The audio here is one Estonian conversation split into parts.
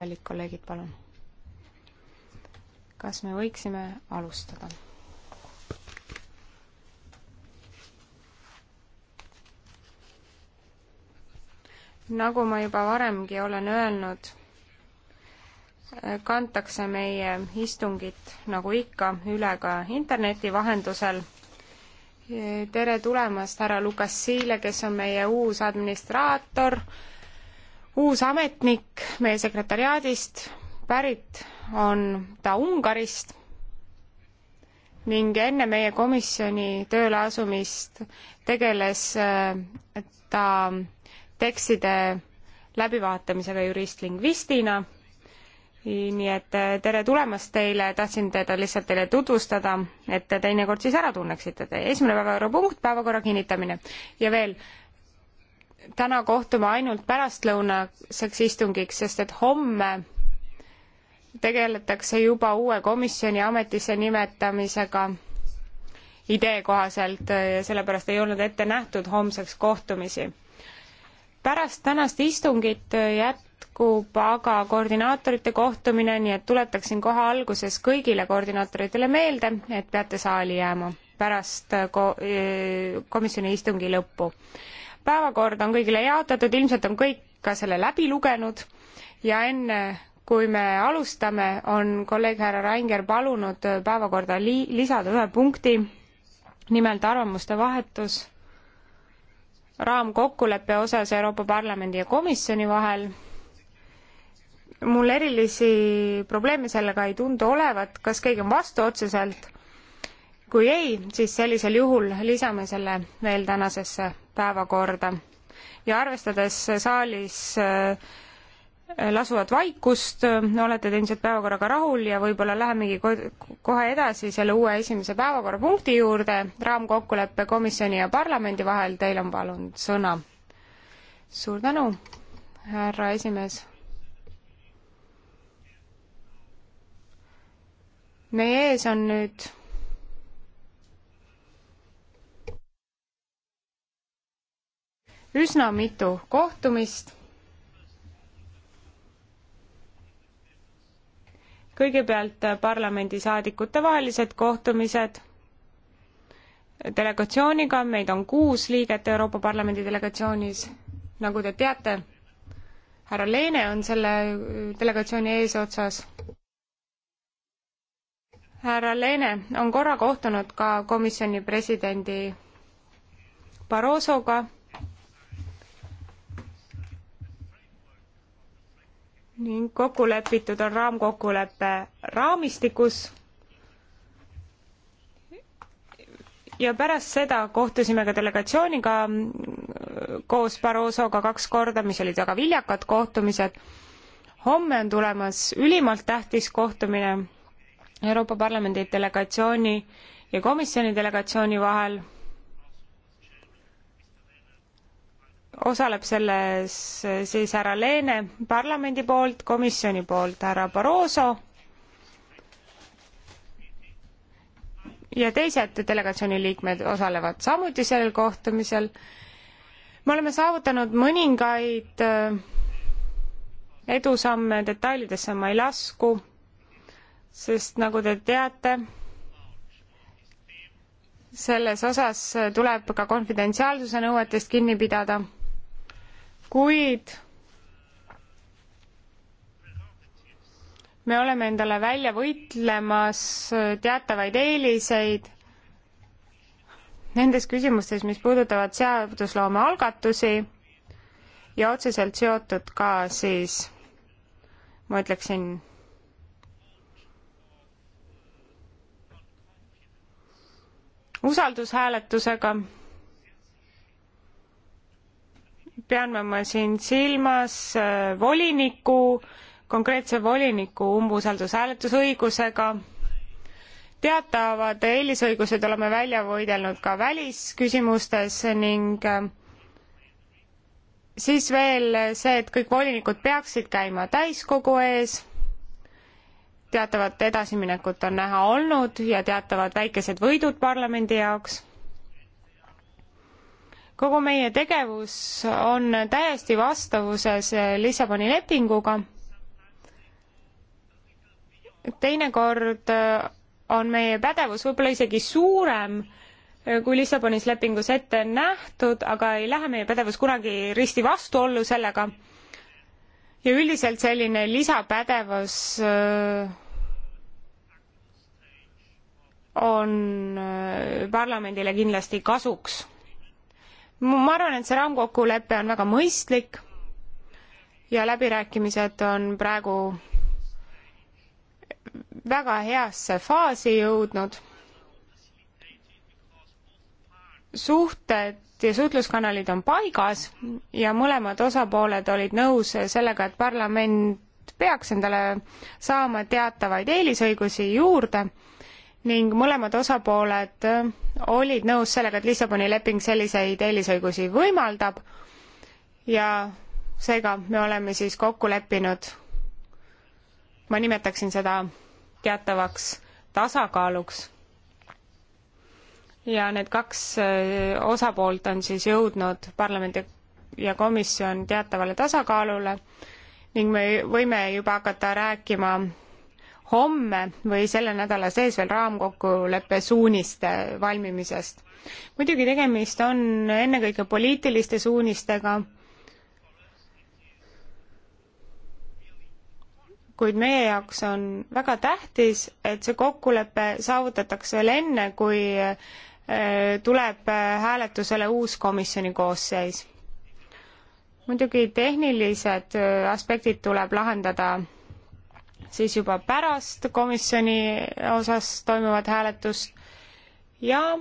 kallid kolleegid, palun. kas me võiksime alustada? nagu ma juba varemgi olen öelnud, kantakse meie istungit nagu ikka üle ka interneti vahendusel. tere tulemast härra Lukas Siile, kes on meie uus administraator uus ametnik meie sekretariaadist, pärit on ta Ungarist ning enne meie komisjoni tööle asumist tegeles äh, ta tekstide läbivaatamisega juristlingvistina. nii et äh, tere tulemast teile, tahtsin teda lihtsalt teile tutvustada, et te teinekord siis ära tunneksite. esimene päevakorrapunkt, päevakorra kinnitamine ja veel täna kohtume ainult pärastlõunaseks istungiks, sest et homme tegeletakse juba uue komisjoni ametisse nimetamisega idee kohaselt ja sellepärast ei olnud ette nähtud homseks kohtumisi. pärast tänast istungit jätkub aga koordinaatorite kohtumine, nii et tuletaksin kohe alguses kõigile koordinaatoritele meelde, et peate saali jääma pärast ko-, komisjoni istungi lõppu päevakord on kõigile jaotatud, ilmselt on kõik ka selle läbi lugenud ja enne kui me alustame, on kolleeg härra Rainger palunud päevakorda li-, lisada ühe punkti, nimelt arvamuste vahetus raamkokkuleppe osas Euroopa Parlamendi ja komisjoni vahel. mul erilisi probleeme sellega ei tundu olevat, kas keegi on vastu otseselt? kui ei, siis sellisel juhul lisame selle veel tänasesse päevakorda ja arvestades saalis äh, lasuvat vaikust, äh, olete te ilmselt päevakorraga rahul ja võib-olla lähemegi kohe edasi selle uue esimese päevakorrapunkti juurde, raamkokkuleppe komisjoni ja parlamendi vahel, teil on palun sõna. suur tänu, härra esimees. meie ees on nüüd üsna mitu kohtumist. kõigepealt parlamendisaadikute vahelised kohtumised delegatsiooniga, meid on kuus liiget Euroopa Parlamendi delegatsioonis, nagu te teate. härra Leene on selle delegatsiooni eesotsas. härra Leene on korra kohtunud ka komisjoni presidendi Barrosoga ning kokku lepitud on raamkokkuleppe raamistikus. ja pärast seda kohtusime ka delegatsiooniga mm, koos Barrosoga kaks korda, mis olid väga viljakad kohtumised. homme on tulemas ülimalt tähtis kohtumine Euroopa Parlamendi delegatsiooni ja komisjoni delegatsiooni vahel osaleb selles siis härra Leene parlamendi poolt, komisjoni poolt härra Barroso ja teised delegatsiooni liikmed osalevad samuti sellel kohtumisel. me oleme saavutanud mõningaid äh, edusamme, detailidesse ma ei lasku, sest nagu te teate, selles osas tuleb ka konfidentsiaalsuse nõuetest kinni pidada kuid me oleme endale välja võitlemas teatavaid eeliseid nendes küsimustes, mis puudutavad seadusloome algatusi ja otseselt seotud ka siis, ma ütleksin, usaldushääletusega pean ma siin silmas äh, voliniku, konkreetse voliniku umbusaldushääletusõigusega. teatavad eelisõigused oleme välja võidelnud ka välisküsimustes ning äh, siis veel see, et kõik volinikud peaksid käima täiskogu ees, teatavat edasiminekut on näha olnud ja teatavad väikesed võidud parlamendi jaoks kogu meie tegevus on täiesti vastavuses Lissaboni lepinguga. teinekord on meie pädevus võib-olla isegi suurem kui Lissabonis lepingus ette nähtud, aga ei lähe meie pädevus kunagi risti vastuollu sellega. ja üldiselt selline lisapädevus äh, on äh, parlamendile kindlasti kasuks ma arvan, et see raamkokkulepe on väga mõistlik ja läbirääkimised on praegu väga heasse faasi jõudnud. suhted ja suhtluskanalid on paigas ja mõlemad osapooled olid nõus sellega, et parlament peaks endale saama teatavaid eelisõigusi juurde ning mõlemad osapooled olid nõus sellega, et Lissaboni leping selliseid eelisõigusi võimaldab ja seega me oleme siis kokku leppinud, ma nimetaksin seda teatavaks tasakaaluks. ja need kaks äh, osapoolt on siis jõudnud parlamendi ja komisjon teatavale tasakaalule ning me võime juba hakata rääkima homme või selle nädala sees veel raamkokkuleppe suuniste valmimisest. muidugi tegemist on ennekõike poliitiliste suunistega, kuid meie jaoks on väga tähtis, et see kokkulepe saavutatakse veel enne, kui äh, tuleb äh, hääletusele uus komisjoni koosseis. muidugi tehnilised äh, aspektid tuleb lahendada siis juba pärast komisjoni osas toimuvat hääletust ja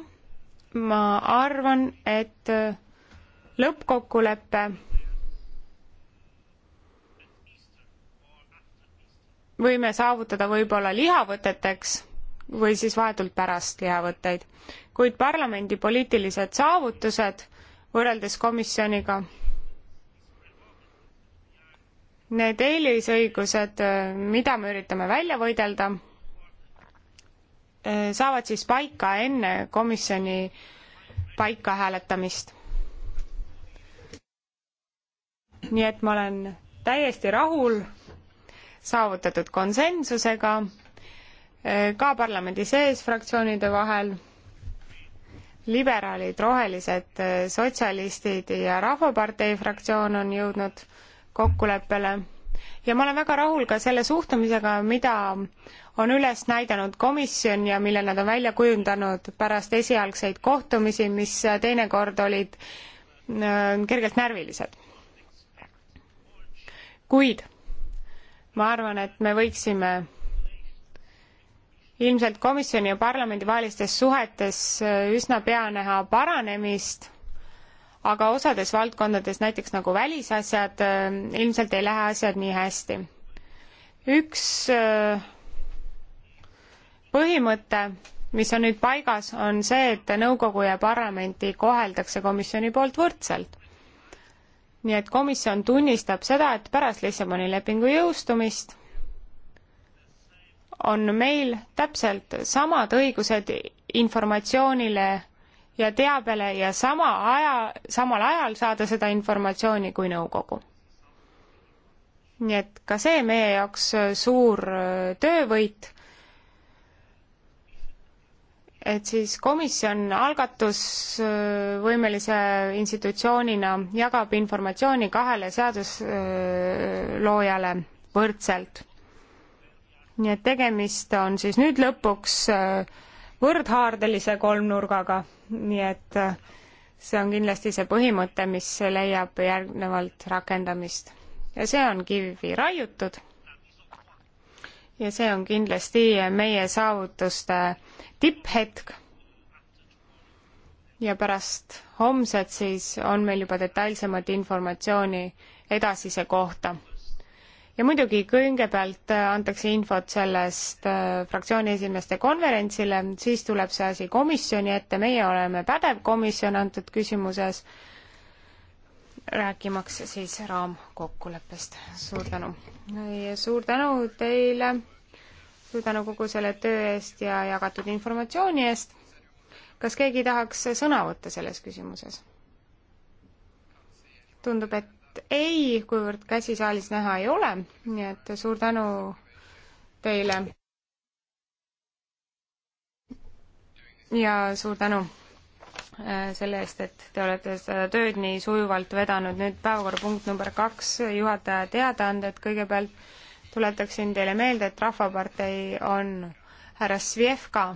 ma arvan, et lõppkokkulepe võime saavutada võib-olla lihavõteteks või siis vahetult pärast lihavõtteid, kuid parlamendi poliitilised saavutused võrreldes komisjoniga need eelisõigused, äh, mida me üritame välja võidelda, äh, saavad siis paika enne komisjoni paika hääletamist. nii et ma olen täiesti rahul saavutatud konsensusega äh, ka parlamendi sees fraktsioonide vahel liberaalid, rohelised, sotsialistid ja Rahvapartei fraktsioon on jõudnud kokkuleppele ja ma olen väga rahul ka selle suhtumisega, mida on üles näidanud komisjon ja mille nad on välja kujundanud pärast esialgseid kohtumisi, mis teinekord olid äh, kergelt närvilised. kuid ma arvan, et me võiksime ilmselt komisjoni ja parlamendi vahelistes suhetes äh, üsna pea näha paranemist aga osades valdkondades, näiteks nagu välisasjad, äh, ilmselt ei lähe asjad nii hästi. üks äh, põhimõte, mis on nüüd paigas, on see, et nõukogu ja parlamenti koheldakse komisjoni poolt võrdselt. nii et komisjon tunnistab seda, et pärast Lissaboni lepingu jõustumist on meil täpselt samad õigused informatsioonile ja teabele ja sama aja, samal ajal saada seda informatsiooni kui nõukogu. nii et ka see meie jaoks äh, suur äh, töövõit, et siis komisjon algatusvõimelise äh, institutsioonina jagab informatsiooni kahele seadusloojale võrdselt. nii et tegemist on siis nüüd lõpuks võrdhaardelise kolmnurgaga nii et äh, see on kindlasti see põhimõte, mis leiab järgnevalt rakendamist. ja see on kivi raiutud. ja see on kindlasti meie saavutuste tipphetk. ja pärast homset siis on meil juba detailsemat informatsiooni edasise kohta ja muidugi kõigepealt äh, antakse infot sellest äh, fraktsiooni esimeeste konverentsile, siis tuleb see asi komisjoni ette, meie oleme pädev komisjon antud küsimuses, rääkimaks siis raamkokkuleppest. suur tänu! suur tänu teile, suur tänu kogu selle töö eest ja jagatud informatsiooni eest. kas keegi tahaks sõna võtta selles küsimuses? tundub, et hääletamist ei, kuivõrd käsi saalis näha ei ole, nii et suur tänu teile. ja suur tänu äh, selle eest, et te olete seda tööd nii sujuvalt vedanud. nüüd päevakorrapunkt number kaks, juhataja teadaanded. kõigepealt tuletaksin teile meelde, et Rahvapartei on härra Svjevka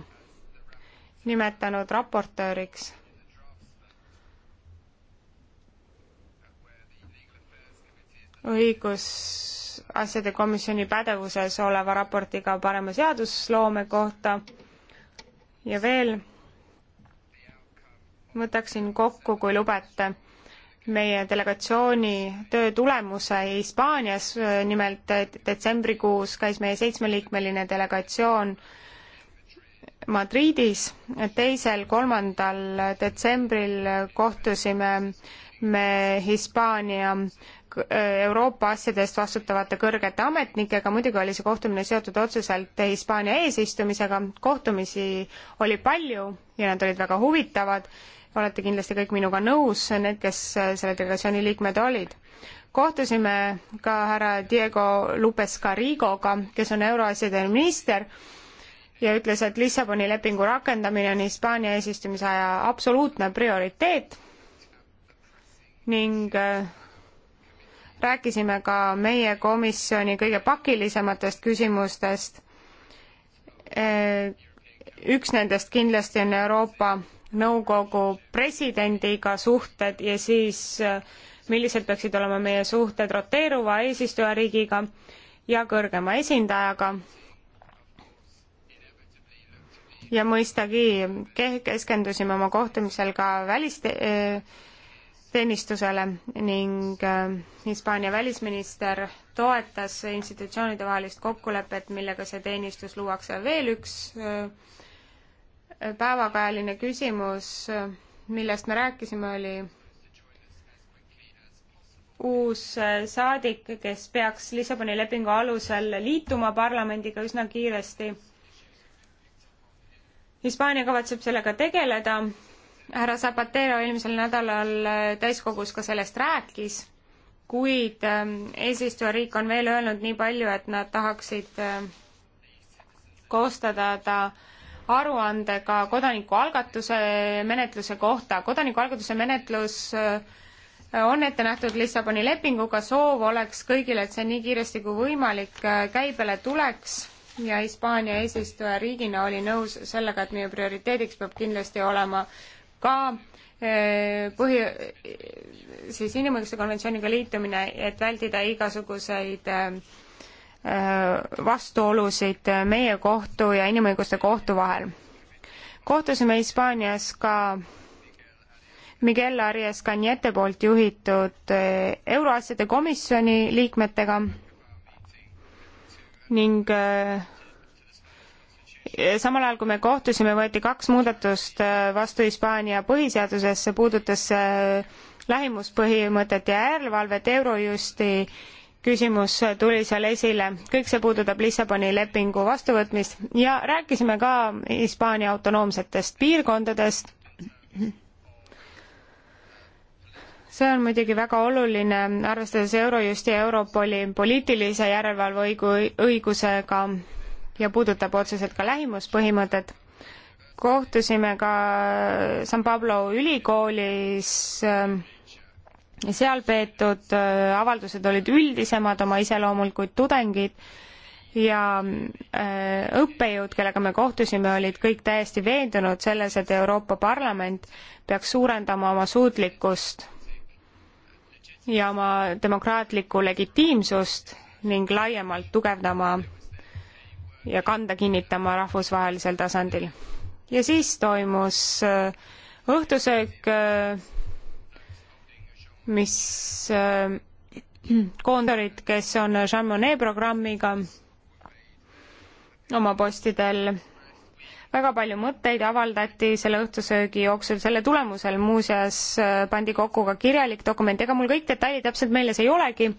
nimetanud raportööriks õigusasjade komisjoni pädevuses oleva raportiga parema seadusloome kohta ja veel võtaksin kokku, kui lubate, meie delegatsiooni töö tulemuse Hispaanias, nimelt detsembrikuus käis meie seitsmeliikmeline delegatsioon Madridis, teisel-kolmandal detsembril kohtusime me Hispaania Äh, Euroopa asjadest vastutavate kõrgete ametnikega, muidugi oli see kohtumine seotud otseselt Hispaania eesistumisega, kohtumisi oli palju ja nad olid väga huvitavad, olete kindlasti kõik minuga nõus, need, kes äh, selle delegatsiooni liikmed olid. kohtusime ka härra Diego Lupes Carrigoga, kes on euroasjade minister, ja ütles, et Lissaboni lepingu rakendamine on Hispaania eesistumise aja absoluutne prioriteet ning äh, rääkisime ka meie komisjoni kõige pakilisematest küsimustest. Äh, üks nendest kindlasti on Euroopa Nõukogu presidendiga suhted ja siis äh, millised peaksid olema meie suhted roteeruva eesistujariigiga ja kõrgema esindajaga. ja mõistagi keskendusime oma kohtumisel ka väliste- äh,, teenistusele ning äh, Hispaania välisminister toetas institutsioonide vahelist kokkulepet, millega see teenistus luuakse. veel üks äh, päevakajaline küsimus, millest me rääkisime, oli uus saadik, kes peaks Lissaboni lepingu alusel liituma parlamendiga üsna kiiresti. Hispaania kavatseb sellega tegeleda härra Zapatero eelmisel nädalal äh, täiskogus ka sellest rääkis, kuid ähm, eesistujariik on veel öelnud nii palju, et nad tahaksid ähm, koostada ta aruande ka kodanikualgatuse menetluse kohta. kodanikualgatuse menetlus äh, on ette nähtud Lissaboni lepinguga, soov oleks kõigil, et see nii kiiresti kui võimalik äh, käibele tuleks ja Hispaania eesistujariigina oli nõus sellega, et meie prioriteediks peab kindlasti olema ka eh, põhi, eh, siis inimõiguste konventsiooniga liitumine, et vältida igasuguseid eh, vastuolusid meie kohtu ja inimõiguste kohtu vahel. kohtusime Hispaanias ka Miguel Arias Cañete poolt juhitud euroasjade komisjoni liikmetega ning samal ajal, kui me kohtusime, võeti kaks muudatust äh, vastu Hispaania põhiseadusesse, puudutas äh, lähimuspõhimõtet ja järelevalvet Eurojusti küsimus tuli seal esile, kõik see puudutab Lissaboni lepingu vastuvõtmist ja rääkisime ka Hispaania autonoomsetest piirkondadest. see on muidugi väga oluline, arvestades Eurojust ja Europoli poliitilise järelevalve õigu-, õigusega ja puudutab otseselt ka lähimuspõhimõtet. kohtusime ka San Pablo ülikoolis, äh, seal peetud äh, avaldused olid üldisemad oma iseloomult kui tudengid ja äh, õppejõud, kellega me kohtusime, olid kõik täiesti veendunud selles, et Euroopa Parlament peaks suurendama oma suutlikkust ja oma demokraatlikku legitiimsust ning laiemalt tugevdama ja kanda kinnitama rahvusvahelisel tasandil. ja siis toimus äh, õhtusöök, äh, mis äh, koondorid, kes on Jean Monnet programmiga oma postidel, väga palju mõtteid avaldati selle õhtusöögi jooksul, selle tulemusel muuseas pandi kokku ka kirjalik dokument, ega mul kõik detailid täpselt meeles ei olegi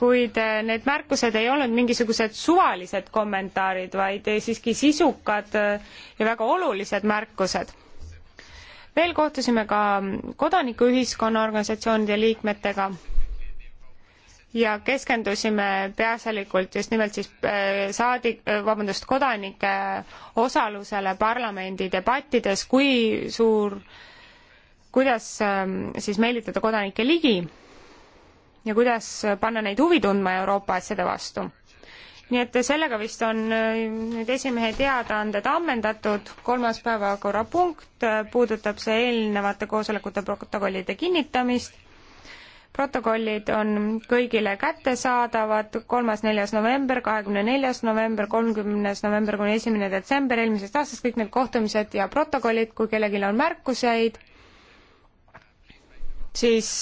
kuid eh, need märkused ei olnud mingisugused suvalised kommentaarid, vaid eh, siiski sisukad eh, ja väga olulised märkused. veel kohtusime ka kodanikuühiskonna organisatsioonide liikmetega ja keskendusime peaasjalikult just nimelt siis saadik, vabandust, kodanike osalusele parlamendi debattides, kui suur, kuidas siis meelitada kodanikke ligi ja kuidas panna neid huvi tundma Euroopa asjade vastu. nii et sellega vist on äh, nüüd esimehe teadaanded ammendatud, kolmas päevakorrapunkt äh, puudutab see eelnevate koosolekute protokollide kinnitamist, protokollid on kõigile kättesaadavad, kolmas, neljas november, kahekümne neljas november, kolmkümnes november kuni esimene detsember eelmisest aastast, kõik need kohtumised ja protokollid, kui kellelgi on märkuseid, siis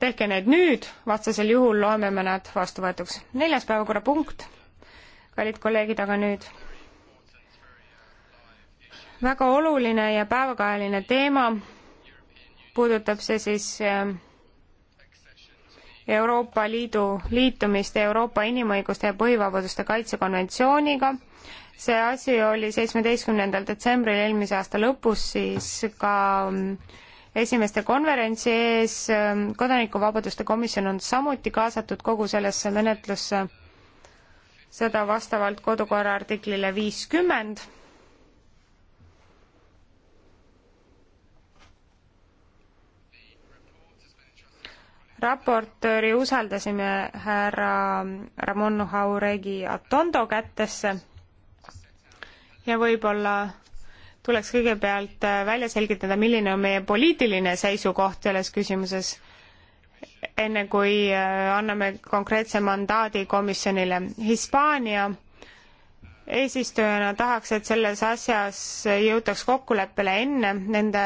tehke need nüüd, vastasel juhul loeme me nad vastuvõetuks. neljas päevakorrapunkt, kallid kolleegid, aga nüüd väga oluline ja päevakajaline teema, puudutab see siis eh, Euroopa Liidu liitumist Euroopa Inimõiguste ja Põhivabaduste Kaitsekonventsiooniga. see asi oli seitsmeteistkümnendal detsembril eelmise aasta lõpus siis ka äh, esimeste konverentsi ees, kodanikuvabaduste komisjon on samuti kaasatud kogu sellesse menetlusse, seda vastavalt kodukorra artiklile viiskümmend. raportööri usaldasime härra Ramon Jauregi Atondo kätesse ja võib-olla tuleks kõigepealt äh, välja selgitada, milline on meie poliitiline seisukoht selles küsimuses, enne kui äh, anname konkreetse mandaadi komisjonile. Hispaania eesistujana tahaks, et selles asjas jõutaks kokkuleppele enne nende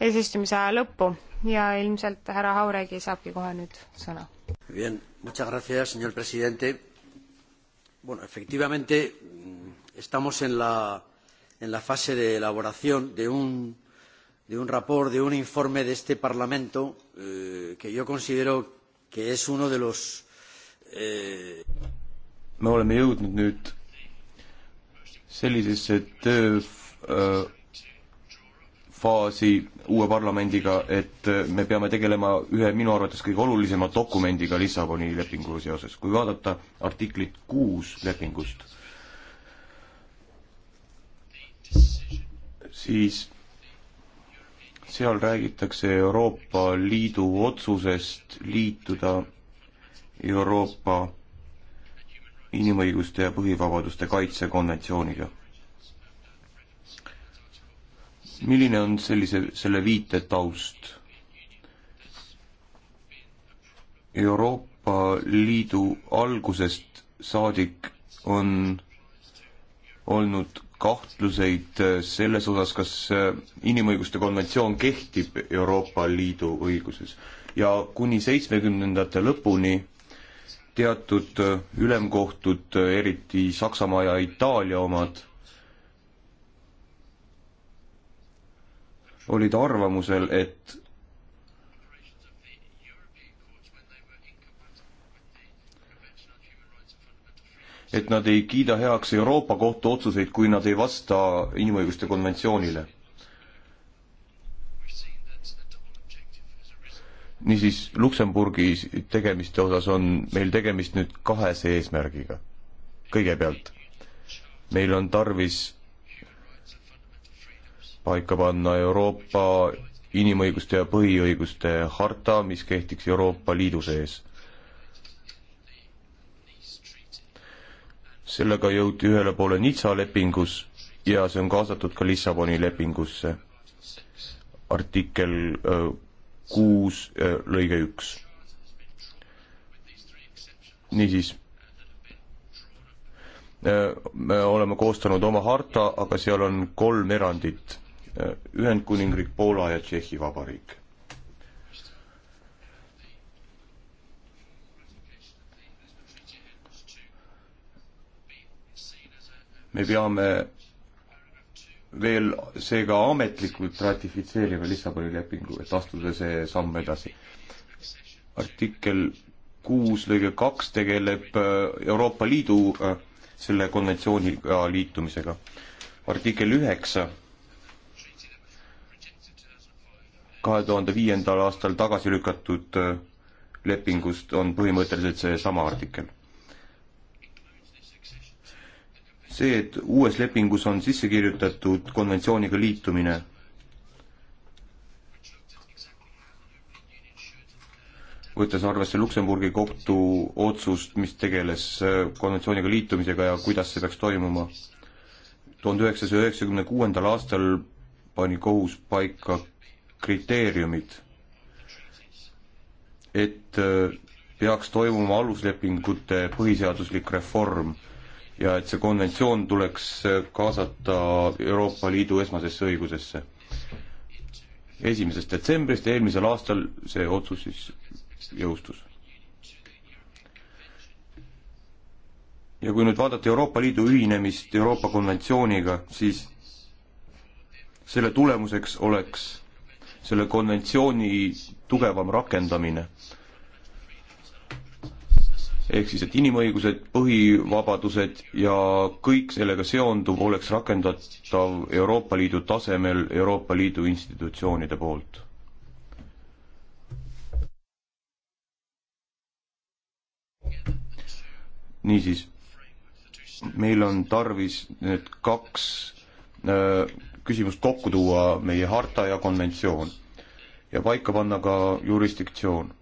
eesistumise aja lõppu ja ilmselt härra Hauregi saabki kohe nüüd sõna. Bien, muchas gracias, señor presidente. Bueno, efectivamente estamos en la en la fase de elaboración de un, de un rapor, de un informe de este Parlamento eh, que yo considero que es uno de los eh... me oleme jõudnud nüüd sellisesse tööfaasi äh, uue parlamendiga, et äh, me peame tegelema ühe minu arvates kõige olulisema dokumendiga Lissaboni lepinguga seoses. kui vaadata artiklit kuus lepingust, siis seal räägitakse Euroopa Liidu otsusest liituda Euroopa inimõiguste ja põhivabaduste kaitse konventsiooniga. milline on sellise, selle viite taust? Euroopa Liidu algusest saadik on olnud kahtluseid äh, selles osas, kas äh, inimõiguste konventsioon kehtib Euroopa Liidu õiguses ja kuni seitsmekümnendate lõpuni teatud äh, ülemkohtud, eriti Saksamaa ja Itaalia omad, olid arvamusel, et et nad ei kiida heaks Euroopa Kohtu otsuseid, kui nad ei vasta inimõiguste konventsioonile. niisiis, Luksemburgi tegemiste osas on meil tegemist nüüd kahese eesmärgiga. kõigepealt, meil on tarvis paika panna Euroopa inimõiguste ja põhiõiguste harta, mis kehtiks Euroopa Liidu sees sellega jõuti ühele poole Nitsa lepingus ja see on kaasatud ka Lissaboni lepingusse. artikkel äh, kuus äh, lõige üks. niisiis, äh, me oleme koostanud oma harta, aga seal on kolm erandit. Ühendkuningriik, Poola ja Tšehhi Vabariik me peame veel seega ametlikult ratifitseerima Lissaboni lepingu, et astuda see samm edasi. artikkel kuus lõige kaks tegeleb äh, Euroopa Liidu äh, selle konventsiooniga liitumisega. artikkel üheksa kahe tuhande viiendal aastal tagasi lükatud äh, lepingust on põhimõtteliselt seesama artikkel. see, et uues lepingus on sisse kirjutatud konventsiooniga liitumine. võttes arvesse Luksemburgi kohtu otsust, mis tegeles äh, konventsiooniga liitumisega ja kuidas see peaks toimuma. tuhande üheksasaja üheksakümne kuuendal aastal pani kohus paika kriteeriumid, et äh, peaks toimuma aluslepingute põhiseaduslik reform ja et see konventsioon tuleks kaasata Euroopa Liidu esmasesse õigusesse. esimesest detsembrist eelmisel aastal see otsus siis jõustus. ja kui nüüd vaadata Euroopa Liidu ühinemist Euroopa konventsiooniga, siis selle tulemuseks oleks selle konventsiooni tugevam rakendamine ehk siis, et inimõigused, põhivabadused ja kõik sellega seonduv oleks rakendatav Euroopa Liidu tasemel Euroopa Liidu institutsioonide poolt. niisiis, meil on tarvis need kaks öö, äh, küsimust kokku tuua, meie harta ja konventsioon, ja paika panna ka jurisdiktsioon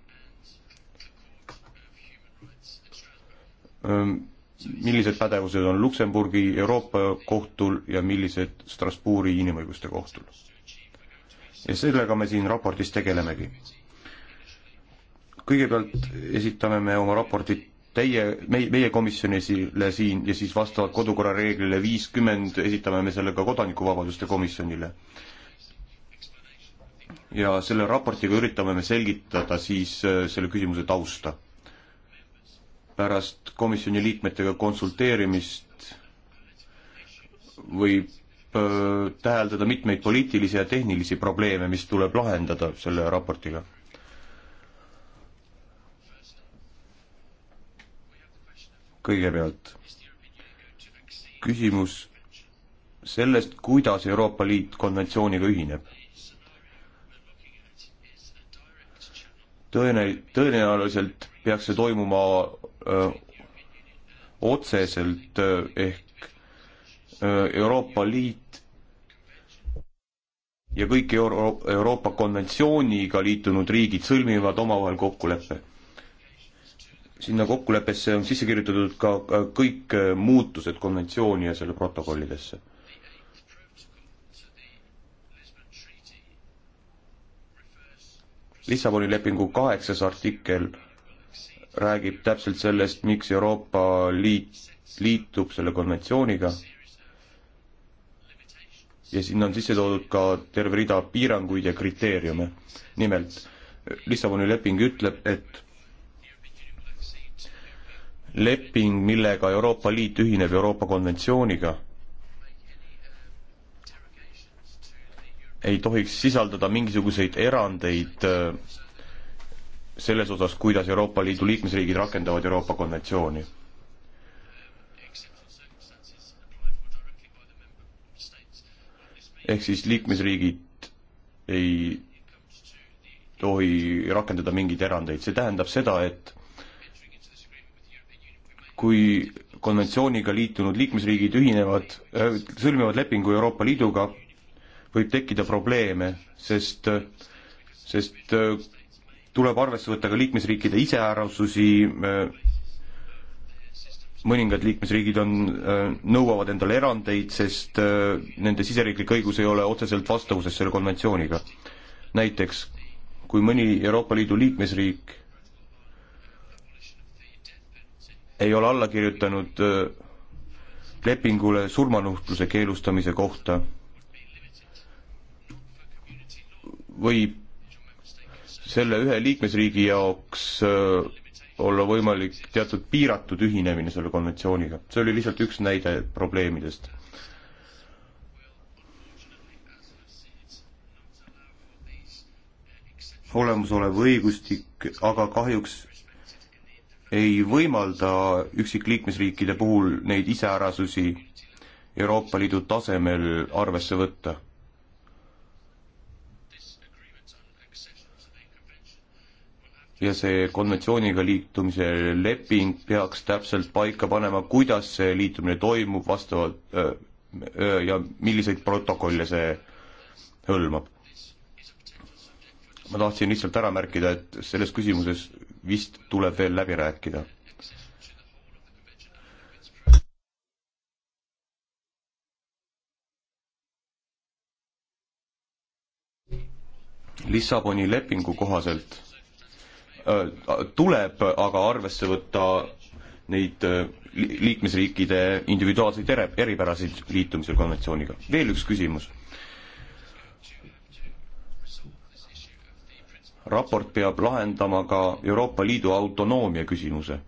millised pädevused on Luksemburgi Euroopa kohtul ja millised Strasbourgi inimõiguste kohtul. ja sellega me siin raportis tegelemegi. kõigepealt esitame me oma raportit teie, meie, meie komisjonile siin ja siis vastavalt kodukorra reeglile viiskümmend esitame me selle ka kodanikuvabaduste komisjonile. ja selle raportiga üritame me selgitada siis äh, selle küsimuse tausta pärast komisjoni liikmetega konsulteerimist võib äh, täheldada mitmeid poliitilisi ja tehnilisi probleeme, mis tuleb lahendada selle raportiga. kõigepealt küsimus sellest, kuidas Euroopa Liit konventsiooniga ühineb. tõene, tõenäoliselt peaks see toimuma öö, otseselt öö, ehk öö, Euroopa Liit ja kõik Euro Euroopa konventsiooniga liitunud riigid sõlmivad omavahel kokkuleppe. sinna kokkuleppesse on sisse kirjutatud ka kõik muutused konventsiooni ja selle protokollidesse Lissaboni lepingu kaheksas artikkel räägib täpselt sellest, miks Euroopa Liit liitub selle konventsiooniga ja sinna on sisse toodud ka terve rida piiranguid ja kriteeriume. nimelt, Lissaboni leping ütleb, et leping, millega Euroopa Liit ühineb Euroopa konventsiooniga, ei tohiks sisaldada mingisuguseid erandeid äh, selles osas, kuidas Euroopa Liidu liikmesriigid rakendavad Euroopa konventsiooni. ehk siis liikmesriigid ei tohi rakendada mingeid erandeid, see tähendab seda, et kui konventsiooniga liitunud liikmesriigid ühinevad, äh, sõlmivad lepingu Euroopa Liiduga, võib tekkida probleeme, sest sest äh, tuleb arvesse võtta ka liikmesriikide iseärasusi, äh, mõningad liikmesriigid on, äh, nõuavad endale erandeid, sest äh, nende siseriiklik õigus ei ole otseselt vastavuses selle konventsiooniga. näiteks kui mõni Euroopa Liidu liikmesriik ei ole alla kirjutanud lepingule surmanuhtluse keelustamise kohta, võib selle ühe liikmesriigi jaoks äh, olla võimalik teatud piiratud ühinemine selle konventsiooniga. see oli lihtsalt üks näide probleemidest. olemasolev õigustik aga kahjuks ei võimalda üksikliikmesriikide puhul neid iseärasusi Euroopa Liidu tasemel arvesse võtta ja see konventsiooniga liitumise leping peaks täpselt paika panema, kuidas see liitumine toimub vastavalt ja milliseid protokolle see hõlmab. ma tahtsin lihtsalt ära märkida, et selles küsimuses vist tuleb veel läbi rääkida. Lissaboni lepingu kohaselt Äh, tuleb aga arvesse võtta neid äh, liikmesriikide individuaalseid ere, eripärasid liitumisel konventsiooniga. veel üks küsimus. raport peab lahendama ka Euroopa Liidu autonoomia küsimuse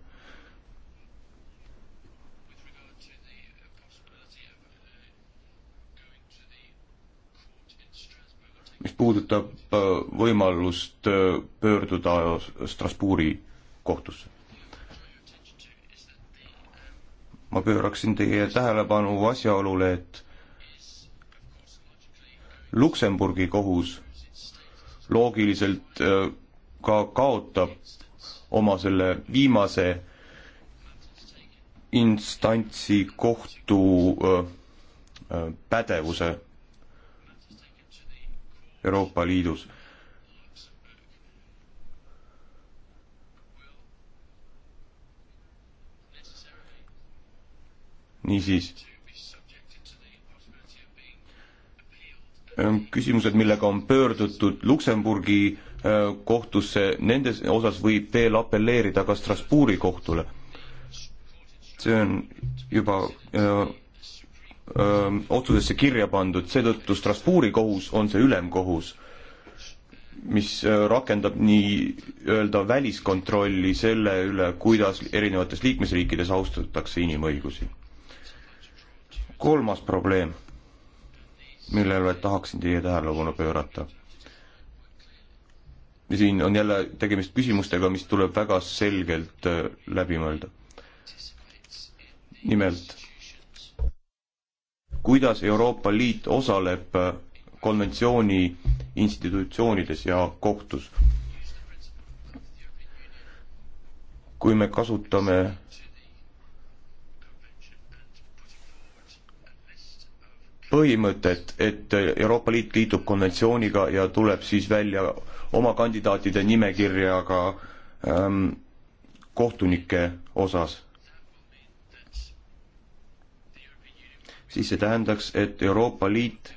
mis puudutab äh, võimalust äh, pöörduda Strasbourgi kohtusse. ma pööraksin teie tähelepanu asjaolule, et Luksemburgi kohus loogiliselt äh, ka kaotab oma selle viimase instantsi kohtu pädevuse Euroopa Liidus. niisiis, küsimused, millega on pöördutud Luksemburgi äh, kohtusse, nendes osas võib veel apelleerida ka Strasbourgi kohtule. see on juba öö, äh, öö, ähm, otsusesse kirja pandud, seetõttu Strasbourgi kohus on see ülemkohus, mis äh, rakendab nii-öelda väliskontrolli selle üle, kuidas erinevates liikmesriikides austatakse inimõigusi. kolmas probleem, millele tahaksin teie tähelepanu pöörata. ja siin on jälle tegemist küsimustega, mis tuleb väga selgelt äh, läbi mõelda. nimelt kuidas Euroopa Liit osaleb konventsiooni institutsioonides ja kohtus. kui me kasutame põhimõtet, et Euroopa Liit liitub konventsiooniga ja tuleb siis välja oma kandidaatide nimekirjaga ähm, kohtunike osas siis see tähendaks, et Euroopa Liit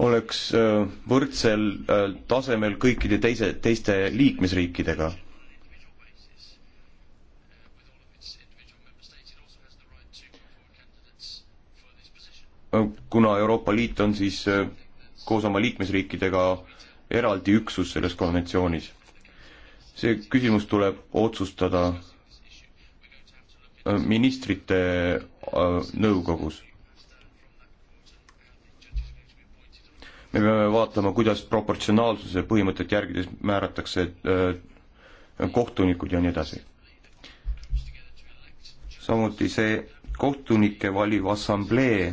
oleks äh, võrdsel äh, tasemel kõikide teise, teiste liikmesriikidega. kuna Euroopa Liit on siis äh, koos oma liikmesriikidega eraldi üksus selles konventsioonis. see küsimus tuleb otsustada Äh, ministrite äh, nõukogus. me peame vaatama, kuidas proportsionaalsuse põhimõtet järgides määratakse äh, kohtunikud ja nii edasi. samuti see kohtunike valiv assamblee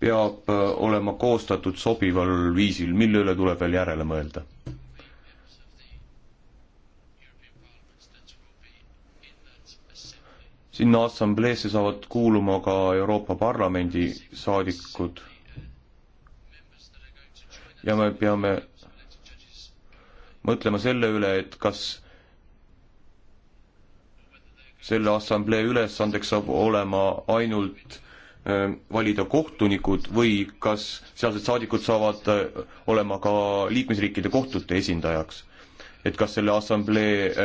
peab olema koostatud sobival viisil, mille üle tuleb veel järele mõelda sinna assambleesse saavad kuuluma ka Euroopa Parlamendi saadikud. ja me peame mõtlema selle üle, et kas selle assamblee ülesandeks saab olema ainult äh, valida kohtunikud või kas sealsed saadikud saavad äh, olema ka liikmesriikide kohtute esindajaks et kas selle assamblee äh,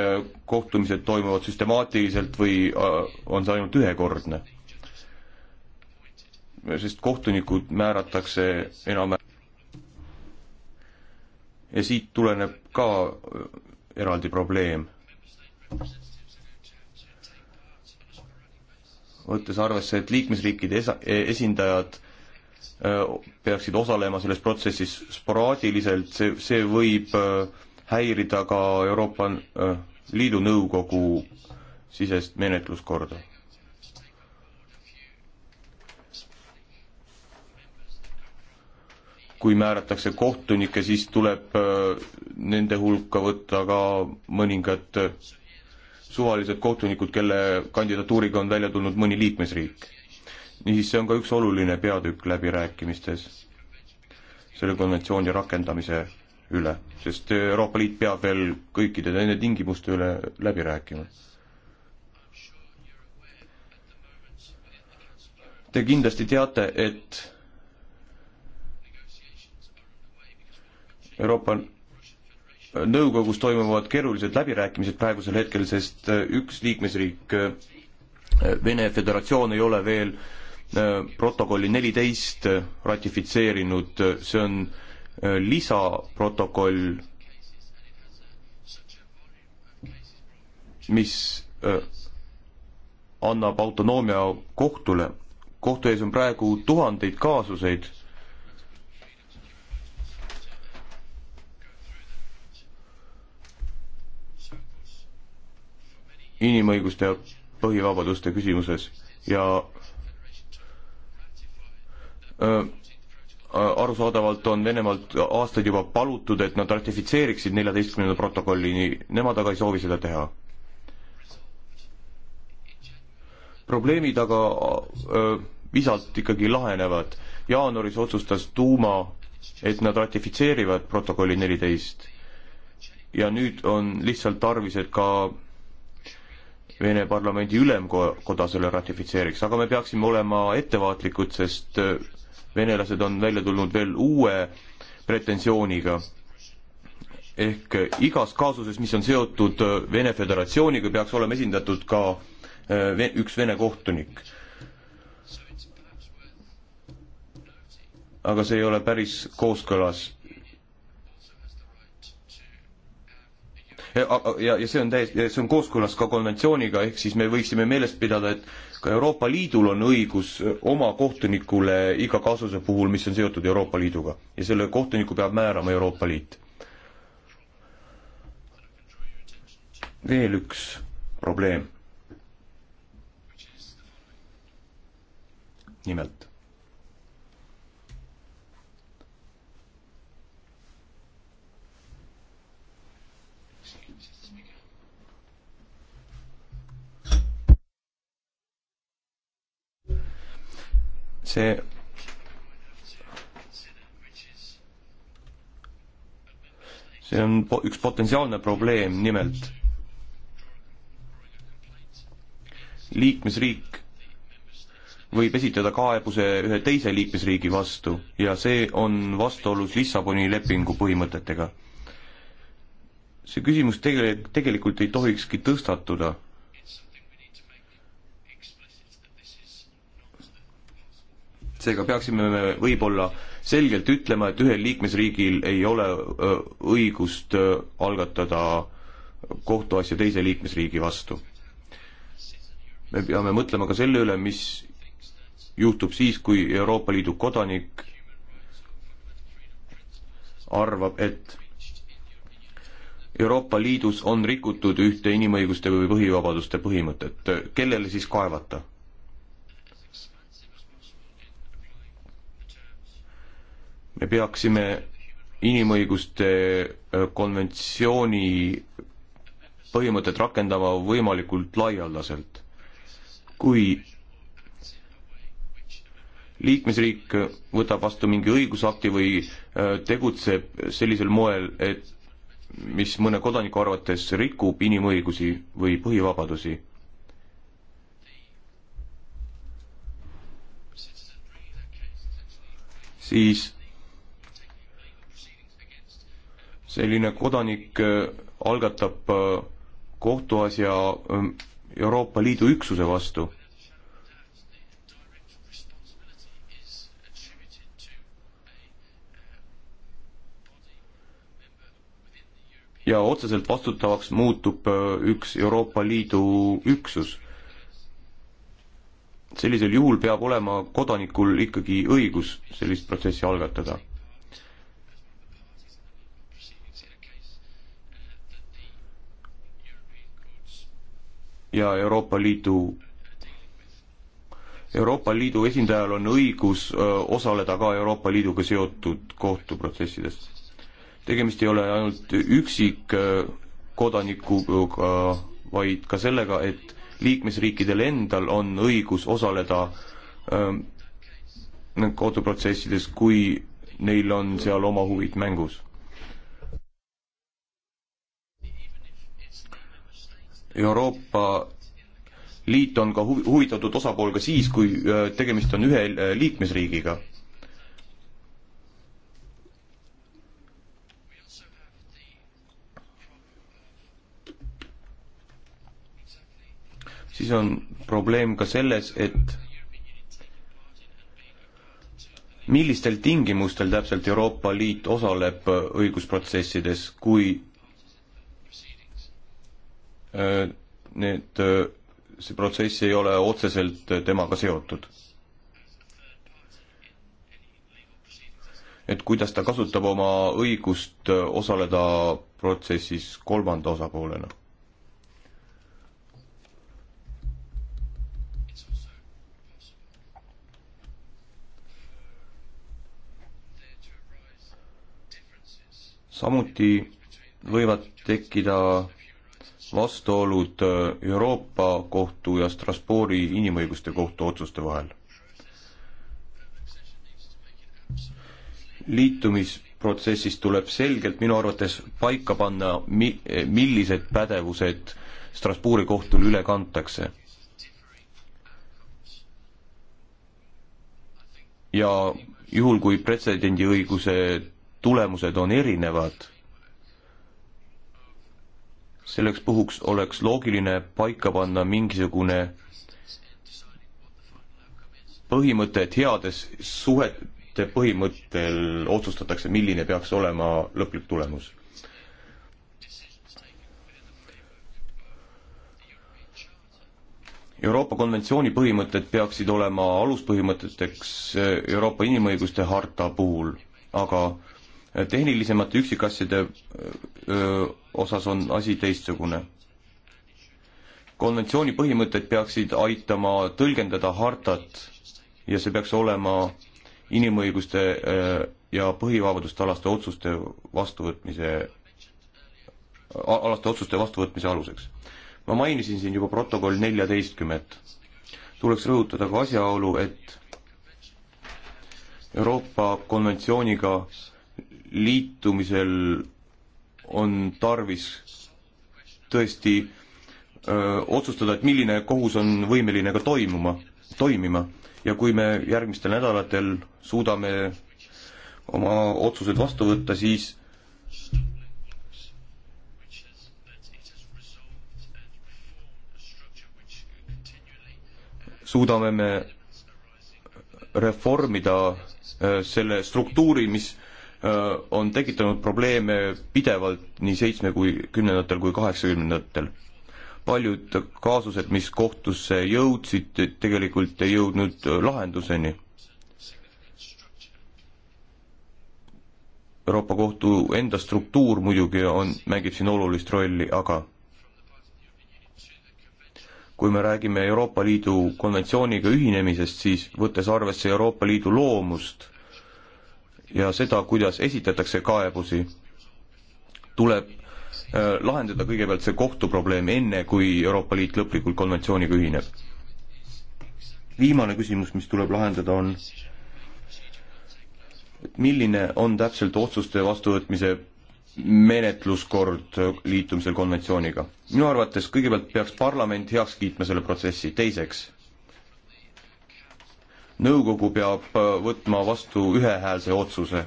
kohtumised toimuvad süstemaatiliselt või äh, on see ainult ühekordne? sest kohtunikud määratakse enam- ja siit tuleneb ka äh, eraldi probleem. võttes arvesse, et liikmesriikide esa-, e-, esindajad peaksid osalema selles protsessis sporaadiliselt, see, see võib äh, häirida ka Euroopa äh, Liidu Nõukogu sisest menetluskorda. kui määratakse kohtunikke, siis tuleb äh, nende hulka võtta ka mõningad äh, suvalised kohtunikud, kelle kandidatuuriga on välja tulnud mõni liikmesriik. niisiis, see on ka üks oluline peatükk läbirääkimistes selle konventsiooni rakendamise üle, sest Euroopa Liit peab veel kõikide nende tingimuste üle läbi rääkima. Te kindlasti teate, et Euroopa Nõukogus toimuvad keerulised läbirääkimised praegusel hetkel, sest üks liikmesriik, Vene Föderatsioon, ei ole veel protokolli neliteist ratifitseerinud, see on äh, Äh, lisaprotokoll, mis äh, annab autonoomia kohtule. kohtu ees on praegu tuhandeid kaasuseid. inimõiguste ja põhivabaduste küsimuses ja öö, äh, arusaadavalt on Venemaalt aastaid juba palutud, et nad ratifitseeriksid neljateistkümnenda protokolli, nii nemad aga ei soovi seda teha. probleemid aga öö, visalt ikkagi lahenevad. jaanuaris otsustas Duuma, et nad ratifitseerivad protokolli neliteist ja nüüd on lihtsalt tarvis, et ka Vene parlamendi ülemkoda selle ratifitseeriks, aga me peaksime olema ettevaatlikud, sest venelased on välja tulnud veel uue pretensiooniga. ehk igas kaasuses, mis on seotud äh, Vene Föderatsiooniga, peaks olema esindatud ka äh, üks Vene kohtunik. aga see ei ole päris kooskõlas ja, ja, ja see on täiesti, see on kooskõlas ka konventsiooniga, ehk siis me võiksime meeles pidada, et ka Euroopa Liidul on õigus oma kohtunikule iga kaasuse puhul, mis on seotud Euroopa Liiduga ja selle kohtuniku peab määrama Euroopa Liit. veel üks probleem. nimelt see see on po üks potentsiaalne probleem, nimelt liikmesriik võib esitada kaebuse ühe teise liikmesriigi vastu ja see on vastuolus Lissaboni lepingu põhimõtetega. see küsimus tegelikult, tegelikult ei tohikski tõstatuda seega peaksime me võib-olla selgelt ütlema, et ühel liikmesriigil ei ole õigust algatada kohtuasja teise liikmesriigi vastu. me peame mõtlema ka selle üle, mis juhtub siis, kui Euroopa Liidu kodanik arvab, et Euroopa Liidus on rikutud ühte inimõiguste või põhivabaduste põhimõtet, kellele siis kaevata? me peaksime inimõiguste äh, konventsiooni põhimõtet rakendama võimalikult laialdaselt. kui liikmesriik võtab vastu mingi õigusakti või äh, tegutseb sellisel moel, et mis mõne kodaniku arvates rikub inimõigusi või põhivabadusi, siis selline kodanik äh, algatab äh, kohtuasja ähm, Euroopa Liidu üksuse vastu. ja otseselt vastutavaks muutub äh, üks Euroopa Liidu üksus. sellisel juhul peab olema kodanikul ikkagi õigus sellist protsessi algatada ja Euroopa Liidu Euroopa Liidu esindajal on õigus osaleda ka Euroopa Liiduga seotud kohtuprotsessides. tegemist ei ole ainult üksikkodanikuga, vaid ka sellega, et liikmesriikidel endal on õigus osaleda kohtuprotsessides, kui neil on seal oma huvid mängus. Euroopa Liit on ka huvi, huvitatud osapool ka siis, kui äh, tegemist on ühe äh, liikmesriigiga. siis on probleem ka selles, et millistel tingimustel täpselt Euroopa Liit osaleb äh, õigusprotsessides, kui Äh, need, äh, see protsess ei ole otseselt äh, temaga seotud. et kuidas ta kasutab oma õigust osaleda protsessis kolmanda osapoolena samuti võivad tekkida vastuolud äh, Euroopa Kohtu ja Strasbourgi Inimõiguste Kohtu otsuste vahel. liitumisprotsessis tuleb selgelt minu arvates paika panna, mi-, millised pädevused Strasbourgi kohtule üle kantakse. ja juhul, kui pretsedendiõiguse tulemused on erinevad selleks puhuks oleks loogiline paika panna mingisugune põhimõte, et heades suhete põhimõttel otsustatakse, milline peaks olema lõplik tulemus. Euroopa konventsiooni põhimõtted peaksid olema aluspõhimõteteks Euroopa inimõiguste harta puhul, aga tehnilisemate üksikasjade osas on asi teistsugune. konventsiooni põhimõtted peaksid aitama tõlgendada hartat ja see peaks olema inimõiguste ja põhivabaduste alaste otsuste vastuvõtmise, alaste otsuste vastuvõtmise aluseks. ma mainisin siin juba protokoll neljateistkümmet. tuleks rõhutada ka asjaolu, et Euroopa konventsiooniga äh, liitumisel on tarvis tõesti öö, otsustada, et milline kohus on võimeline ka toimuma, toimima ja kui me järgmistel nädalatel suudame oma otsused vastu võtta, siis suudame me reformida selle struktuuri, mis Äh, on tekitanud probleeme pidevalt nii seitsme kui kümnendatel kui kaheksakümnendatel. paljud kaasused, mis kohtusse jõudsid, tegelikult ei jõudnud lahenduseni. Euroopa Kohtu enda struktuur muidugi on, mängib siin olulist rolli, aga kui me räägime Euroopa Liidu konventsiooniga ühinemisest, siis võttes arvesse Euroopa Liidu loomust ja seda, kuidas esitatakse kaebusi, tuleb äh, lahendada kõigepealt see kohtuprobleem, enne kui Euroopa Liit lõplikult konventsiooniga ühineb. viimane küsimus, mis tuleb lahendada, on et milline on täpselt otsuste vastuvõtmise menetluskord liitumisel konventsiooniga. minu arvates kõigepealt peaks parlament heaks kiitma selle protsessi, teiseks nõukogu peab äh, võtma vastu ühehäälse otsuse.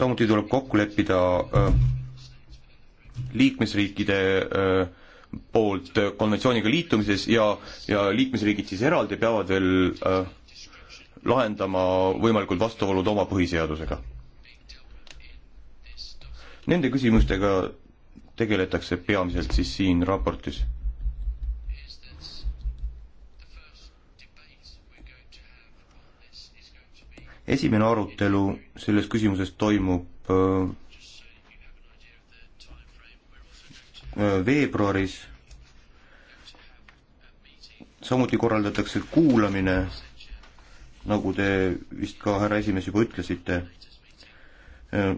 samuti tuleb kokku leppida äh, liikmesriikide äh, poolt konventsiooniga liitumises ja, ja liikmesriigid siis eraldi peavad veel lahendama võimalikud vastuolud oma põhiseadusega. Nende küsimustega tegeletakse peamiselt siis siin raportis? esimene arutelu selles küsimuses toimub äh, veebruaris, samuti korraldatakse kuulamine, nagu te vist ka, härra esimees, juba ütlesite, äh,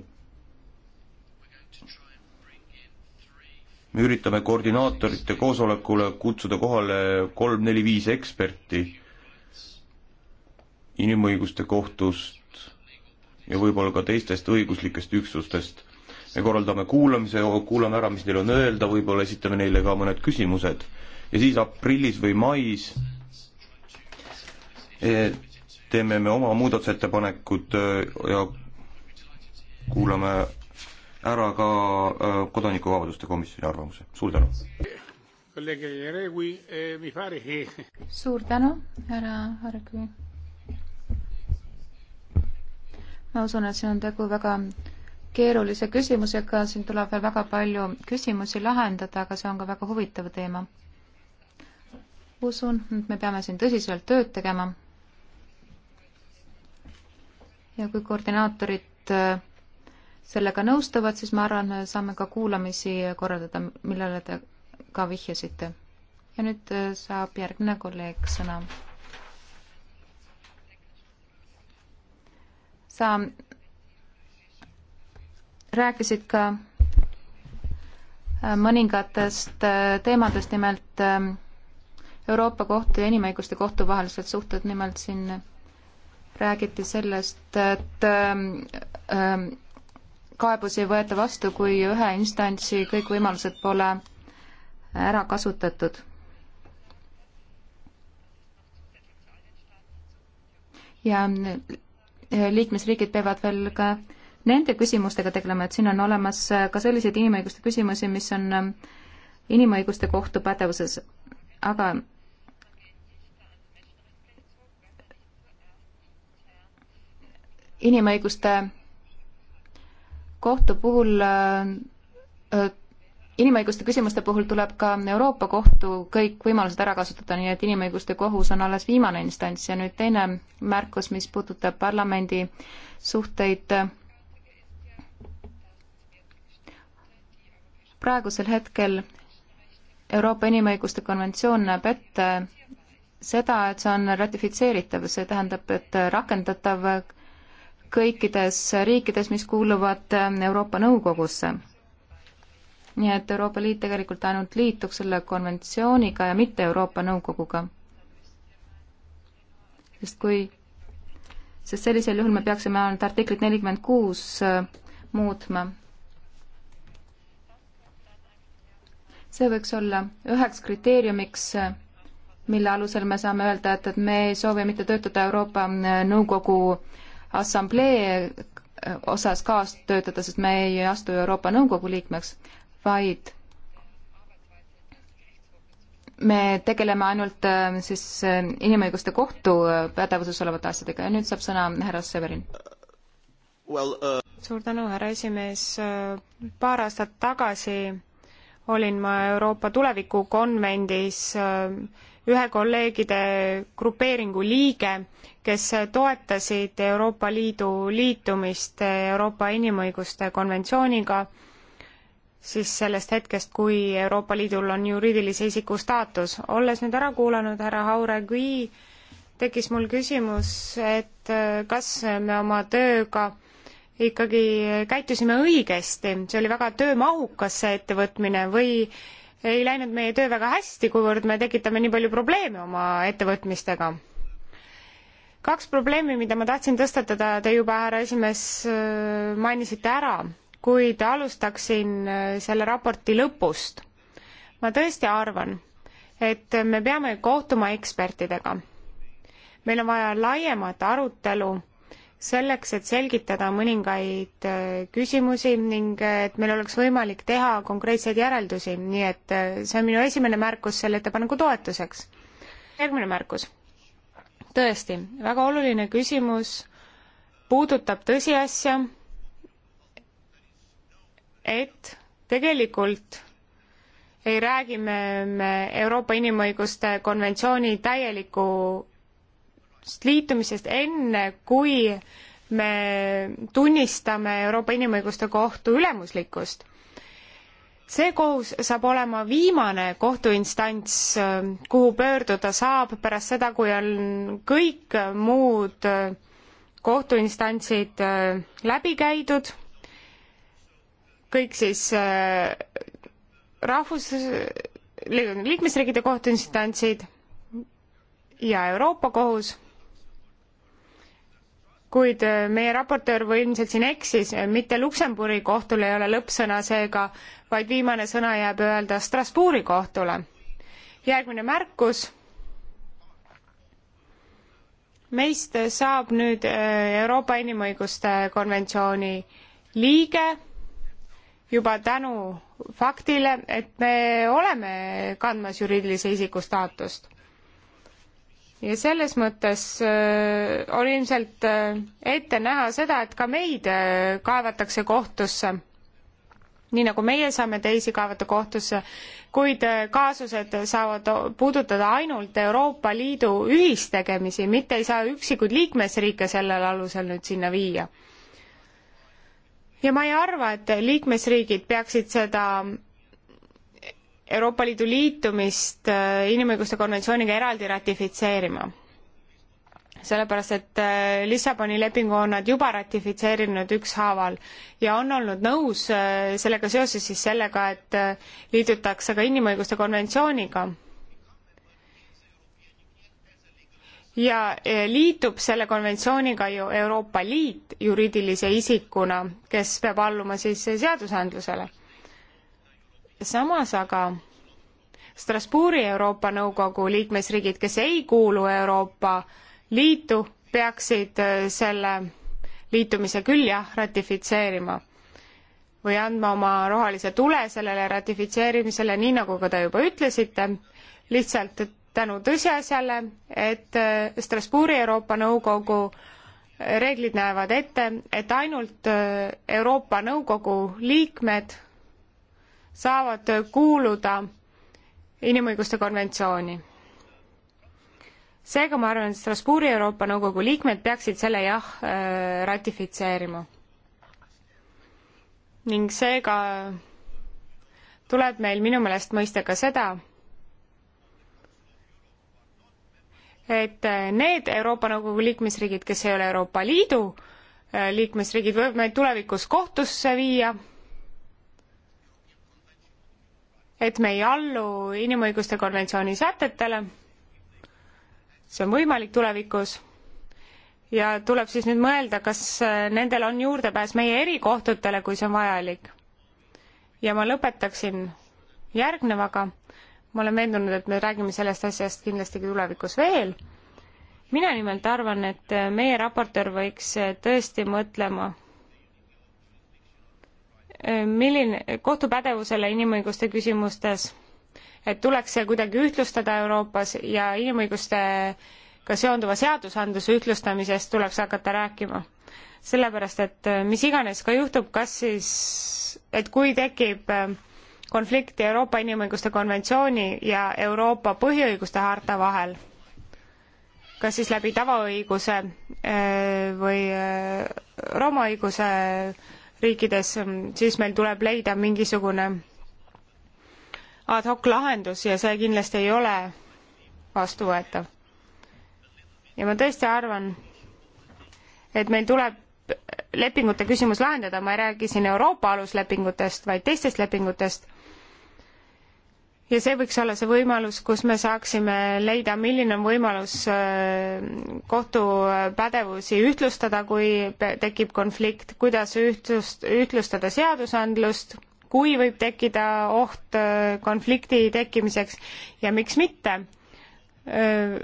me üritame koordinaatorite koosolekule kutsuda kohale kolm-neli-viis eksperti inimõiguste kohtust ja võib-olla ka teistest õiguslikest üksustest. me korraldame kuulamise, kuulame ära, mis neil on öelda, võib-olla esitame neile ka mõned küsimused ja siis aprillis või mais eh, teeme me oma muudatusettepanekud eh, ja kuulame ära ka äh, Kodanikuvabaduste komisjoni arvamuse. suur tänu! Eh, suur tänu, härra Harkvi! ma usun, et siin on tegu väga keerulise küsimusega, siin tuleb veel väga palju küsimusi lahendada, aga see on ka väga huvitav teema. usun, et me peame siin tõsiselt tööd tegema. ja kui koordinaatorid äh, sellega nõustuvad, siis ma arvan, me saame ka kuulamisi korraldada, millele te ka vihjasite. ja nüüd äh, saab järgmine kolleeg sõna. sa rääkisid ka äh, mõningatest äh, teemadest, nimelt Euroopa Kohtu ja Inimõiguste Kohtu vahelised suhted, nimelt siin räägiti sellest, et kaebusi ei võeta vastu, kui ühe instantsi kõik võimalused pole ära kasutatud. ja liikmesriigid peavad veel ka nende küsimustega tegelema, et siin on olemas ka selliseid inimõiguste küsimusi, mis on inimõiguste kohtu pädevuses, aga inimõiguste kohtu puhul äh, äh, inimõiguste küsimuste puhul tuleb ka Euroopa Kohtu kõik võimalused ära kasutada, nii et inimõiguste kohus on alles viimane instants ja nüüd teine märkus, mis puudutab parlamendi suhteid praegusel hetkel Euroopa Inimõiguste Konventsioon näeb ette seda, et see on ratifitseeritav, see tähendab, et rakendatav kõikides riikides, mis kuuluvad ähm, Euroopa Nõukogusse. nii et Euroopa Liit tegelikult ainult liituks selle konventsiooniga ja mitte Euroopa Nõukoguga. sest kui, sest sellisel juhul me peaksime ainult artiklit nelikümmend kuus äh, muutma. see võiks olla üheks kriteeriumiks äh, mille alusel me saame öelda, et, et me ei soovi mitte töötada Euroopa äh, Nõukogu Assamblee äh, osas kaas töötada, sest me ei astu Euroopa Nõukogu liikmeks, vaid me tegeleme ainult äh, siis äh, inimõiguste kohtu pädevuses olevate asjadega ja nüüd saab sõna härra Severin. Well, uh... suur tänu, härra esimees. paar aastat tagasi olin ma Euroopa Tuleviku konvendis ühe kolleegide grupeeringu liige kes toetasid Euroopa Liidu liitumist Euroopa Inimõiguste konventsiooniga, siis sellest hetkest, kui Euroopa Liidul on juriidilise isiku staatus. olles nüüd ära kuulanud härra Hauregui, tekkis mul küsimus, et äh, kas me oma tööga ikkagi käitusime õigesti, see oli väga töömahukas, see ettevõtmine, või ei läinud meie töö väga hästi, kuivõrd me tekitame nii palju probleeme oma ettevõtmistega? kaks probleemi, mida ma tahtsin tõstatada, te juba, härra esimees, mainisite ära, kuid alustaksin äh, selle raporti lõpust. ma tõesti arvan, et me peame kohtuma ekspertidega. meil on vaja laiemat arutelu selleks, et selgitada mõningaid äh, küsimusi ning äh, et meil oleks võimalik teha konkreetseid järeldusi, nii et see on minu esimene märkus selle ettepaneku toetuseks. järgmine märkus tõesti, väga oluline küsimus puudutab tõsiasja, et tegelikult ei räägi me, me Euroopa Inimõiguste konventsiooni täielikust liitumisest enne, kui me tunnistame Euroopa Inimõiguste Kohtu ülemuslikkust see kohus saab olema viimane kohtuinstants, kuhu pöörduda saab pärast seda, kui on kõik muud kohtuinstantsid äh, läbi käidud, kõik siis äh, rahvus, liikmesriikide kohtuinstantsid ja Euroopa kohus kuid äh, meie raportöör või ilmselt siin eksis, äh, mitte Luksemburi kohtul ei ole lõppsõna seega, vaid viimane sõna jääb öelda Strasbourgi kohtule. järgmine märkus. meist saab nüüd äh, Euroopa Inimõiguste konventsiooni liige juba tänu faktile, et me oleme kandmas juriidilise isiku staatust ja selles mõttes äh, on ilmselt äh, ette näha seda, et ka meid äh, kaevatakse kohtusse, nii nagu meie saame teisi kaevata kohtusse, kuid äh, kaasused saavad puudutada ainult Euroopa Liidu ühistegemisi, mitte ei saa üksikuid liikmesriike sellel alusel nüüd sinna viia. ja ma ei arva, et liikmesriigid peaksid seda Euroopa Liidu liitumist äh, inimõiguste konventsiooniga eraldi ratifitseerima. sellepärast, et äh, Lissaboni lepingu on nad juba ratifitseerinud ükshaaval ja on olnud nõus äh, sellega seoses siis sellega, et liidutakse ka inimõiguste konventsiooniga ja liitub selle konventsiooniga ju Euroopa Liit juriidilise isikuna, kes peab alluma siis seadusandlusele samas aga Strasbourgi Euroopa Nõukogu liikmesriigid, kes ei kuulu Euroopa Liitu, peaksid äh, selle liitumise küll jah, ratifitseerima või andma oma rohelise tule sellele ratifitseerimisele, nii nagu ka te juba ütlesite, lihtsalt tänu tõsiasjale, et äh, Strasbourgi Euroopa Nõukogu äh, reeglid näevad ette, et ainult Euroopa Nõukogu liikmed saavad kuuluda inimõiguste konventsiooni. seega ma arvan, et Strasbourgi Euroopa Nõukogu liikmed peaksid selle jah äh, ratifitseerima. ning seega tuleb meil minu meelest mõista ka seda, et äh, need Euroopa Nõukogu liikmesriigid, kes ei ole Euroopa Liidu äh, liikmesriigid, võivad meid tulevikus kohtusse viia et me ei allu inimõiguste konventsiooni sätetele. see on võimalik tulevikus. ja tuleb siis nüüd mõelda, kas äh, nendel on juurdepääs meie erikohtutele, kui see on vajalik. ja ma lõpetaksin järgnevaga. ma olen veendunud, et me räägime sellest asjast kindlasti tulevikus veel mina nimelt arvan, et äh, meie raportöör võiks äh, tõesti mõtlema milline, kohtupädevusele inimõiguste küsimustes, et tuleks see kuidagi ühtlustada Euroopas ja inimõigustega seonduva seadusandluse ühtlustamisest tuleks hakata rääkima. sellepärast, et äh, mis iganes ka juhtub, kas siis, et kui tekib äh, konflikt Euroopa Inimõiguste Konventsiooni ja Euroopa põhiõiguste harta vahel, kas siis läbi tavaõiguse äh, või Rooma õiguse riikides, ähm, siis meil tuleb leida mingisugune ad hoc lahendus ja see kindlasti ei ole vastuvõetav. ja ma tõesti arvan, et meil tuleb lepingute küsimus lahendada, ma ei räägi siin Euroopa aluslepingutest, vaid teistest lepingutest ja see võiks olla see võimalus, kus me saaksime leida, milline on võimalus äh, kohtupädevusi ühtlustada, kui tekib konflikt, kuidas ühtlust, ühtlustada seadusandlust, kui võib tekkida oht äh, konflikti tekkimiseks ja miks mitte äh,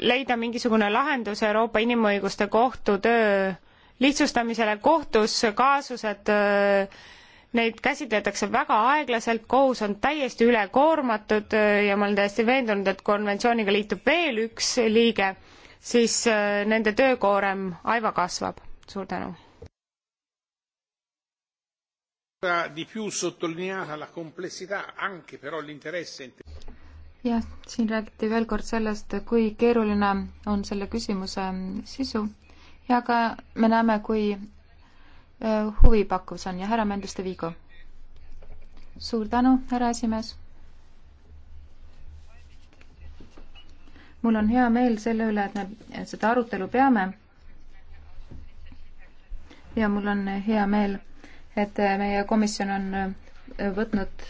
leida mingisugune lahendus Euroopa Inimõiguste Kohtu töö lihtsustamisele kohtus kaasused öö, neid käsitletakse väga aeglaselt, kohus on täiesti ülekoormatud äh, ja ma olen täiesti veendunud, et konventsiooniga liitub veel üks liige, siis äh, nende töökoorem aiva kasvab. suur tänu. jah, siin räägiti veel kord sellest, kui keeruline on selle küsimuse sisu ja ka me näeme, kui Äh, huvipakkuv see on ja härra Mendes de Vigo. suur tänu, härra esimees. mul on hea meel selle üle, et me seda arutelu peame. ja mul on hea meel, et meie komisjon on võtnud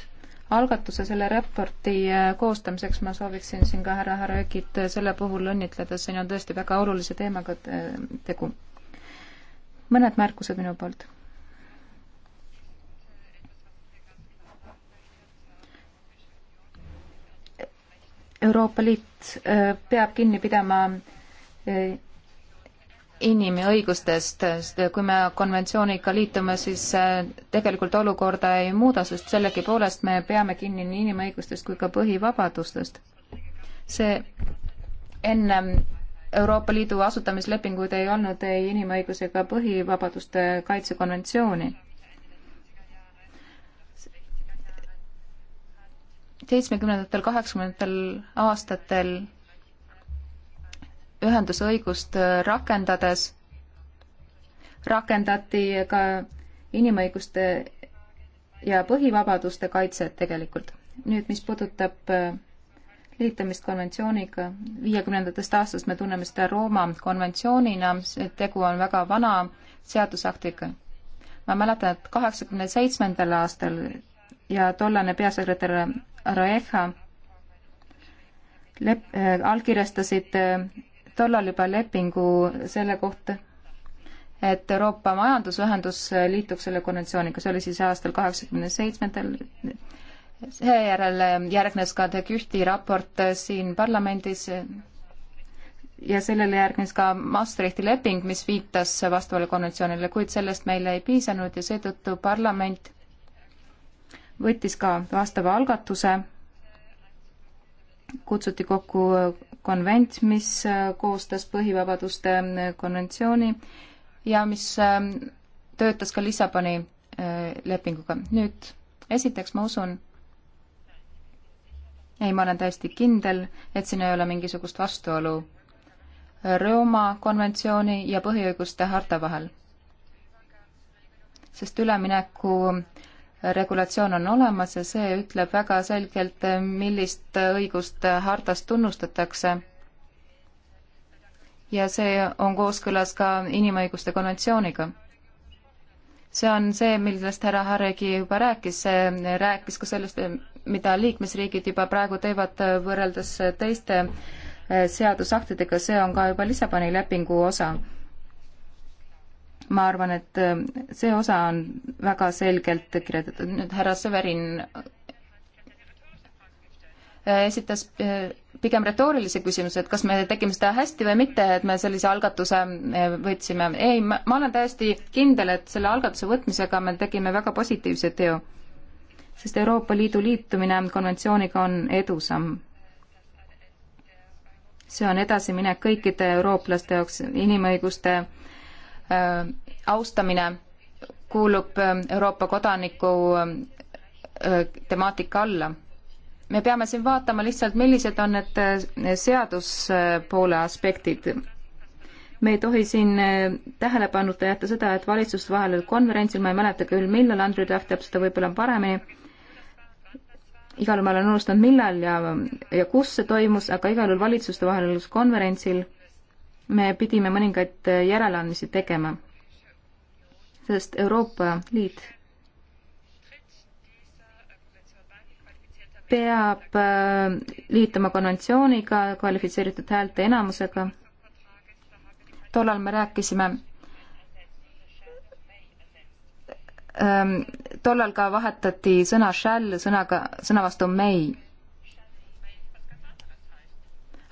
algatuse selle raporti koostamiseks ma sooviksin siin ka härra Haröögit selle puhul õnnitleda, siin on tõesti väga olulise teemaga tegu mõned märkused minu poolt. Euroopa Liit äh, peab kinni pidama äh, inimõigustest, sest äh, kui me konventsiooniga liitume, siis tegelikult olukorda ei muuda, sest sellegipoolest me peame kinni nii inimõigustest kui ka põhivabadustest. see enne Euroopa Liidu asutamislepingud ei olnud ei inimõiguse ega põhivabaduste kaitsekonventsiooni. seitsmekümnendatel, kaheksakümnendatel aastatel ühendusõigust rakendades rakendati ka inimõiguste ja põhivabaduste kaitset tegelikult. nüüd, mis puudutab äh, liitumist konventsiooniga. viiekümnendatest aastast me tunneme seda Rooma konventsioonina, tegu on väga vana seadusaktiga. ma mäletan, et kaheksakümne seitsmendal aastal ja tollane peasekretär Roecha lep-, äh, allkirjastasid äh, tollal juba lepingu selle kohta, et Euroopa Majandusühendus äh, liituks selle konventsiooniga, see oli siis aastal kaheksakümne seitsmendal seejärel järgnes ka De Kühti raport siin parlamendis ja sellele järgnes ka Maastrichti leping, mis viitas vastavale konventsioonile, kuid sellest meile ei piisanud ja seetõttu parlament võttis ka vastava algatuse, kutsuti kokku konvent, mis koostas põhivabaduste konventsiooni ja mis töötas ka Lissaboni äh, lepinguga. nüüd esiteks ma usun, ei, ma olen täiesti kindel, et siin ei ole mingisugust vastuolu Rooma konventsiooni ja põhiõiguste harta vahel. sest ülemineku regulatsioon on olemas ja see ütleb väga selgelt, millist õigust hartast tunnustatakse. ja see on kooskõlas ka inimõiguste konventsiooniga see on see, millest härra Haregi juba rääkis, rääkis ka sellest, mida liikmesriigid juba praegu teevad võrreldes teiste eh, seadusaktidega, see on ka juba Lissaboni lepingu osa. ma arvan, et eh, see osa on väga selgelt kirjeldatud, nüüd härra Severin Äh, esitas äh, pigem retoorilise küsimuse, et kas me tegime seda hästi või mitte, et me sellise algatuse äh, võtsime. ei, ma olen täiesti kindel, et selle algatuse võtmisega me tegime väga positiivse teo. sest Euroopa Liidu liitumine konventsiooniga on edusamm. see on edasiminek kõikide eurooplaste jaoks, inimõiguste äh, austamine kuulub Euroopa kodaniku äh, temaatika alla me peame siin vaatama lihtsalt, millised on need eh, seaduspoole aspektid. me ei tohi siin eh, tähelepanuta jätta seda, et valitsuste vahel konverentsil, ma ei mäleta küll, millal, Andrei Duff teab seda võib-olla paremini, igal juhul ma olen unustanud, millal ja, ja kus see toimus, aga igal juhul valitsuste vahelises konverentsil me pidime mõningaid eh, järeleandmisi tegema. sest Euroopa Liit peab äh, liituma konventsiooniga kvalifitseeritud häälte enamusega. tollal me rääkisime ähm, tollal ka vahetati sõna shall sõnaga, sõna vastu may.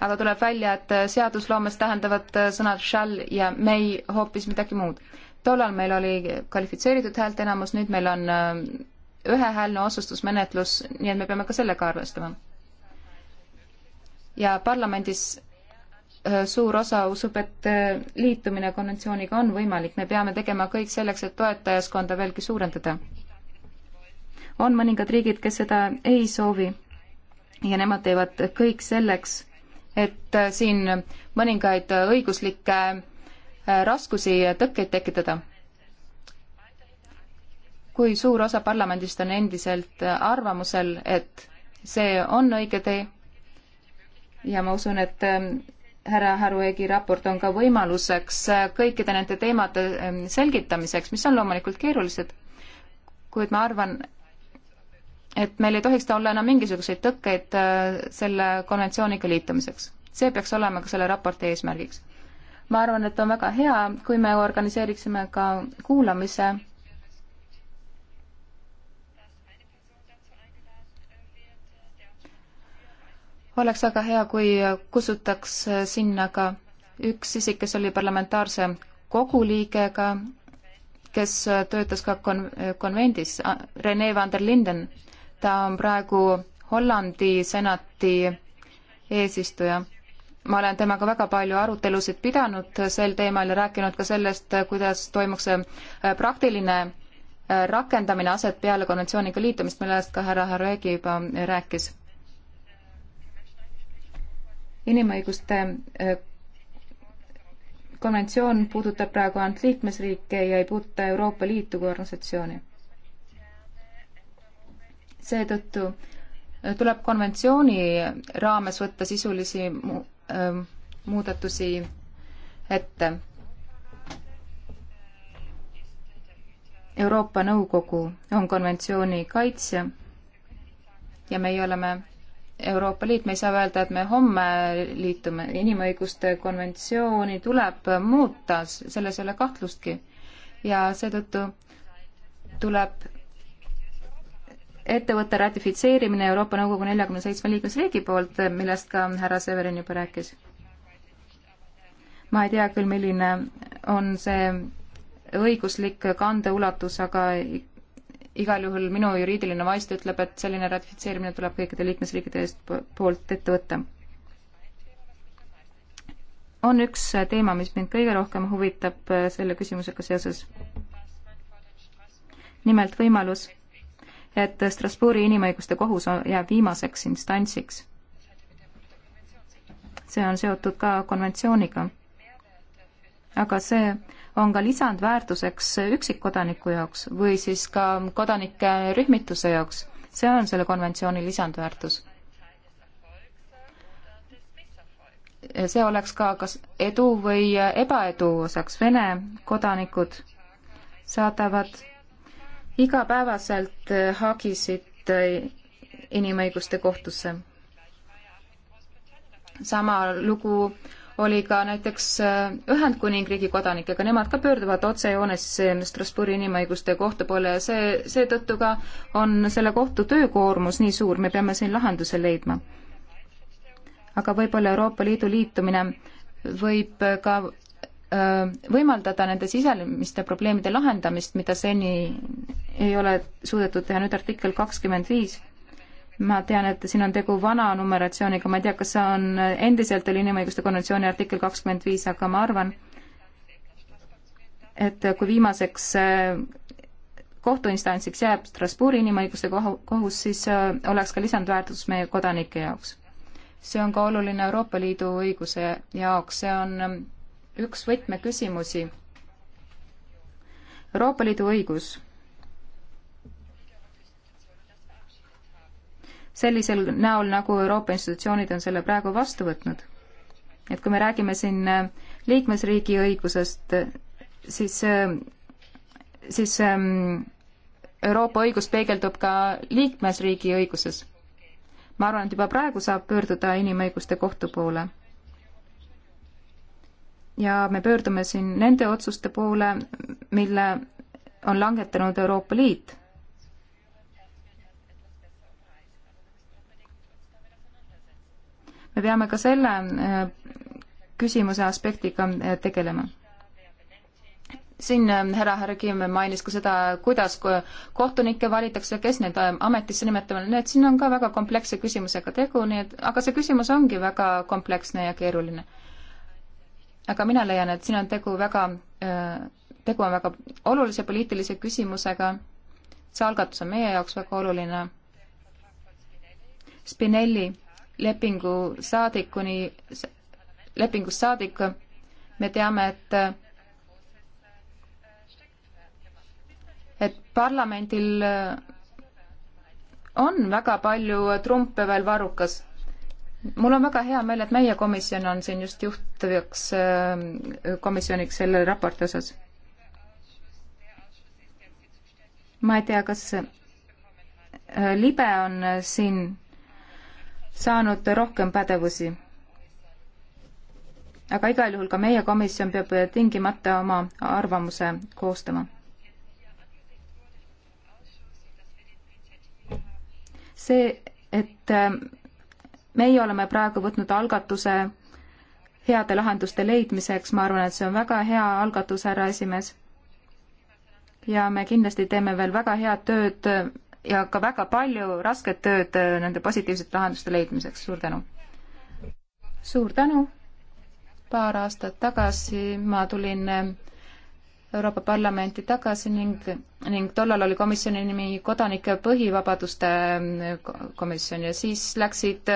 aga tuleb välja, et äh, seadusloomes tähendavad äh, sõnad shall ja may hoopis midagi muud. tollal meil oli kvalifitseeritud häälteenamus, nüüd meil on ühehäälne otsustusmenetlus, nii et me peame ka sellega arvestama. ja parlamendis äh, suur osa usub, et äh, liitumine konventsiooniga on võimalik, me peame tegema kõik selleks, et toetajaskonda veelgi suurendada. on mõningad riigid, kes seda ei soovi ja nemad teevad kõik selleks, et äh, siin mõningaid õiguslikke raskusi ja tõkkeid tekitada kui suur osa parlamendist on endiselt arvamusel, et see on õige tee ja ma usun, et ähm, härra Haruegi raport on ka võimaluseks äh, kõikide nende teemade ähm, selgitamiseks, mis on loomulikult keerulised, kuid ma arvan, et meil ei tohiks ta olla enam mingisuguseid tõkkeid äh, selle konventsiooniga liitumiseks. see peaks olema ka selle raporti eesmärgiks. ma arvan, et on väga hea, kui me organiseeriksime ka kuulamise oleks väga hea, kui kutsutaks sinna ka üks isik, kes oli parlamentaarse kogu liigega, kes töötas ka kon-, konvendis, Rene van der Linden. ta on praegu Hollandi senati eesistuja. ma olen temaga väga palju arutelusid pidanud sel teemal ja rääkinud ka sellest, kuidas toimuks see äh, praktiline äh, rakendamine aset peale konventsiooniga liitumist, millest ka härra Haregi juba äh, rääkis inimõiguste äh, konventsioon puudutab praegu ainult liikmesriike ja ei puuduta Euroopa Liitu kui organisatsiooni. seetõttu äh, tuleb konventsiooni raames võtta sisulisi mu-, äh, muudatusi ette. Euroopa Nõukogu on konventsiooni kaitsja ja meie oleme Euroopa Liit, me ei saa öelda, et me homme liitume, inimõiguste konventsiooni tuleb muuta, selles ei ole kahtlustki. ja seetõttu tuleb ettevõtte ratifitseerimine Euroopa Nõukogu neljakümne seitsme liikmesriigi poolt, millest ka härra Severin juba rääkis. ma ei tea küll, milline on see õiguslik kandeulatus, aga igal juhul minu juriidiline vaist ütleb, et selline ratifitseerimine tuleb kõikide liikmesriikide eest poolt ette võtta. on üks teema, mis mind kõige rohkem huvitab äh, selle küsimusega seoses. nimelt võimalus, et Strasbourgi inimõiguste kohus jääb viimaseks instantsiks. see on seotud ka konventsiooniga aga see on ka lisandväärtuseks üksikkodaniku jaoks või siis ka kodanike rühmituse jaoks. see on selle konventsiooni lisandväärtus. see oleks ka kas edu või ebaedu osaks. Vene kodanikud saadavad igapäevaselt hagisid inimõiguste kohtusse. sama lugu oli ka näiteks äh, Ühendkuningriigi kodanikega, nemad ka pöörduvad otsejoones Strasbourgi inimõiguste kohtu poole ja see, seetõttu ka on selle kohtu töökoormus nii suur, me peame siin lahenduse leidma. aga võib-olla Euroopa Liidu liitumine võib ka öö, äh, võimaldada nende sisemiste probleemide lahendamist, mida seni ei ole suudetud teha, nüüd artikkel kakskümmend viis ma tean, et siin on tegu vana numeratsiooniga, ma ei tea, kas see on endiselt veel inimõiguste konventsiooni artikkel kakskümmend viis, aga ma arvan, et kui viimaseks äh, kohtuinstantsiks jääb Strasbourgi inimõiguste kohus, siis äh, oleks ka lisandväärtus meie kodanike jaoks. see on ka oluline Euroopa Liidu õiguse jaoks, see on ähm, üks võtmeküsimusi. Euroopa Liidu õigus sellisel näol, nagu Euroopa institutsioonid on selle praegu vastu võtnud. et kui me räägime siin äh, liikmesriigi õigusest, siis, äh, siis ähm, Euroopa õigus peegeldub ka liikmesriigi õiguses. ma arvan, et juba praegu saab pöörduda inimõiguste kohtu poole. ja me pöördume siin nende otsuste poole, mille on langetanud Euroopa Liit me peame ka selle äh, küsimuse aspektiga äh, tegelema siin äh, härra Härgi mainis ka seda, kuidas kohtunikke valitakse, kes need ametisse nimetavad, nii et siin on ka väga kompleksse küsimusega tegu, nii et aga see küsimus ongi väga kompleksne ja keeruline. aga mina leian, et siin on tegu väga, tegu on väga olulise poliitilise küsimusega, see algatus on meie jaoks väga oluline. Spinelli lepingu saadikuni, lepingust saadik me teame, et et parlamendil on väga palju trumpe veel varrukas mul on väga hea meel, et meie komisjon on siin just juhtavaks äh, komisjoniks selle raporti osas. ma ei tea, kas äh, libe on siin saanud rohkem pädevusi. aga igal juhul ka meie komisjon peab tingimata oma arvamuse koostama. see, et ähm, meie oleme praegu võtnud algatuse heade lahenduste leidmiseks, ma arvan, et see on väga hea algatus, härra esimees. ja me kindlasti teeme veel väga head tööd ja ka väga palju rasket tööd äh, nende positiivsete lahenduste leidmiseks, suur tänu! suur tänu! paar aastat tagasi ma tulin äh, Euroopa Parlamenti tagasi ning, ning tollal oli komisjoni nimi Kodanike põhivabaduste äh, komisjon ja siis läksid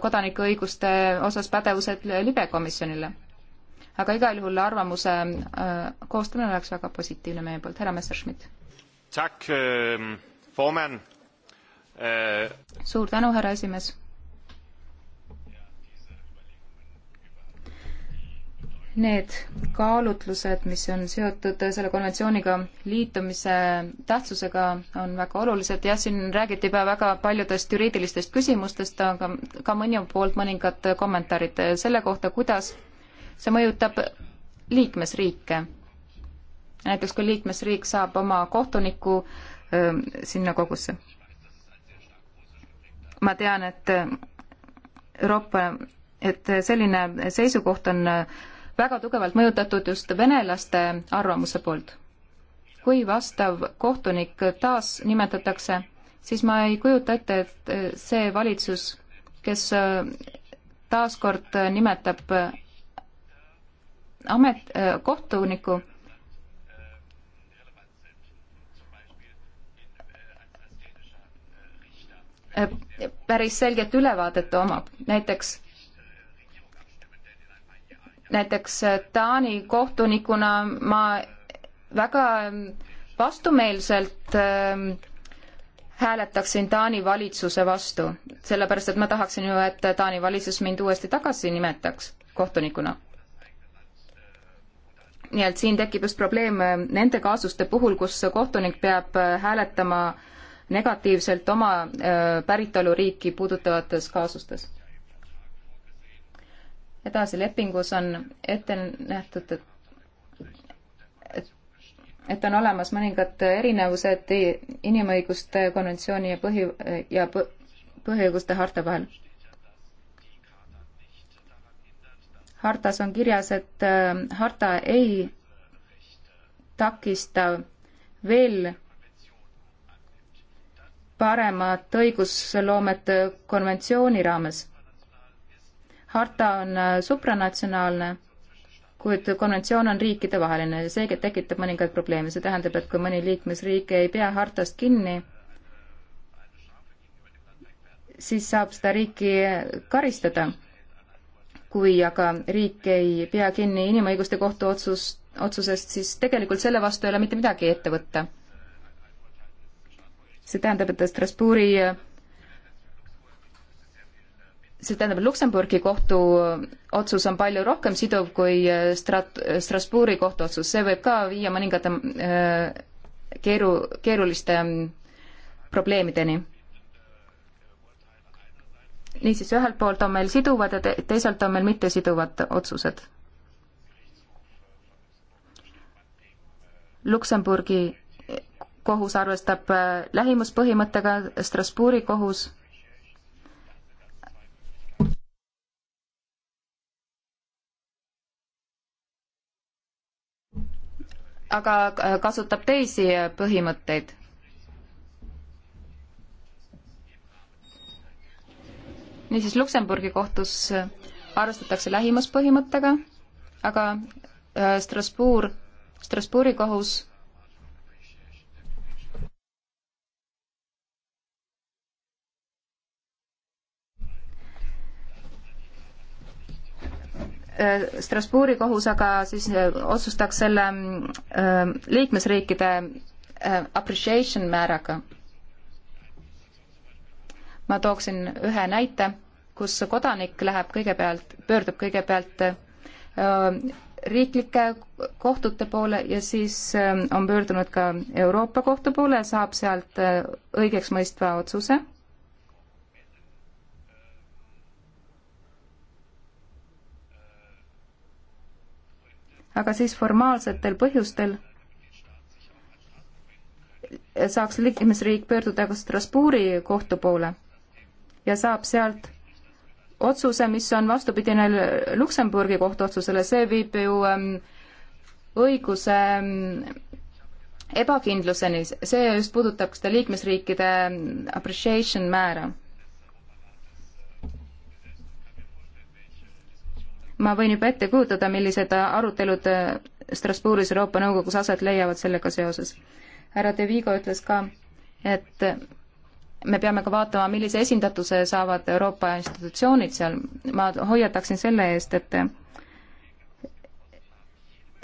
kodanikuõiguste osas pädevused libe komisjonile. aga igal juhul arvamuse koostamine oleks väga positiivne meie poolt, härra Messerschmidt. Ähm, Eh, suur tänu, härra esimees. Need kaalutlused, mis on seotud selle konventsiooniga liitumise tähtsusega, on väga olulised. jah, siin räägiti juba väga paljudest juriidilistest küsimustest, aga ka mõni poolt mõningad kommentaarid selle kohta, kuidas see mõjutab liikmesriike. näiteks kui liikmesriik saab oma kohtuniku äh, sinna kogusse. ma tean, et Euroopa, et selline seisukoht on väga tugevalt mõjutatud just venelaste arvamuse poolt. kui vastav kohtunik taas nimetatakse, siis ma ei kujuta ette, et see valitsus, kes taaskord nimetab amet, kohtuniku, päris selget ülevaadet omab, näiteks näiteks äh, Taani kohtunikuna ma väga ähm, vastumeelselt ähm, hääletaksin Taani valitsuse vastu, sellepärast et ma tahaksin ju, et Taani valitsus mind uuesti tagasi nimetaks kohtunikuna. nii et siin tekib just probleem äh, nende kaasuste puhul, kus kohtunik peab äh, hääletama äh, negatiivselt oma päritoluriiki puudutavates kaasustes. edasi, lepingus on ette nähtud, et et on olemas mõningad erinevused inimõiguste konventsiooni ja põhi ja põhiõiguste harta vahel. hartas on kirjas, et harta ei takista veel paremat õigusloomet konventsiooni raames. harta on äh, supranatsionaalne, kuid konventsioon on riikidevaheline ja see tekitab mõningaid probleeme, see tähendab, et kui mõni liikmesriik ei pea hartast kinni, siis saab seda riiki karistada. kui aga riik ei pea kinni inimõiguste kohtu otsust, otsusest, siis tegelikult selle vastu ei ole mitte midagi ette võtta see tähendab, et Strasbourgi, see tähendab, Luksemburgi kohtu otsus on palju rohkem siduv kui Strat-, Strasbourgi kohtu otsus, see võib ka viia mõningate äh, keeru, keeruliste ähm, probleemideni. niisiis, ühelt poolt on meil siduvad ja te-, teisalt on meil mittesiduvad otsused. Luksemburgi kohus arvestab äh, lähimuspõhimõttega, Strasbourgi kohus aga äh, kasutab teisi äh, põhimõtteid. niisiis, Luksemburgi kohtus arvestatakse lähimuspõhimõttega, aga Strasbourg, Strasbourgi kohus Äh, Strasbourgi kohus aga siis äh, otsustaks selle äh, liikmesriikide appreciation määraga. ma tooksin ühe näite, kus kodanik läheb kõigepealt, pöördub kõigepealt riiklike kohtute poole ja siis on pöördunud ka Euroopa kohtu poole, saab sealt õigeks mõistva otsuse aga siis formaalsetel põhjustel saaks liikmesriik pöörduda ka Strasbourgi kohtu poole ja saab sealt otsuse, mis on vastupidine Luksemburgi kohtuotsusele, see viib ju ähm, õiguse ähm, ebakindluseni, see just puudutab seda liikmesriikide appreciation määra ma võin juba ette kujutada, millised arutelud äh, Strasbourgis Euroopa Nõukogus aset leiavad sellega seoses. härra De Vigo ütles ka, et me peame ka vaatama, millise esindatuse saavad Euroopa institutsioonid seal, ma hoiataksin selle eest, et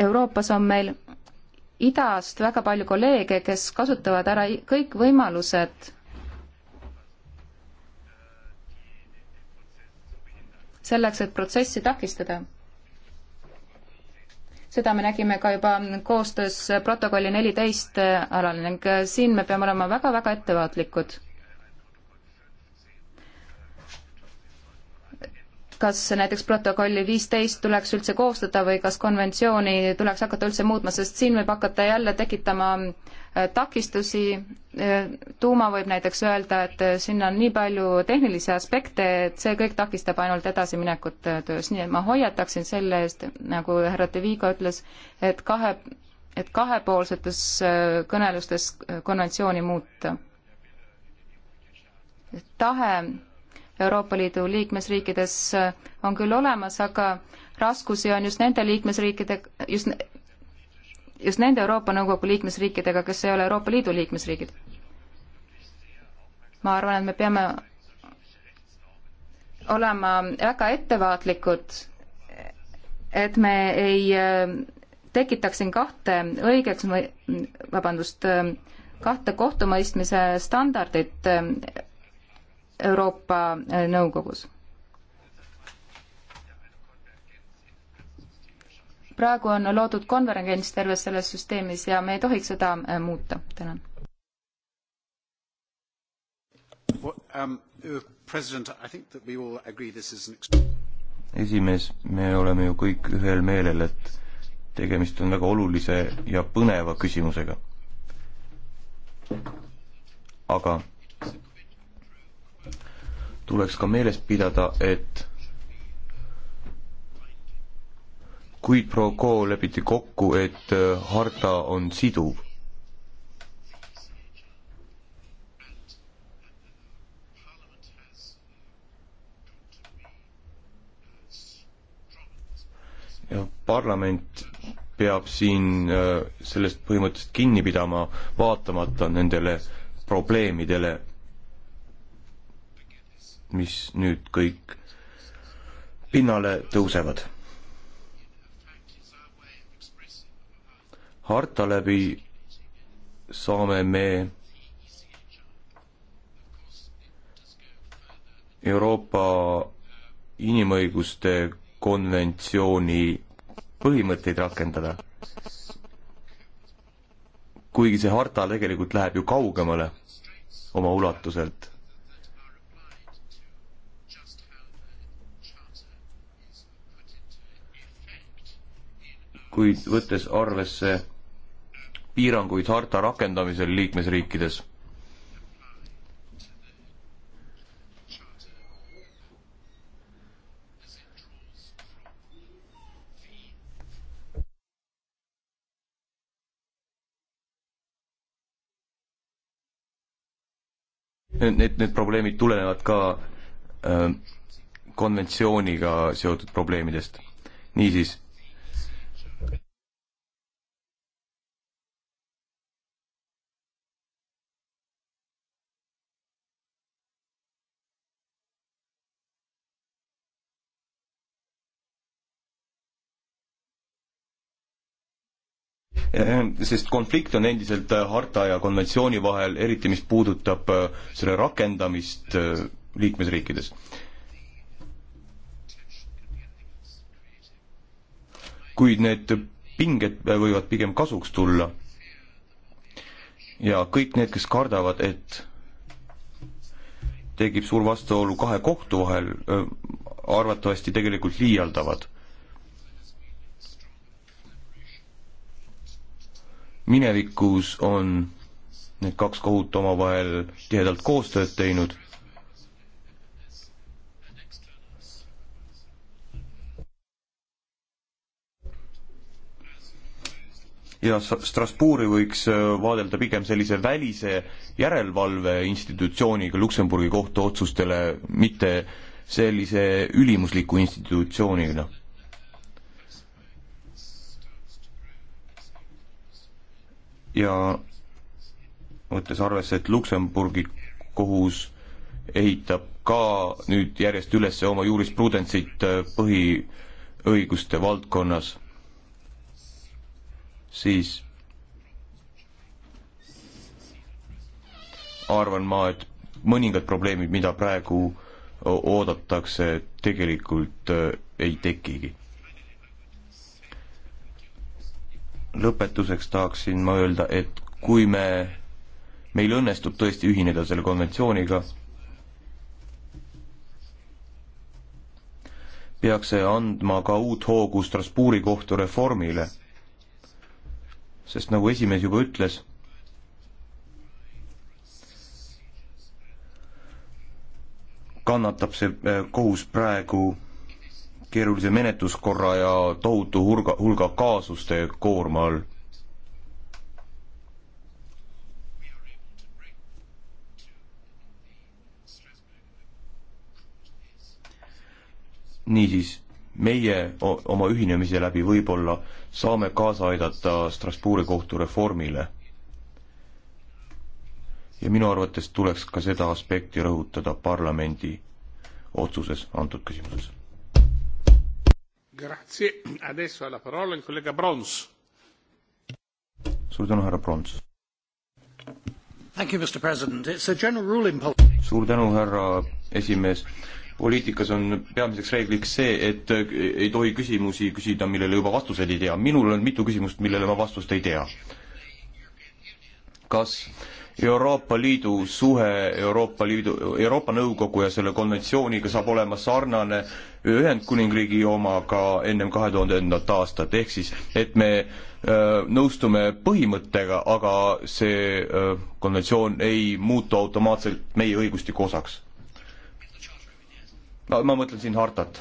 Euroopas on meil idast väga palju kolleege, kes kasutavad ära kõik võimalused selleks, et protsessi takistada. seda me nägime ka juba koostöös protokolli neliteist alal ning äh, siin me peame olema väga-väga ettevaatlikud kas näiteks protokolli viisteist tuleks üldse koostada või kas konventsiooni tuleks hakata üldse muutma, sest siin võib hakata jälle tekitama äh, takistusi, äh, tuuma võib näiteks öelda, et äh, sinna on nii palju tehnilisi aspekte, et see kõik takistab ainult edasiminekut töös, nii et ma hoiataksin selle eest, nagu härra De Vigo ütles, et kahe, et kahepoolsetes kõnelustes konventsiooni muuta. tahe Euroopa Liidu liikmesriikides äh, on küll olemas, aga raskusi on just nende liikmesriikide, just, just nende Euroopa Nõukogu liikmesriikidega, kes ei ole Euroopa Liidu liikmesriigid. ma arvan, et me peame olema väga ettevaatlikud, et me ei äh, tekitaks siin kahte õigeks või vabandust, äh, kahte kohtumõistmise standardit Euroopa äh, Nõukogus. praegu on loodud konverents terves selles süsteemis ja me ei tohiks seda äh, muuta. tänan. Um, uh, esimees, me oleme ju kõik ühel meelel, et tegemist on väga olulise ja põneva küsimusega. aga tuleks ka meeles pidada, et kuid pro quo lepiti kokku, et äh, harta on siduv. ja parlament peab siin äh, sellest põhimõttest kinni pidama, vaatamata nendele probleemidele mis nüüd kõik pinnale tõusevad. harta läbi saame me Euroopa inimõiguste konventsiooni põhimõtteid rakendada. kuigi see harta tegelikult läheb ju kaugemale oma ulatuselt kuid võttes arvesse piiranguid harta rakendamisel liikmesriikides. Need, need probleemid tulenevad ka äh, konventsiooniga seotud probleemidest. niisiis Äh, sest konflikt on endiselt äh, harta ja konventsiooni vahel, eriti mis puudutab äh, selle rakendamist liikmesriikides. kuid need pinged võivad pigem kasuks tulla. ja kõik need, kes kardavad, et tekib suur vastuolu kahe kohtu vahel, arvatavasti tegelikult liialdavad minevikus on need kaks kohut omavahel tihedalt koostööd teinud. ja Strasbourgi võiks äh, vaadelda pigem sellise välise järelevalve institutsiooniga Luksemburgi kohtu otsustele, mitte sellise ülimusliku institutsioonina ja võttes arvesse, et Luksemburgi kohus ehitab ka nüüd järjest üles oma juurisprudentseit äh, põhiõiguste valdkonnas, siis arvan ma, et mõningad probleemid, mida praegu oodatakse, tegelikult äh, ei tekigi lõpetuseks tahaksin ma öelda, et kui me, meil õnnestub tõesti ühineda selle konventsiooniga, peaks see andma ka uut hoogu Strasbourgi kohtu reformile. sest nagu esimees juba ütles, kannatab see eh, kohus praegu keerulise menetluskorra ja tohutu hulga, hulga kaasuste koorma all. niisiis, meie oma ühinemise läbi võib-olla saame kaasa aidata Strasbourgi kohtu reformile. ja minu arvates tuleks ka seda aspekti rõhutada parlamendi otsuses antud küsimuses Grazie, adesso ha la parola il kolleeg Brons. suur tänu, härra Brons. suur tänu, härra esimees. poliitikas on peamiseks reegliks see, et äh, ei tohi küsimusi küsida, millele juba vastuseid ei tea. minul on mitu küsimust, millele ma vastust ei tea. kas Euroopa Liidu suhe Euroopa Liidu, Euroopa Nõukogu ja selle konventsiooniga saab olema sarnane äh, Ühendkuningriigi omaga ennem kahe tuhande ühendat aastat, ehk siis et me öö, nõustume põhimõttega, aga see öö, konventsioon ei muutu automaatselt meie õigustiku osaks. ma, ma mõtlen siin hartat.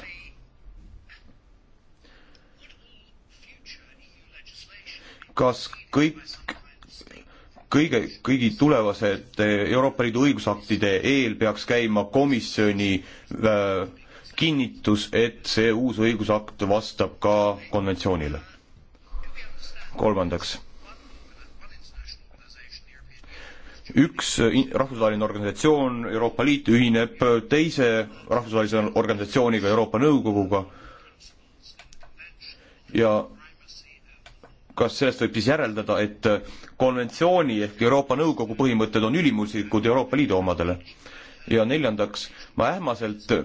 kas kõik kõige, kõigi tulevased Euroopa Liidu õigusaktide eel peaks käima komisjoni äh, kinnitus, et see uus õigusakt vastab ka konventsioonile. kolmandaks, üks rahvusvaheline organisatsioon, Euroopa Liit, ühineb teise rahvusvahelise organisatsiooniga, Euroopa Nõukoguga ja kas sellest võib siis järeldada, et konventsiooni ehk Euroopa Nõukogu põhimõtted on ülimuslikud Euroopa Liidu omadele? ja neljandaks, ma ähmaselt äh,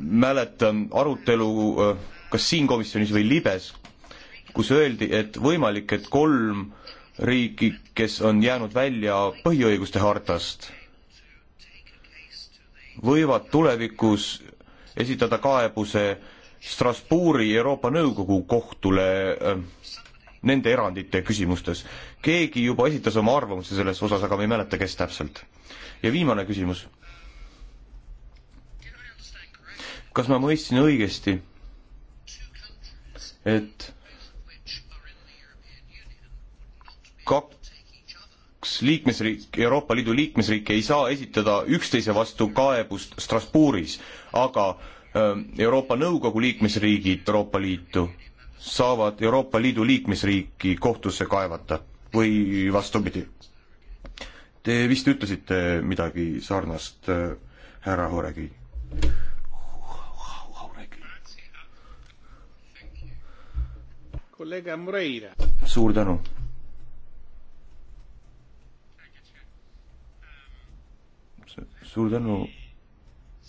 mäletan arutelu äh, kas siin komisjonis või libes, kus öeldi, et võimalik, et kolm riiki, kes on jäänud välja põhiõiguste hartast, võivad tulevikus esitada kaebuse Strasbourgi Euroopa Nõukogu kohtule äh, nende erandite küsimustes. keegi juba esitas oma arvamuse selles osas, aga ma ei mäleta, kes täpselt ja viimane küsimus. kas ma mõistsin õigesti, et kaks liikmesriik, Euroopa Liidu liikmesriiki ei saa esitada üksteise vastu kaebust Strasbourgis, aga ähm, Euroopa Nõukogu liikmesriigid Euroopa Liitu saavad Euroopa Liidu liikmesriiki kohtusse kaevata või vastupidi? Te vist ütlesite midagi sarnast, äh, härra Horegi. suur tänu. suur tänu,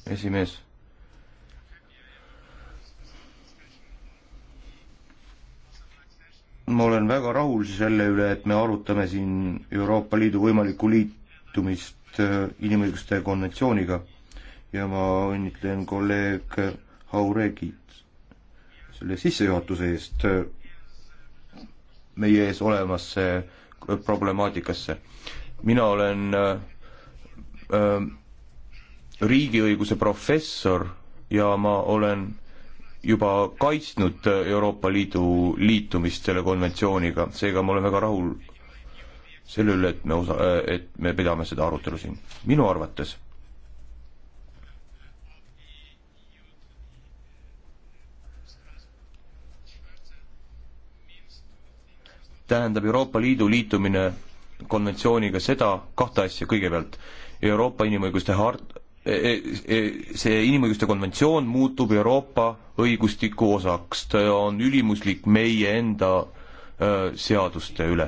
esimees ma olen väga rahul selle üle, et me arutame siin Euroopa Liidu võimalikku liitumist äh, inimõiguste konventsiooniga ja ma õnnitlen kolleeg Hauregit selle sissejuhatuse eest äh, meie ees olemasse äh, problemaatikasse. mina olen äh, riigiõiguse professor ja ma olen juba kaitsnud Euroopa Liidu liitumist selle konventsiooniga, seega ma olen väga rahul selle üle, et me osa, et me pidame seda arutelu siin. minu arvates tähendab Euroopa Liidu liitumine konventsiooniga seda kahte asja kõigepealt, Euroopa inimõiguste hart-, E, e, e, see inimõiguste konventsioon muutub Euroopa õigustiku osaks, ta on ülimuslik meie enda seaduste üle.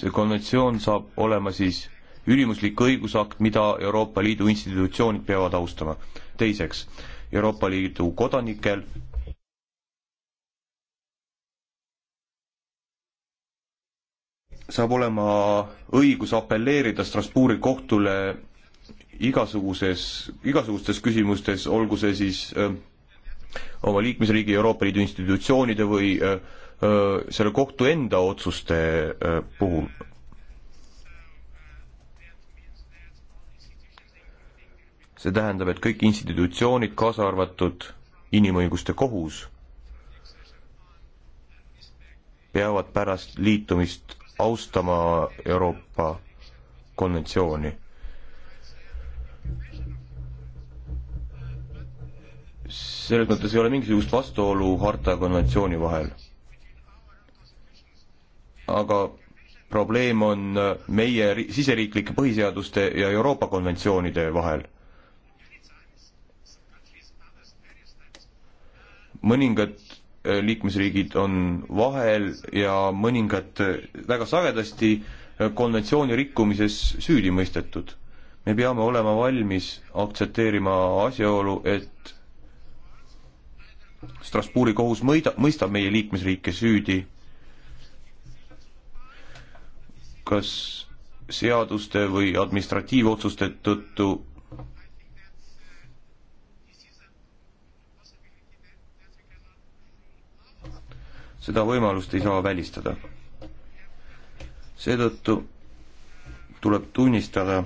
see konventsioon saab olema siis ülimuslik õigusakt, mida Euroopa Liidu institutsioonid peavad austama. teiseks, Euroopa Liidu kodanikel saab olema õigus apelleerida Strasbourgi kohtule igasuguses, igasugustes küsimustes, olgu see siis öö, äh, oma liikmesriigi Euroopa Liidu institutsioonide või öö, äh, äh, selle kohtu enda otsuste öö, puhul. see tähendab, et kõik institutsioonid, kaasa arvatud inimõiguste kohus, peavad pärast liitumist austama Euroopa konventsiooni. selles mõttes ei ole mingisugust vastuolu harta ja konventsiooni vahel. aga probleem on meie siseriiklike põhiseaduste ja Euroopa konventsioonide vahel mõningad Äh, liikmesriigid on vahel ja mõningad äh, väga sagedasti äh, konventsiooni rikkumises süüdi mõistetud. me peame olema valmis aktsepteerima asjaolu, et Strasbourgi kohus mõida-, mõistab meie liikmesriike süüdi. kas seaduste või administratiivotsuste tõttu seda võimalust ei saa välistada. seetõttu tuleb tunnistada,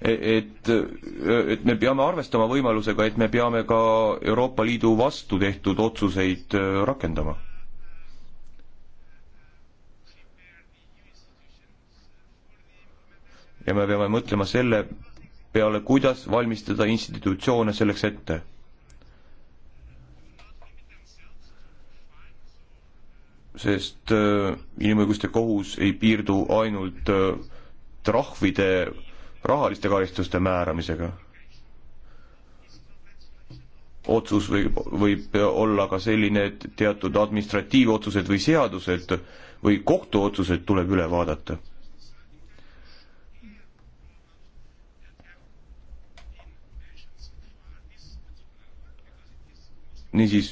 et, et me peame arvestama võimalusega, et me peame ka Euroopa Liidu vastu tehtud otsuseid rakendama ja me peame mõtlema selle peale, kuidas valmistada institutsioone selleks ette. sest äh, inimõiguste kohus ei piirdu ainult äh, trahvide rahaliste karistuste määramisega. otsus võib, võib olla ka selline, et teatud administratiivotsused või seadused või kohtuotsused tuleb üle vaadata niisiis,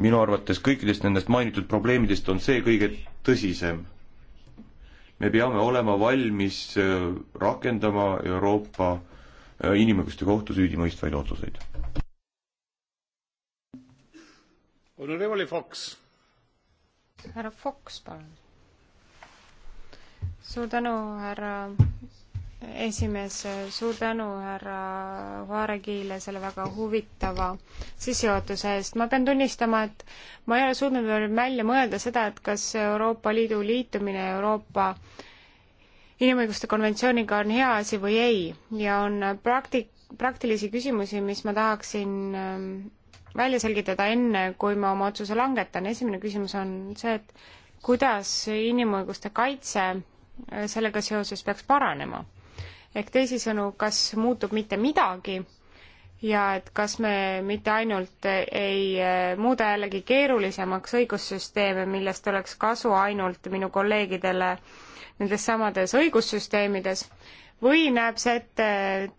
minu arvates kõikidest nendest mainitud probleemidest on see kõige tõsisem. me peame olema valmis äh, rakendama Euroopa äh, Inimõiguste Kohtu süüdimõistvaid otsuseid. Honorable Fox. härra Fox, palun. suur tänu, härra esimees, suur tänu härra Vaarekiile selle väga huvitava sissejuhatuse eest. ma pean tunnistama, et ma ei ole suutnud veel välja mõelda seda, et kas Euroopa Liidu liitumine Euroopa inimõiguste konventsiooniga on hea asi või ei ja on praktik-, praktilisi küsimusi, mis ma tahaksin ähm, välja selgitada enne, kui ma oma otsuse langetan. esimene küsimus on see, et kuidas inimõiguste kaitse äh, sellega seoses peaks paranema ehk teisisõnu, kas muutub mitte midagi ja et kas me mitte ainult ei eh, muuda jällegi keerulisemaks õigussüsteeme, millest oleks kasu ainult minu kolleegidele nendes samades õigussüsteemides, või näeb see ette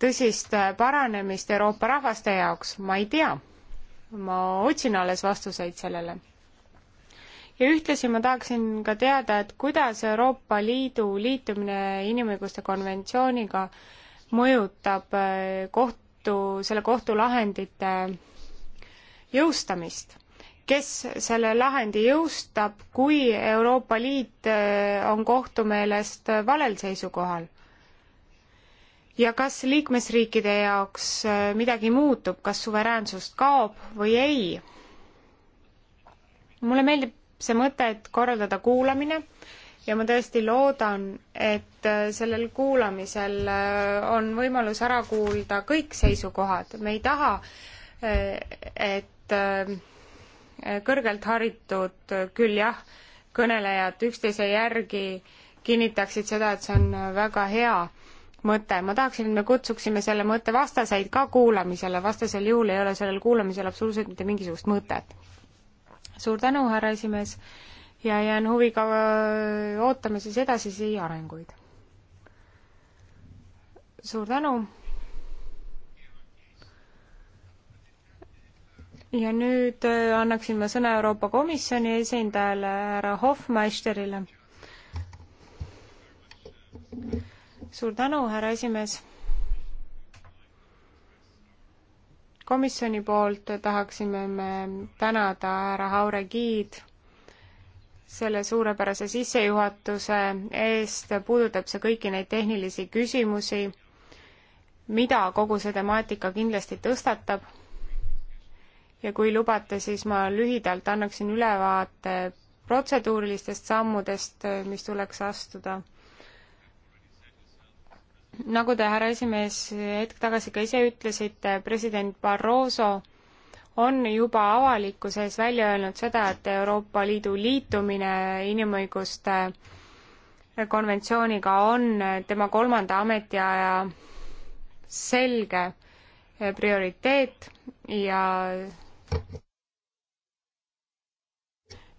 tõsist paranemist Euroopa rahvaste jaoks, ma ei tea. ma otsin alles vastuseid sellele ja ühtlasi ma tahaksin ka teada, et kuidas Euroopa Liidu liitumine inimõiguste konventsiooniga mõjutab äh, kohtu, selle kohtulahendite jõustamist. kes selle lahendi jõustab, kui Euroopa Liit äh, on kohtu meelest valel seisukohal? ja kas liikmesriikide jaoks äh, midagi muutub, kas suveräänsust kaob või ei? mulle meeldib see mõte, et korraldada kuulamine ja ma tõesti loodan, et äh, sellel kuulamisel äh, on võimalus ära kuulda kõik seisukohad, me ei taha, äh, et kõrgelt haritud küll jah, kõnelejad üksteise järgi kinnitaksid seda, et see on väga hea mõte, ma tahaksin, et me kutsuksime selle mõtte vastaseid ka kuulamisele, vastasel juhul ei ole sellel kuulamisel absoluutselt mitte mingisugust mõtet suur tänu, härra esimees, ja jään huviga ootama siis edasisi arenguid. suur tänu. ja nüüd annaksin ma sõna Euroopa Komisjoni esindajale, härra Hofmeisterile. suur tänu, härra esimees komisjoni poolt tahaksime me tänada härra Haure Giid selle suurepärase sissejuhatuse eest, puudutab see kõiki neid tehnilisi küsimusi, mida kogu see temaatika kindlasti tõstatab. ja kui lubate, siis ma lühidalt annaksin ülevaate protseduurilistest sammudest, mis tuleks astuda nagu te, härra esimees, hetk tagasi ka ise ütlesite, president Barroso on juba avalikkuse ees välja öelnud seda, et Euroopa Liidu liitumine inimõiguste konventsiooniga on tema kolmanda ametiaja selge prioriteet ja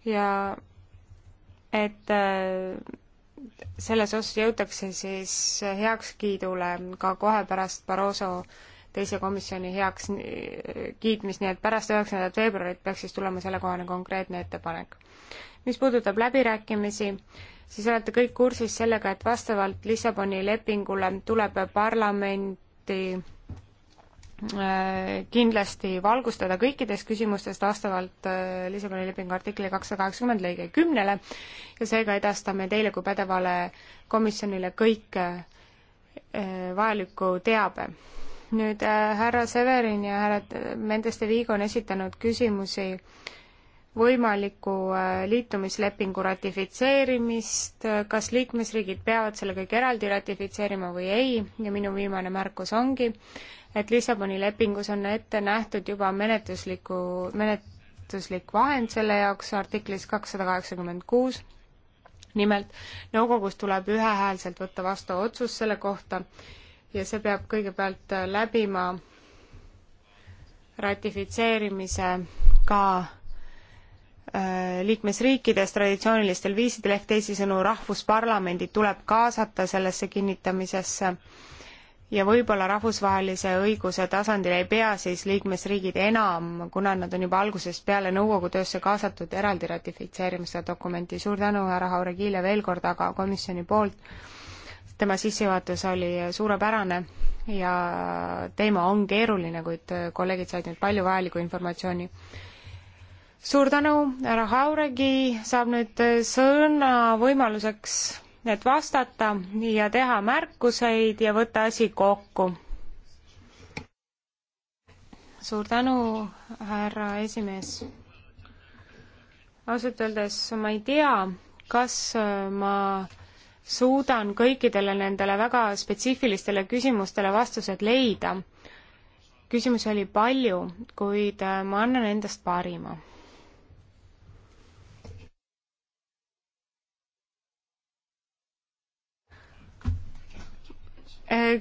ja et selles osas jõutakse siis heakskiidule ka kohe pärast Barroso teise komisjoni heaks kiitmist, nii et pärast üheksandat veebruarit peaks siis tulema sellekohane konkreetne ettepanek. mis puudutab läbirääkimisi, siis olete kõik kursis sellega, et vastavalt Lissaboni lepingule tuleb parlamenti Äh, kindlasti valgustada kõikidest küsimustest vastavalt äh, Lissaboni lepingu artikli kakssada kaheksakümmend lõige kümnele ja seega edastame teile kui pädevale komisjonile kõik äh, vajaliku teabe. nüüd härra Severin ja härra Mendes de Vigo on esitanud küsimusi äh, võimaliku äh, liitumislepingu ratifitseerimist, kas liikmesriigid peavad selle kõik eraldi ratifitseerima või ei ja minu viimane märkus ongi, et Lissaboni lepingus on ette nähtud juba menetlusliku, menetluslik vahend selle jaoks artiklis kakssada kaheksakümmend kuus, nimelt nõukogus tuleb ühehäälselt võtta vastu otsus selle kohta ja see peab kõigepealt läbima ratifitseerimise ka Äh, liikmesriikides traditsioonilistel viisidel ehk teisisõnu rahvusparlamendid tuleb kaasata sellesse kinnitamisesse ja võib-olla rahvusvahelise õiguse tasandil ei pea siis liikmesriigid enam, kuna nad on juba algusest peale nõukogu töösse kaasatud, eraldi ratifitseerima seda dokumenti. suur tänu, härra Hauregiile veel kord, aga komisjoni poolt. tema sissejuhatus oli suurepärane ja teema on keeruline, kuid kolleegid said nüüd palju vajalikku informatsiooni suur tänu, härra Hauregi saab nüüd äh, sõna võimaluseks, et vastata ja teha märkuseid ja võtta asi kokku. suur tänu, härra esimees. ausalt öeldes ma ei tea, kas äh, ma suudan kõikidele nendele väga spetsiifilistele küsimustele vastused leida. küsimusi oli palju, kuid äh, ma annan endast parima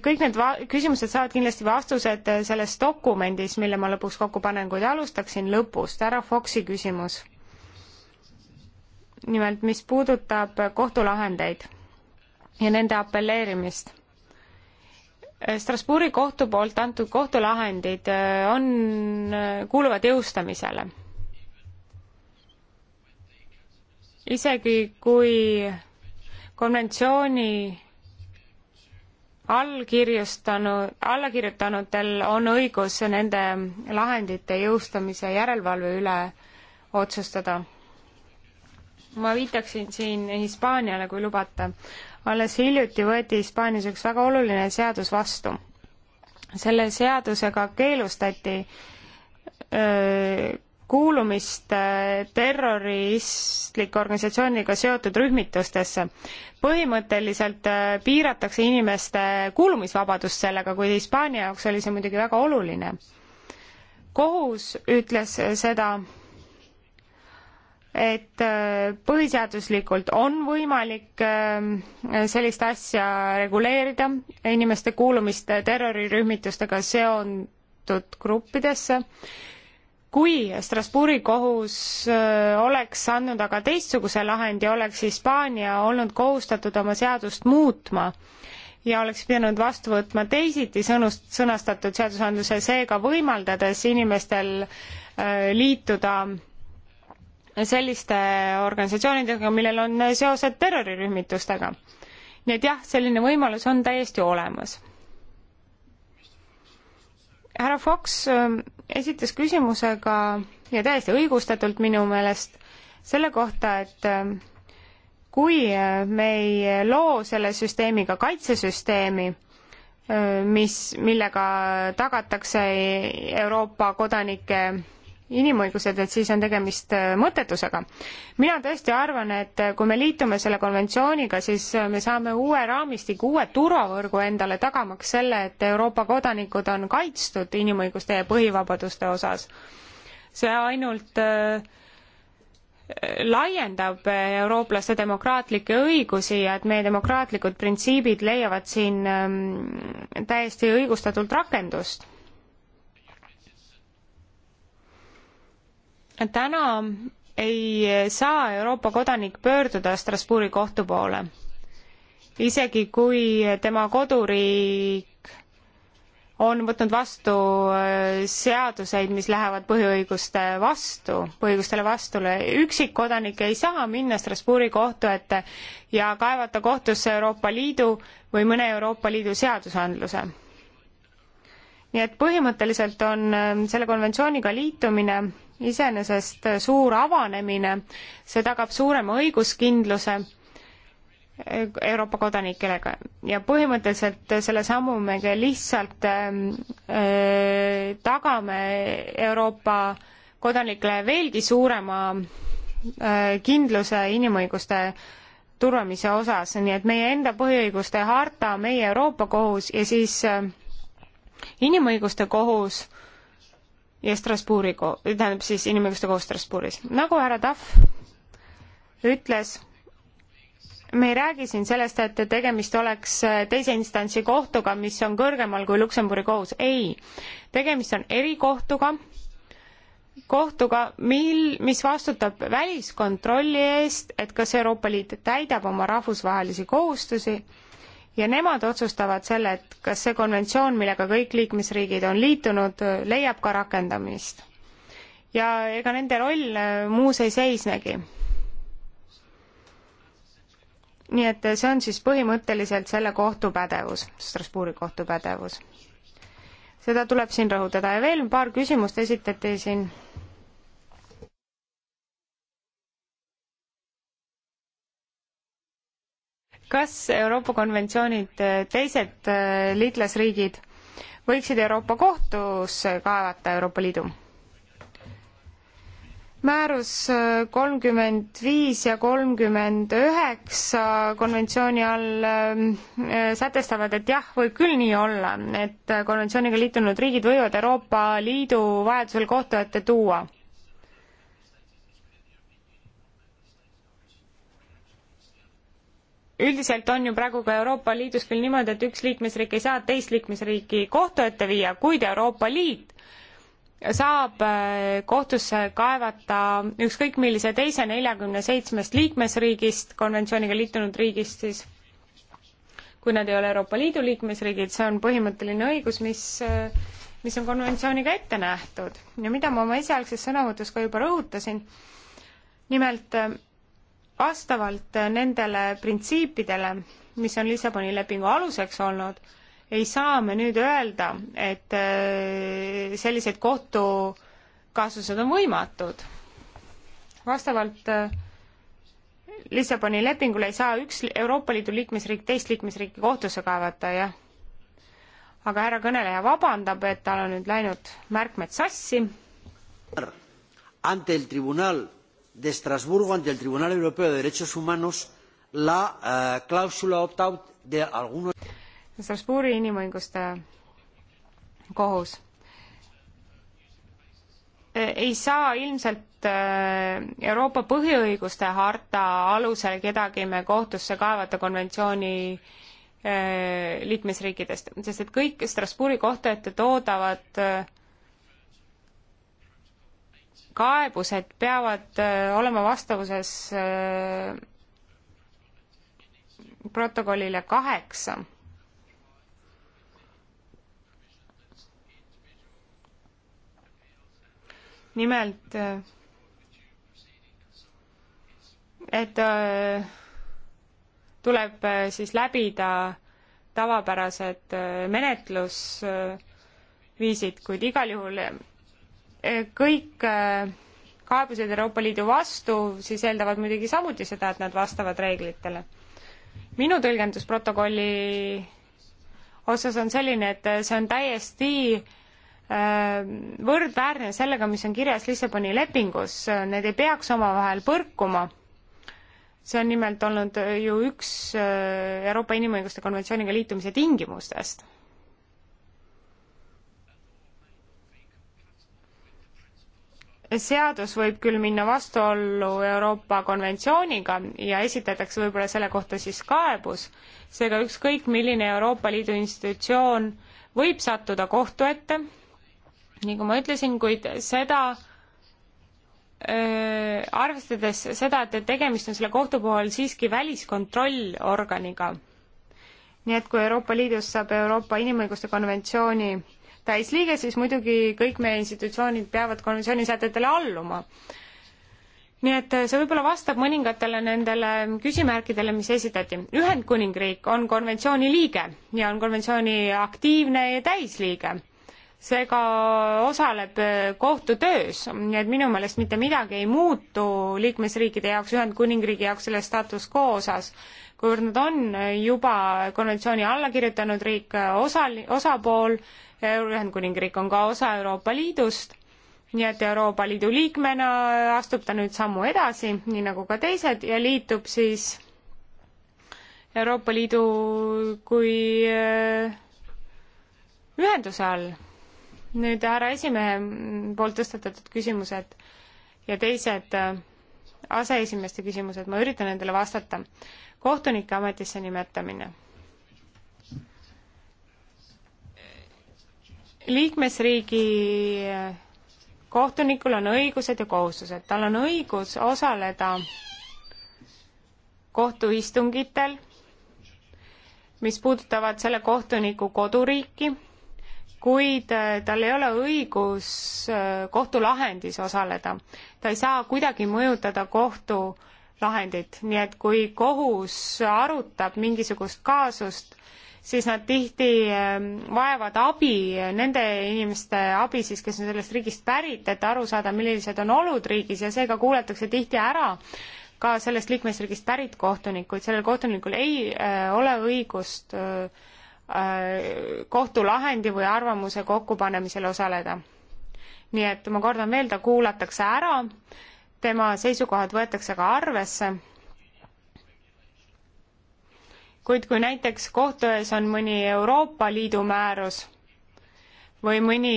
kõik need va-, küsimused saavad kindlasti vastused äh, selles dokumendis, mille ma lõpuks kokku panen, kuid alustaksin lõpust, härra Foxi küsimus. nimelt, mis puudutab kohtulahendeid ja nende apelleerimist äh, Strasbourgi kohtu poolt antud kohtulahendid äh, on, kuuluvad jõustamisele. isegi kui konventsiooni allkirjustanud, allakirjutanutel on õigus nende lahendite jõustamise järelevalve üle otsustada. ma viitaksin siin Hispaaniale, kui lubate. alles hiljuti võeti Hispaanias üks väga oluline seadus vastu. selle seadusega keelustati öö, kuulumist äh, terroristlike organisatsioonidega seotud rühmitustesse. põhimõtteliselt äh, piiratakse inimeste kuulumisvabadust sellega, kuid Hispaania jaoks oli see muidugi väga oluline. kohus ütles seda, et äh, põhiseaduslikult on võimalik sellist asja reguleerida, inimeste kuulumist terrorirühmitustega seondunud gruppidesse kui Strasbourgi kohus äh, oleks andnud aga teistsuguse lahendi, oleks Hispaania olnud kohustatud oma seadust muutma ja oleks pidanud vastu võtma teisiti sõnust, sõnastatud seadusandluse, seega võimaldades inimestel äh, liituda selliste organisatsioonidega, millel on seosed terrorirühmitustega. nii et jah, selline võimalus on täiesti olemas härra Fox ähm, esitas küsimuse ka ja täiesti õigustatult minu meelest selle kohta, et ähm, kui äh, me ei äh, loo selle süsteemiga kaitsesüsteemi, äh, mis, millega tagatakse Euroopa kodanike inimõigused, et siis on tegemist äh, mõttetusega. mina tõesti arvan, et äh, kui me liitume selle konventsiooniga, siis äh, me saame uue raamistiku, uue turvavõrgu endale, tagamaks selle, et Euroopa kodanikud on kaitstud inimõiguste ja põhivabaduste osas. see ainult laiendab eurooplaste demokraatlikke õigusi ja et meie demokraatlikud printsiibid leiavad siin ähm, täiesti õigustatult rakendust täna ei saa Euroopa kodanik pöörduda Strasbourgi kohtu poole. isegi kui tema koduriik on võtnud vastu äh, seaduseid, mis lähevad põhiõiguste vastu, põhiõigustele vastule, üksikkodanik ei saa minna Strasbourgi kohtu ette ja kaevata kohtusse Euroopa Liidu või mõne Euroopa Liidu seadusandluse nii et põhimõtteliselt on ähm, selle konventsiooniga liitumine iseenesest äh, suur avanemine, see tagab suurema õiguskindluse äh, Euroopa kodanikele ka ja põhimõtteliselt äh, selle sammu me lihtsalt ähm, äh, tagame Euroopa kodanikele veelgi suurema äh, kindluse inimõiguste turvamise osas, nii et meie enda põhiõiguste harta, meie Euroopa kohus ja siis äh, inimõiguste kohus ja Strasbourgi ko-, tähendab siis inimõiguste kohus Strasbourgis. nagu härra Tahv ütles, me ei räägi siin sellest, et tegemist oleks äh, teise instantsi kohtuga, mis on kõrgemal kui Luksemburgi kohus, ei. tegemist on erikohtuga, kohtuga, mil, mis vastutab väliskontrolli eest, et kas Euroopa Liit täidab oma rahvusvahelisi kohustusi ja nemad otsustavad selle, et kas see konventsioon, millega kõik liikmesriigid on liitunud, leiab ka rakendamist. ja ega nende roll äh, muus ei seisnegi. nii et äh, see on siis põhimõtteliselt selle kohtu pädevus, Strasbourgi kohtu pädevus. seda tuleb siin rõhutada ja veel paar küsimust esitati siin kas Euroopa konventsioonid äh, teised äh, liitlasriigid võiksid Euroopa kohtusse kaevata Euroopa Liidu? määrus äh, kolmkümmend viis ja kolmkümmend üheksa konventsiooni all ähm, sätestavad, et jah, võib küll nii olla, et konventsiooniga liitunud riigid võivad Euroopa Liidu vajadusel kohtu ette tuua üldiselt on ju praegu ka Euroopa Liidus küll niimoodi, et üks liikmesriik ei saa teist liikmesriiki kohtu ette viia, kuid Euroopa Liit saab äh, kohtusse kaevata ükskõik millise teise neljakümne seitsmest liikmesriigist, konventsiooniga liitunud riigist siis, kui nad ei ole Euroopa Liidu liikmesriigid, see on põhimõtteline õigus, mis, äh, mis on konventsiooniga ette nähtud ja mida ma oma esialgses sõnavõtus ka juba rõhutasin, nimelt äh, vastavalt nendele printsiipidele, mis on Lissaboni lepingu aluseks olnud, ei saa me nüüd öelda, et äh, sellised kohtukaasused on võimatud. vastavalt äh, Lissaboni lepingule ei saa üks Euroopa Liidu liikmesriik teist liikmesriiki kohtusse kaevata, jah. aga härra kõneleja vabandab, et tal on nüüd läinud märkmed sassi. ante el tribunal de Estrasburgo ante el Tribunal Europeo de Derechos Humanos la uh, cláusula opt-out de algunos. Strasbourgi inimõiguste kohus e, ei saa ilmselt e, Euroopa põhiõiguste harta alusel kedagi me kohtusse kaevata konventsiooni e, liikmesriikidest, sest et kõik Strasbourgi kohtu ette toodavad äh, kaebused peavad äh, olema vastavuses äh, protokollile kaheksa. nimelt, äh, et tuleb siis läbida tavapärased menetlusviisid, kuid igal juhul kõik äh, kaebused Euroopa Liidu vastu siis eeldavad muidugi samuti seda, et nad vastavad reeglitele. minu tõlgendus protokolli osas on selline, et see on täiesti äh, võrdväärne sellega, mis on kirjas Lissaboni lepingus, need ei peaks omavahel põrkuma. see on nimelt olnud ju üks äh, Euroopa Inimõiguste konventsiooniga liitumise tingimustest seadus võib küll minna vastuollu Euroopa konventsiooniga ja esitatakse võib-olla selle kohta siis kaebus, seega ükskõik, milline Euroopa Liidu institutsioon võib sattuda kohtu ette, nii kui ma ütlesin, kuid seda öö, arvestades seda, et tegemist on selle kohtu puhul siiski väliskontrollorganiga. nii et kui Euroopa Liidus saab Euroopa Inimõiguste konventsiooni täisliige, siis muidugi kõik meie institutsioonid peavad konventsiooni sätetele alluma. nii et see võib-olla vastab mõningatele nendele küsimärkidele, mis esitati. Ühendkuningriik on konventsiooni liige ja on konventsiooni aktiivne ja täisliige seega osaleb kohtutöös, nii et minu meelest mitte midagi ei muutu liikmesriikide jaoks, Ühendkuningriigi jaoks selle status quo osas kuivõrd nad on juba konventsiooni alla kirjutanud riik, osal-, osapool, Ühendkuningriik on ka osa Euroopa Liidust, nii et Euroopa Liidu liikmena astub ta nüüd sammu edasi, nii nagu ka teised, ja liitub siis Euroopa Liidu kui äh, ühenduse all. nüüd härra esimehe poolt tõstatatud küsimused ja teised äh, aseesimeeste küsimused, ma üritan nendele vastata. kohtunike ametisse nimetamine. liikmesriigi kohtunikul on õigused ja kohustused, tal on õigus osaleda kohtuistungitel, mis puudutavad selle kohtuniku koduriiki kuid äh, tal ei ole õigus äh, kohtulahendis osaleda. ta ei saa kuidagi mõjutada kohtulahendit, nii et kui kohus arutab mingisugust kaasust, siis nad tihti ähm, vajavad abi, äh, nende inimeste abi siis, kes on sellest riigist pärit, et aru saada, millised on olud riigis ja seega kuulatakse tihti ära ka sellest liikmesriigist pärit kohtunikuid, sellel kohtunikul ei ole õigust öö, kohtulahendi või arvamuse kokkupanemisel osaleda. nii et ma kordan veel, ta kuulatakse ära, tema seisukohad võetakse ka arvesse, kuid kui näiteks kohtu ees on mõni Euroopa Liidu määrus või mõni,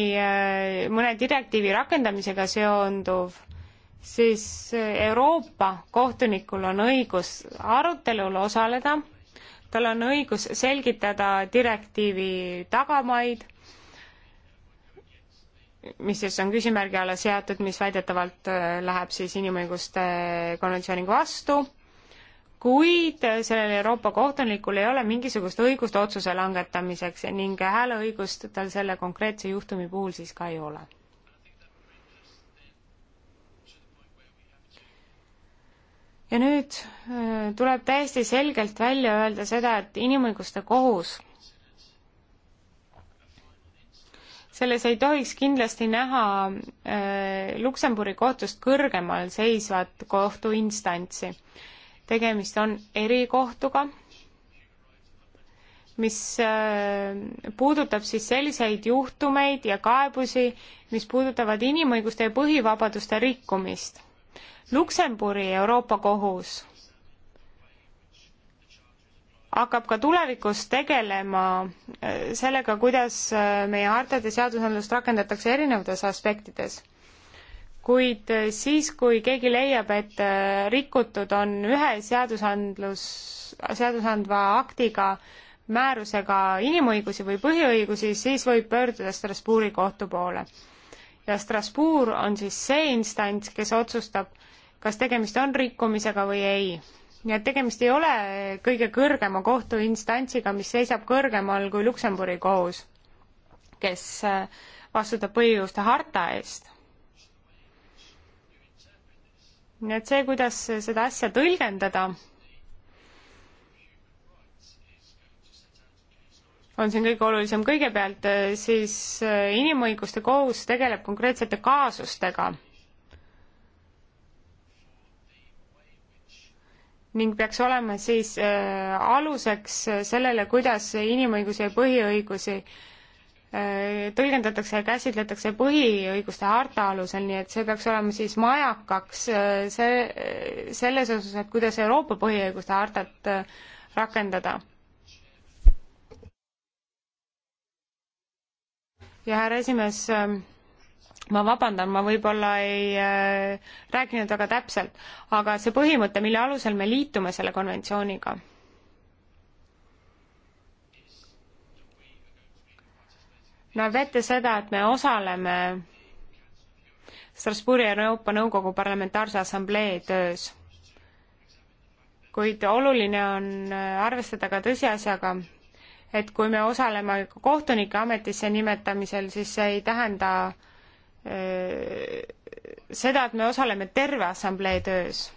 mõne direktiivi rakendamisega seonduv, siis Euroopa kohtunikul on õigus arutelul osaleda tal on õigus selgitada direktiivi tagamaid, mis siis on küsimärgi alla seatud, mis väidetavalt äh, läheb siis inimõiguste konventsiooniga vastu, kuid sellel Euroopa kohtunikul ei ole mingisugust õigust otsuse langetamiseks ning hääleõigust tal selle konkreetse juhtumi puhul siis ka ei ole ja nüüd äh, tuleb täiesti selgelt välja öelda seda, et inimõiguste kohus selles ei tohiks kindlasti näha äh, Luksemburi kohtust kõrgemal seisvat kohtuinstantsi. tegemist on erikohtuga, mis äh, puudutab siis selliseid juhtumeid ja kaebusi, mis puudutavad inimõiguste ja põhivabaduste rikkumist. Luksemburi Euroopa Kohus hakkab ka tulevikus tegelema äh, sellega, kuidas äh, meie hartade seadusandlust rakendatakse erinevates aspektides. kuid äh, siis, kui keegi leiab, et rikutud on ühe seadusandlus, seadusandva aktiga, määrusega inimõigusi või põhiõigusi, siis võib pöörduda Strasbourgi kohtu poole. ja Strasbourg on siis see instants, kes otsustab, kas tegemist on rikkumisega või ei. nii et tegemist ei ole kõige kõrgema kohtuinstantsiga, mis seisab kõrgemal kui Luksemburi kohus, kes äh, vastutab põhiõiguste harta eest. nii et see, kuidas seda asja tõlgendada, on siin kõige olulisem. kõigepealt äh, siis äh, inimõiguste kohus tegeleb konkreetsete kaasustega ning peaks olema siis äh, aluseks äh, sellele, kuidas inimõigusi ja põhiõigusi äh, tõlgendatakse ja käsitletakse põhiõiguste harta alusel, nii et see peaks olema siis majakaks äh, see, äh, selles osas, et kuidas Euroopa põhiõiguste hartat äh, rakendada. ja härra esimees äh,, ma vabandan, ma võib-olla ei äh, rääkinud väga täpselt, aga see põhimõte, mille alusel me liitume selle konventsiooniga, näeb ette seda, et me osaleme Strasbourgi Euroopa Nõukogu Parlamentaarse Assamblee töös. kuid oluline on äh, arvestada ka tõsiasjaga, et kui me osaleme kohtunike ametisse nimetamisel, siis see ei tähenda äh, Äh, seda, et me osaleme terve assamblee töös.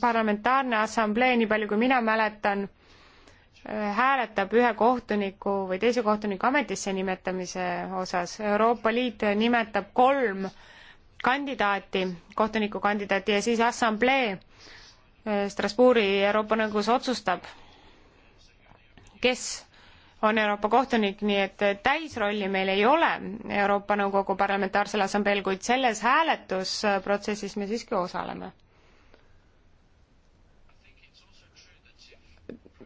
parlamentaarne assamblee, nii palju kui mina mäletan, äh, hääletab ühe kohtuniku või teise kohtuniku ametisse nimetamise osas. Euroopa Liit nimetab kolm kandidaati, kohtunikukandidaati ja siis assamblee äh, Strasbourgi Euroopa Nõukogus otsustab, kes on Euroopa kohtunik, nii et täisrolli meil ei ole Euroopa Nõukogu Parlamentaarsel Assambleel, kuid selles hääletusprotsessis me siiski osaleme.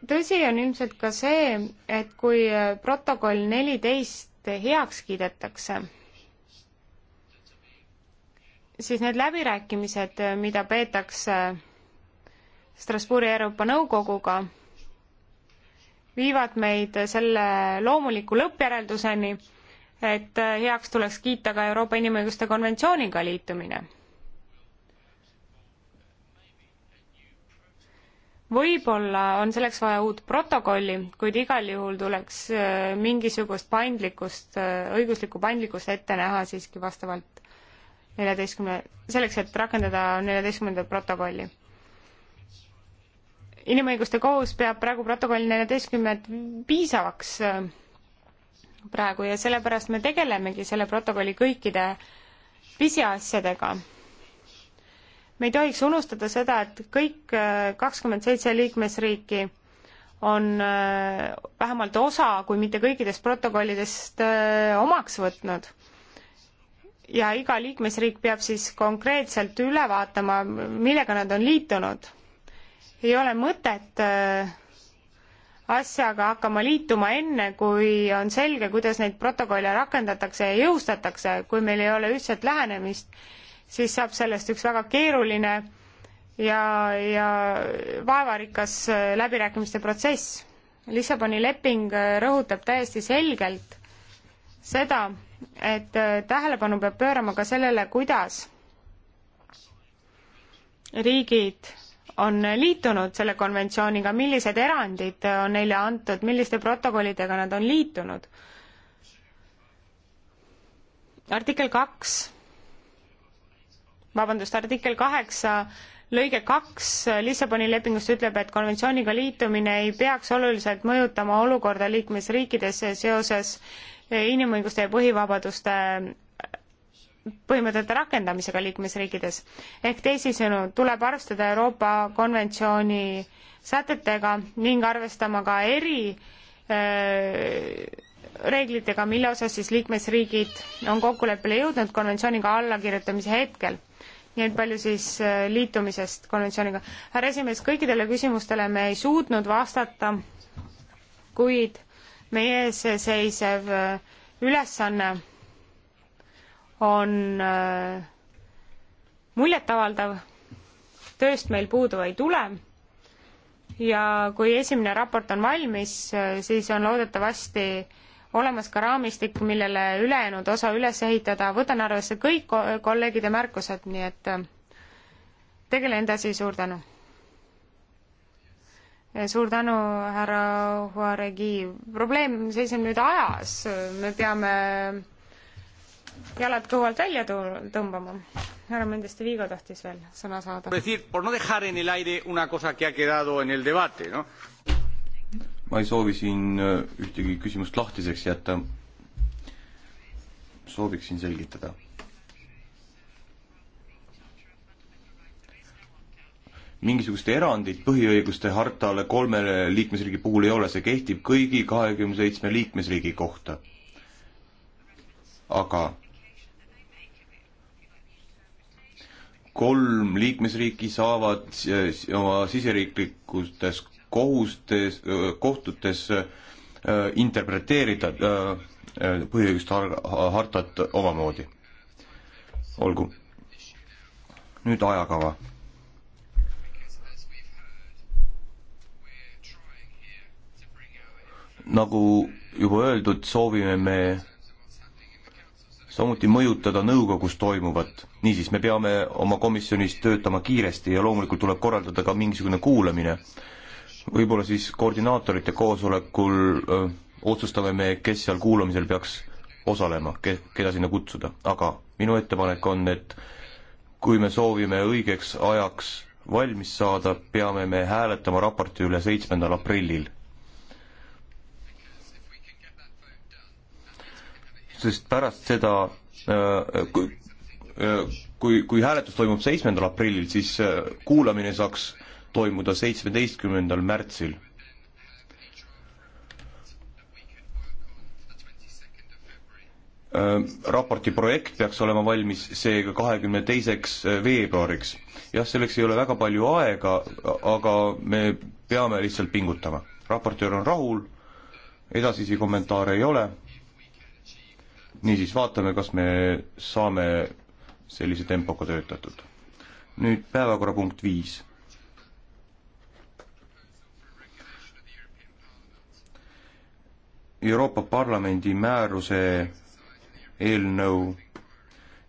tõsi on ilmselt ka see, et kui protokoll neliteist heaks kiidetakse, siis need läbirääkimised, mida peetakse Strasbourgi Euroopa Nõukoguga, viivad meid selle loomuliku lõppjärelduseni, et äh, heaks tuleks kiita ka Euroopa Inimõiguste konventsiooniga liitumine. võib-olla on selleks vaja uut protokolli, kuid igal juhul tuleks äh, mingisugust paindlikkust, äh, õiguslikku paindlikkust ette näha siiski vastavalt neljateistkümne, selleks, et rakendada neljateistkümnenda protokolli inimõiguste kohus peab praegu protokolli neljateistkümnet piisavaks äh, praegu ja sellepärast me tegelemegi selle protokolli kõikide pisiasjadega. me ei tohiks unustada seda, et kõik äh, kakskümmend seitse liikmesriiki on äh, vähemalt osa, kui mitte kõikidest protokollidest omaks võtnud ja iga liikmesriik peab siis konkreetselt üle vaatama, millega nad on liitunud ei ole mõtet äh, asjaga hakkama liituma enne, kui on selge, kuidas neid protokolle rakendatakse ja jõustatakse, kui meil ei ole ühtset lähenemist, siis saab sellest üks väga keeruline ja, ja vaevarikas äh, läbirääkimiste protsess. Lissaboni leping äh, rõhutab täiesti selgelt seda, et tähelepanu peab pöörama ka sellele, kuidas riigid on liitunud selle konventsiooniga, millised erandid on neile antud, milliste protokollidega nad on liitunud. artikkel kaks, vabandust, artikkel kaheksa lõige kaks Lissaboni lepingust ütleb, et konventsiooniga liitumine ei peaks oluliselt mõjutama olukorda liikmesriikides seoses inimõiguste ja põhivabaduste põhimõtete rakendamisega liikmesriikides. ehk teisisõnu, tuleb arvestada Euroopa konventsiooni sätetega ning arvestama ka eri öö, reeglitega, mille osas siis liikmesriigid on kokkuleppele jõudnud konventsiooniga allakirjutamise hetkel. nii et palju siis liitumisest konventsiooniga. härra esimees, kõikidele küsimustele me ei suutnud vastata, kuid meie ees seisev ülesanne on äh, muljetavaldav, tööst meil puudu ei tule ja kui esimene raport on valmis, äh, siis on loodetavasti olemas ka raamistik, millele ülejäänud osa üles ehitada, võtan arvesse kõik kolleegide märkused, nii et äh, tegelen edasi, suur tänu! suur tänu, härra Huaregi, probleem seisneb nüüd ajas, me peame jalad kõhualt välja tõmbama. härra Mendeste Viigo tahtis veel sõna saada. No? ma ei soovi siin äh, ühtegi küsimust lahtiseks jätta. sooviksin selgitada. mingisugust erandit põhiõiguste hartale kolmele liikmesriigi puhul ei ole, see kehtib kõigi kahekümne seitsme liikmesriigi kohta. aga kolm liikmesriiki saavad eh, oma siseriiklikutes kohustes, kohtutes interpreteerida põhiõiguste hartat omamoodi. olgu. nüüd ajakava. nagu juba öeldud, soovime me samuti mõjutada nõukogus toimuvat. niisiis, me peame oma komisjonis töötama kiiresti ja loomulikult tuleb korraldada ka mingisugune kuulamine. võib-olla siis koordinaatorite koosolekul öö, otsustame me, kes seal kuulamisel peaks osalema, ke-, keda sinna kutsuda, aga minu ettepanek on, et kui me soovime õigeks ajaks valmis saada, peame me hääletama raporti üle seitsmendal aprillil sest pärast seda, äh, kui, äh, kui, kui hääletus toimub seitsmendal aprillil, siis äh, kuulamine saaks toimuda seitsmeteistkümnendal märtsil. raporti projekt peaks olema valmis seega kahekümne teiseks veebruariks. jah, selleks ei ole väga palju aega, aga me peame lihtsalt pingutama. raportöör on rahul, edasisi kommentaare ei ole niisiis, vaatame, kas me saame sellise tempoga töötatud. nüüd päevakorrapunkt viis. Euroopa Parlamendi määruse eelnõu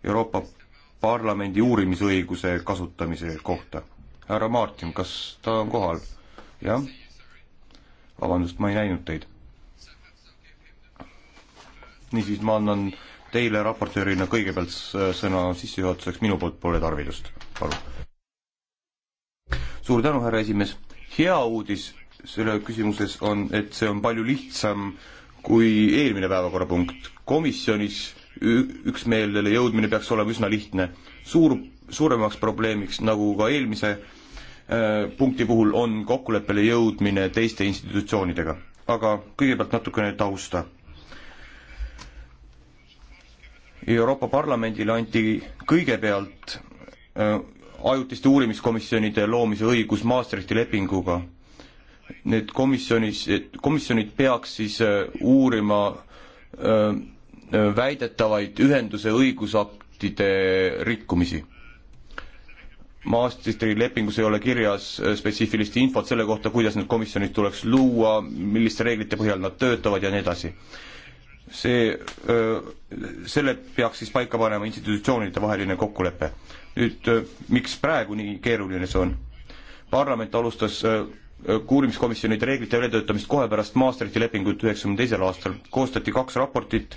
Euroopa Parlamendi uurimisõiguse kasutamise kohta. härra Martin, kas ta on kohal? jah? vabandust, ma ei näinud teid niisiis, ma annan teile raportöörina kõigepealt äh, sõna sissejuhatuseks, minu poolt pole tarvidust, palun. suur tänu, härra esimees, hea uudis selle küsimuses on, et see on palju lihtsam kui eelmine päevakorrapunkt. komisjonis üksmeelele jõudmine peaks olema üsna lihtne. suur, suuremaks probleemiks, nagu ka eelmise äh, punkti puhul, on kokkuleppele jõudmine teiste institutsioonidega. aga kõigepealt natukene tausta Euroopa Parlamendile anti kõigepealt äh, ajutiste uurimiskomisjonide loomise õigus Maastrichti lepinguga. Need komisjonis, komisjonid peaks siis äh, uurima äh, väidetavaid ühenduse õigusaktide rikkumisi. Maastrichti lepingus ei ole kirjas spetsiifilist infot selle kohta, kuidas need komisjonid tuleks luua, milliste reeglite põhjal nad töötavad ja nii edasi see, selle peaks siis paika panema institutsioonide vaheline kokkulepe. nüüd miks praegu nii keeruline see on? parlament alustas kuulimiskomisjonide reeglite väljatöötamist kohe pärast Maastrichti lepingut üheksakümne teisel aastal. koostati kaks raportit,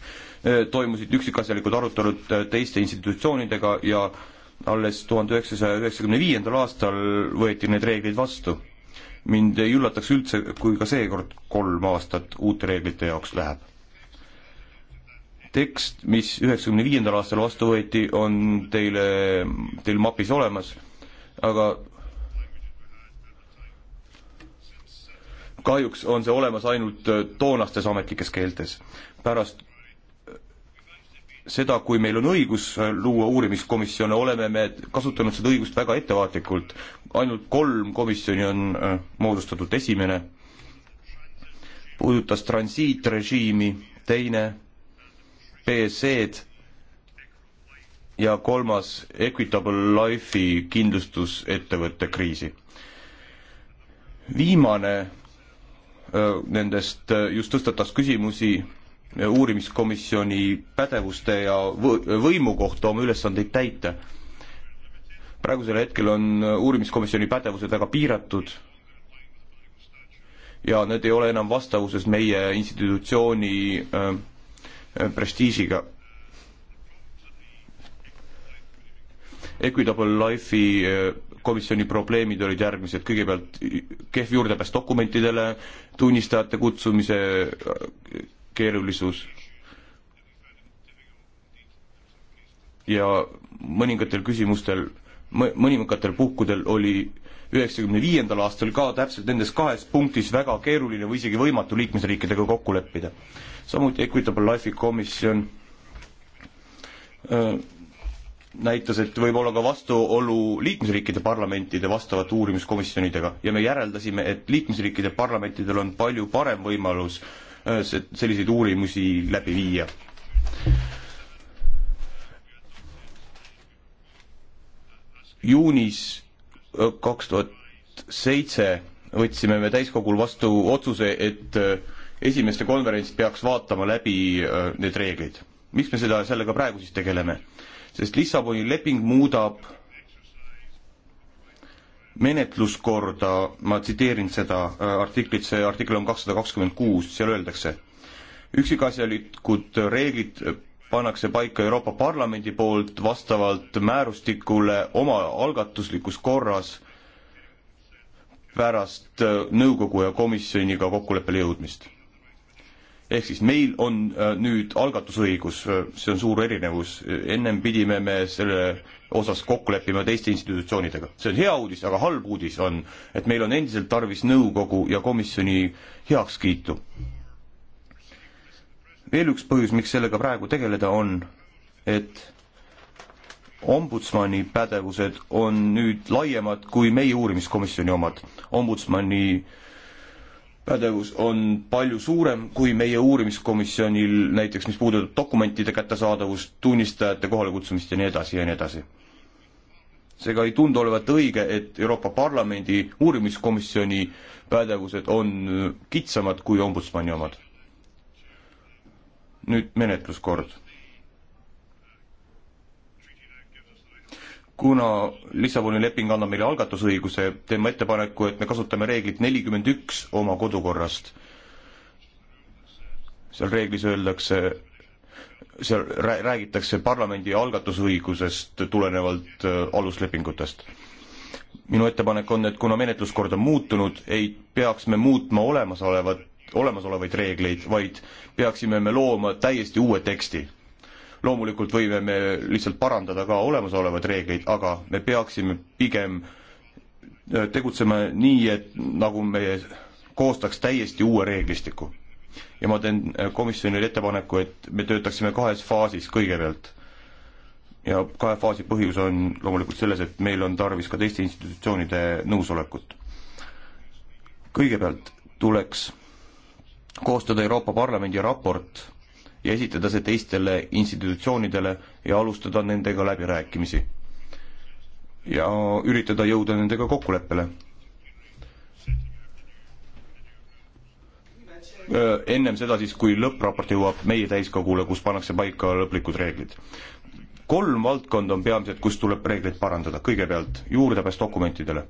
toimusid üksikasjalikud arutelud teiste institutsioonidega ja alles tuhande üheksasaja üheksakümne viiendal aastal võeti need reeglid vastu. mind ei üllataks üldse, kui ka seekord kolm aastat uute reeglite jaoks läheb tekst, mis üheksakümne viiendal aastal vastu võeti, on teile, teil mapis olemas, aga kahjuks on see olemas ainult toonastes ametlikes keeltes. pärast seda, kui meil on õigus luua uurimiskomisjone, oleme me kasutanud seda õigust väga ettevaatlikult. ainult kolm komisjoni on äh, moodustatud, esimene puudutas transiitrežiimi, teine BC-d ja kolmas Equitable Life'i kindlustusettevõtte kriisi. viimane nendest just tõstatas küsimusi uurimiskomisjoni pädevuste ja võimu kohta oma ülesandeid täita. praegusel hetkel on uurimiskomisjoni pädevused väga piiratud ja need ei ole enam vastavuses meie institutsiooni Eh, prestiižiga. Equitable Life'i eh, komisjoni probleemid olid järgmised, kõigepealt kehv juurdepääs dokumentidele, tunnistajate kutsumise eh, keerulisus ja mõningatel küsimustel, mõningatel puhkudel oli üheksakümne viiendal aastal ka täpselt nendes kahes punktis väga keeruline või isegi võimatu liikmesriikidega kokku leppida. samuti Equitable Life'i komisjon näitas, et võib olla ka vastuolu liikmesriikide parlamentide vastavate uurimiskomisjonidega ja me järeldasime, et liikmesriikide parlamentidel on palju parem võimalus selliseid uurimusi läbi viia. juunis kaks tuhat seitse võtsime me täiskogul vastu otsuse, et äh, esimeste konverents peaks vaatama läbi äh, need reeglid. miks me seda, sellega praegu siis tegeleme? sest Lissaboni leping muudab menetluskorda, ma tsiteerin seda äh, artiklit, see artikkel on kakssada kakskümmend kuus, seal öeldakse, üksikasjalikud reeglid pannakse paika Euroopa Parlamendi poolt vastavalt määrustikule omaalgatuslikus korras pärast äh, nõukogu ja komisjoniga kokkuleppele jõudmist. ehk siis meil on äh, nüüd algatusõigus, äh, see on suur erinevus, ennem pidime me selle osas kokku leppima teiste institutsioonidega. see on hea uudis, aga halb uudis on, et meil on endiselt tarvis nõukogu ja komisjoni heakskiitu veel üks põhjus, miks sellega praegu tegeleda, on, et ombudsmani pädevused on nüüd laiemad kui meie uurimiskomisjoni omad. ombudsmani pädevus on palju suurem kui meie uurimiskomisjonil, näiteks mis puudutab dokumentide kättesaadavust, tunnistajate kohalekutsumist ja nii edasi ja nii edasi. seega ei tundu olevat õige, et Euroopa Parlamendi uurimiskomisjoni pädevused on kitsamad kui ombudsmani omad nüüd menetluskord. kuna Lissaboni leping annab meile algatusõiguse, teen ma ettepaneku, et me kasutame reeglit nelikümmend üks oma kodukorrast. seal reeglis öeldakse, seal räägitakse parlamendi algatusõigusest tulenevalt äh, aluslepingutest minu ettepanek on, et kuna menetluskord on muutunud, ei peaks me muutma olemasolevat olemasolevaid reegleid, vaid peaksime me looma täiesti uue teksti. loomulikult võime me lihtsalt parandada ka olemasolevaid reegleid, aga me peaksime pigem äh, tegutsema nii, et nagu me koostaks täiesti uue reeglistiku. ja ma teen äh, komisjonile ettepaneku, et me töötaksime kahes faasis kõigepealt. ja kahe faasi põhjus on loomulikult selles, et meil on tarvis ka teiste institutsioonide nõusolekut. kõigepealt tuleks koostada Euroopa Parlamendi raport ja esitada see teistele institutsioonidele ja alustada nendega läbirääkimisi. ja üritada jõuda nendega kokkuleppele. ennem seda siis, kui lõppraport jõuab meie täiskogule, kus pannakse paika lõplikud reeglid. kolm valdkonda on peamised, kus tuleb reegleid parandada, kõigepealt juurdepääs dokumentidele.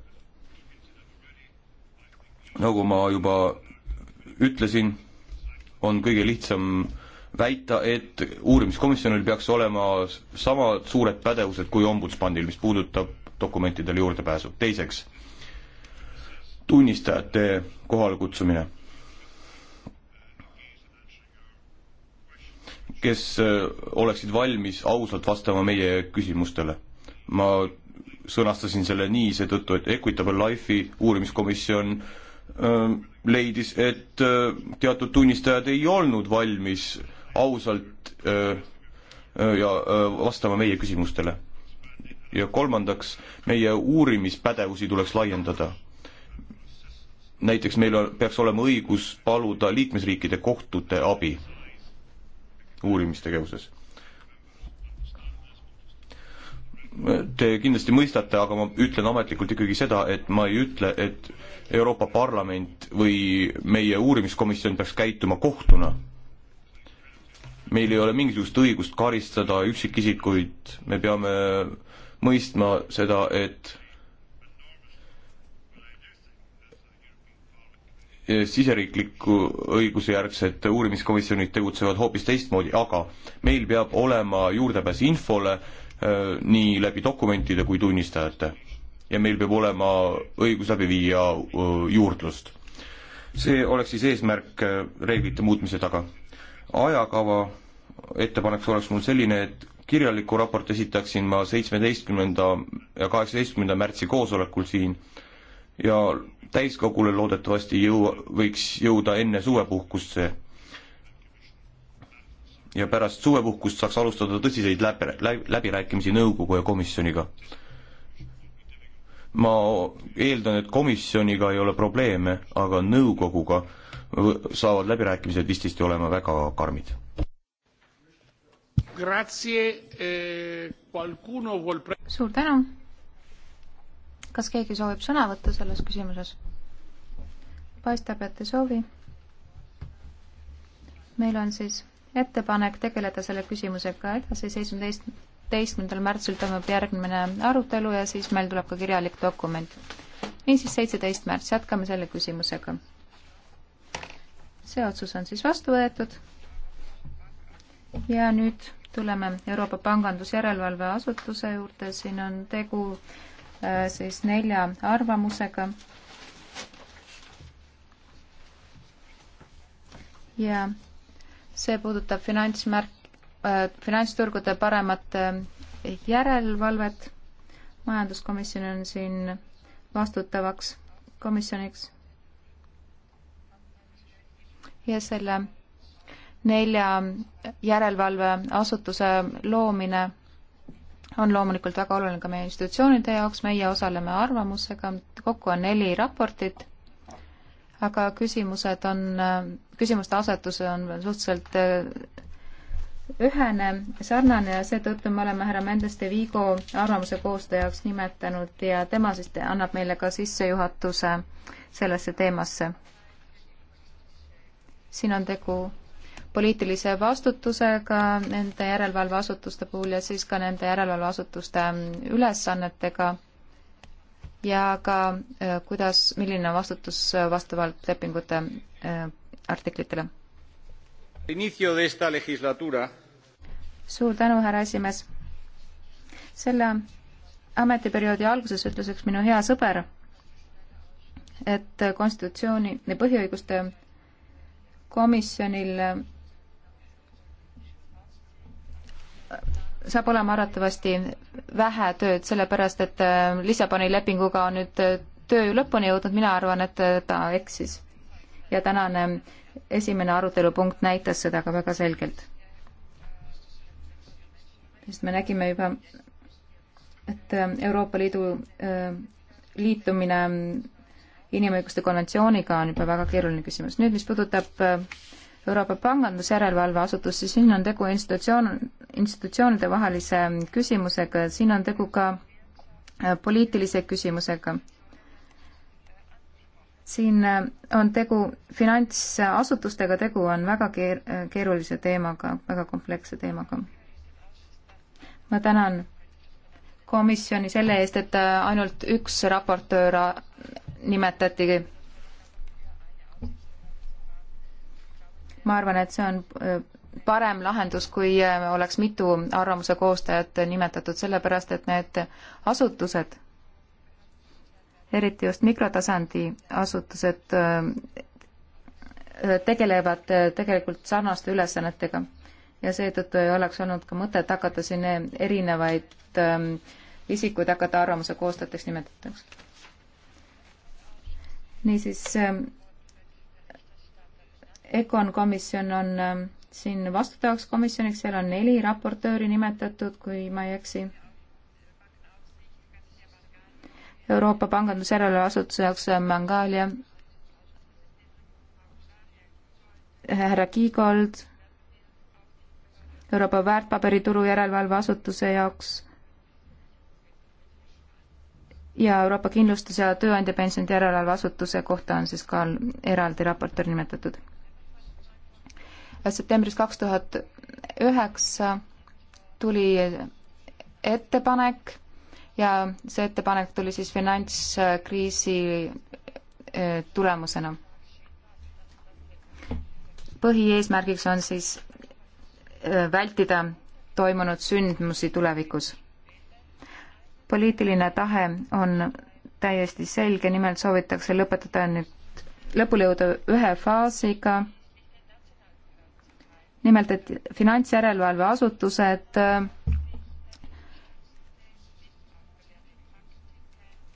nagu ma juba ütlesin, on kõige lihtsam väita, et uurimiskomisjonil peaks olema samad suured pädevused kui ombudsmanil, mis puudutab dokumentidele juurdepääsu. teiseks, tunnistajate kohalekutsumine, kes äh, oleksid valmis ausalt vastama meie küsimustele. ma sõnastasin selle nii seetõttu, et Equitable Life'i uurimiskomisjon äh, leidis, et teatud tunnistajad ei olnud valmis ausalt ja vastama meie küsimustele. ja kolmandaks, meie uurimispädevusi tuleks laiendada. näiteks meil peaks olema õigus paluda liikmesriikide kohtute abi uurimistegevuses te kindlasti mõistate, aga ma ütlen ametlikult ikkagi seda, et ma ei ütle, et Euroopa Parlament või meie uurimiskomisjon peaks käituma kohtuna. meil ei ole mingisugust õigust karistada üksikisikuid, me peame mõistma seda, et siseriikliku õiguse järgsed uurimiskomisjonid tegutsevad hoopis teistmoodi, aga meil peab olema juurdepääs infole, Äh, nii läbi dokumentide kui tunnistajate. ja meil peab olema õigus läbi viia äh, juurdlust. see oleks siis eesmärk äh, reeglite muutmise taga. ajakava ettepanek oleks mul selline, et kirjaliku raport esitaksin ma seitsmeteistkümnenda ja kaheksateistkümnenda märtsi koosolekul siin ja täiskogule loodetavasti jõua, võiks jõuda enne suvepuhkust see ja pärast suvepuhkust saaks alustada tõsiseid läbi, läbirääkimisi nõukogu ja komisjoniga. ma eeldan, et komisjoniga ei ole probleeme, aga nõukoguga saavad läbirääkimised vist vist olema väga karmid. Eh, suur tänu. kas keegi soovib sõna võtta selles küsimuses? paistab, et ei soovi. meil on siis ettepanek tegeleda selle küsimusega edasi, seitsmeteistkümnendal märtsil toimub järgmine arutelu ja siis meil tuleb ka kirjalik dokument. niisiis, seitseteist märts, jätkame selle küsimusega. see otsus on siis vastu võetud. ja nüüd tuleme Euroopa Pangandusjärelevalve Asutuse juurde, siin on tegu äh, siis nelja arvamusega. ja see puudutab finantsmärk- äh,, finantsturgude paremat äh, järelevalvet. majanduskomisjon on siin vastutavaks komisjoniks. ja selle nelja järelevalveasutuse loomine on loomulikult väga oluline ka meie institutsioonide jaoks, meie osaleme arvamusega, kokku on neli raportit aga küsimused on, küsimuste asetus on suhteliselt äh, ühene, sarnane ja seetõttu me oleme härra Mendeste Viigo arvamuse koostajaks nimetanud ja tema siis te annab meile ka sissejuhatuse sellesse teemasse. siin on tegu poliitilise vastutusega nende järelevalveasutuste puhul ja siis ka nende järelevalveasutuste mm, ülesannetega ja ka äh, kuidas, milline on vastutus äh, vastavalt lepingute äh, artiklitele. suur tänu, härra esimees. selle ametiperioodi alguses ütles üks minu hea sõber, et konstitutsiooni ja põhiõiguste komisjonil saab olema arvatavasti vähe tööd, sellepärast et äh, Lissaboni lepinguga on nüüd äh, töö lõpuni jõudnud, mina arvan, et äh, ta eksis. ja tänane esimene arutelupunkt näitas seda ka väga selgelt. sest me nägime juba, et Euroopa Liidu liitumine inimõiguste konventsiooniga on juba väga keeruline küsimus. nüüd, mis puudutab Euroopa pangandusjärelevalve asutust, siis siin on tegu institutsioon, institutsioonide vahelise küsimusega, siin on tegu ka äh, poliitilise küsimusega. siin äh, on tegu, finantsasutustega tegu on väga keer-, äh, keerulise teemaga, väga kompleksse teemaga. ma tänan komisjoni selle eest, et ainult üks raportöör nimetati. ma arvan, et see on parem lahendus, kui äh, oleks mitu arvamuse koostajat nimetatud, sellepärast et need asutused, eriti just mikrotasandi asutused, äh, tegelevad äh, tegelikult sarnaste ülesannetega ja seetõttu ei oleks olnud ka mõtet hakata siin erinevaid ähm, isikuid hakata arvamuse koostajateks nimetataks. niisiis, ähm, EKON komisjon on ähm, siin vastutavaks komisjoniks, seal on neli raportööri nimetatud, kui ma ei eksi. Euroopa Pangandusjärelevalve Asutuse jaoks Mangalia, härra Kiigold, Euroopa Väärtpaberituru Järelevalve Asutuse jaoks ja Euroopa Kindlustuse ja Tööandjapensionide Järelevalve Asutuse kohta on siis ka eraldi raportöör nimetatud septembris kaks tuhat üheksa tuli ettepanek ja see ettepanek tuli siis finantskriisi eh, tulemusena. põhieesmärgiks on siis eh, vältida toimunud sündmusi tulevikus. poliitiline tahe on täiesti selge, nimelt soovitakse lõpetada nüüd, lõpule jõuda ühe faasiga nimelt, et finantsjärelevalveasutused äh,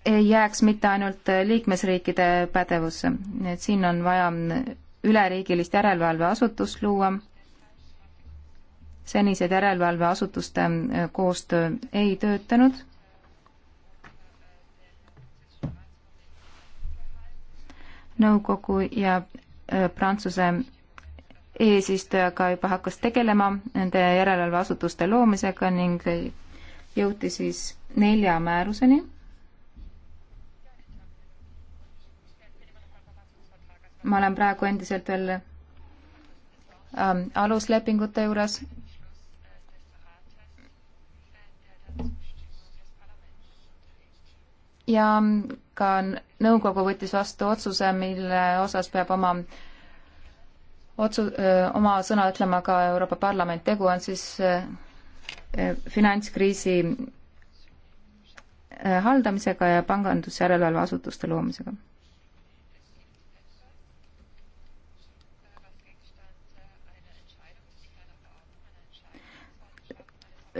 ei jääks mitte ainult liikmesriikide pädevusse, nii et siin on vaja üleriigilist järelevalveasutust luua. senised järelevalveasutuste äh, koostöö ei töötanud. nõukogu ja äh, Prantsuse eesistuja ka juba hakkas tegelema nende järelevalveasutuste loomisega ning jõuti siis nelja määruseni. ma olen praegu endiselt veel ähm, aluslepingute juures. ja ka nõukogu võttis vastu otsuse, mille osas peab oma äh, otsu-, oma sõna ütlema ka Euroopa Parlament, tegu on siis finantskriisi haldamisega ja pangandusjärelevalve asutuste loomisega.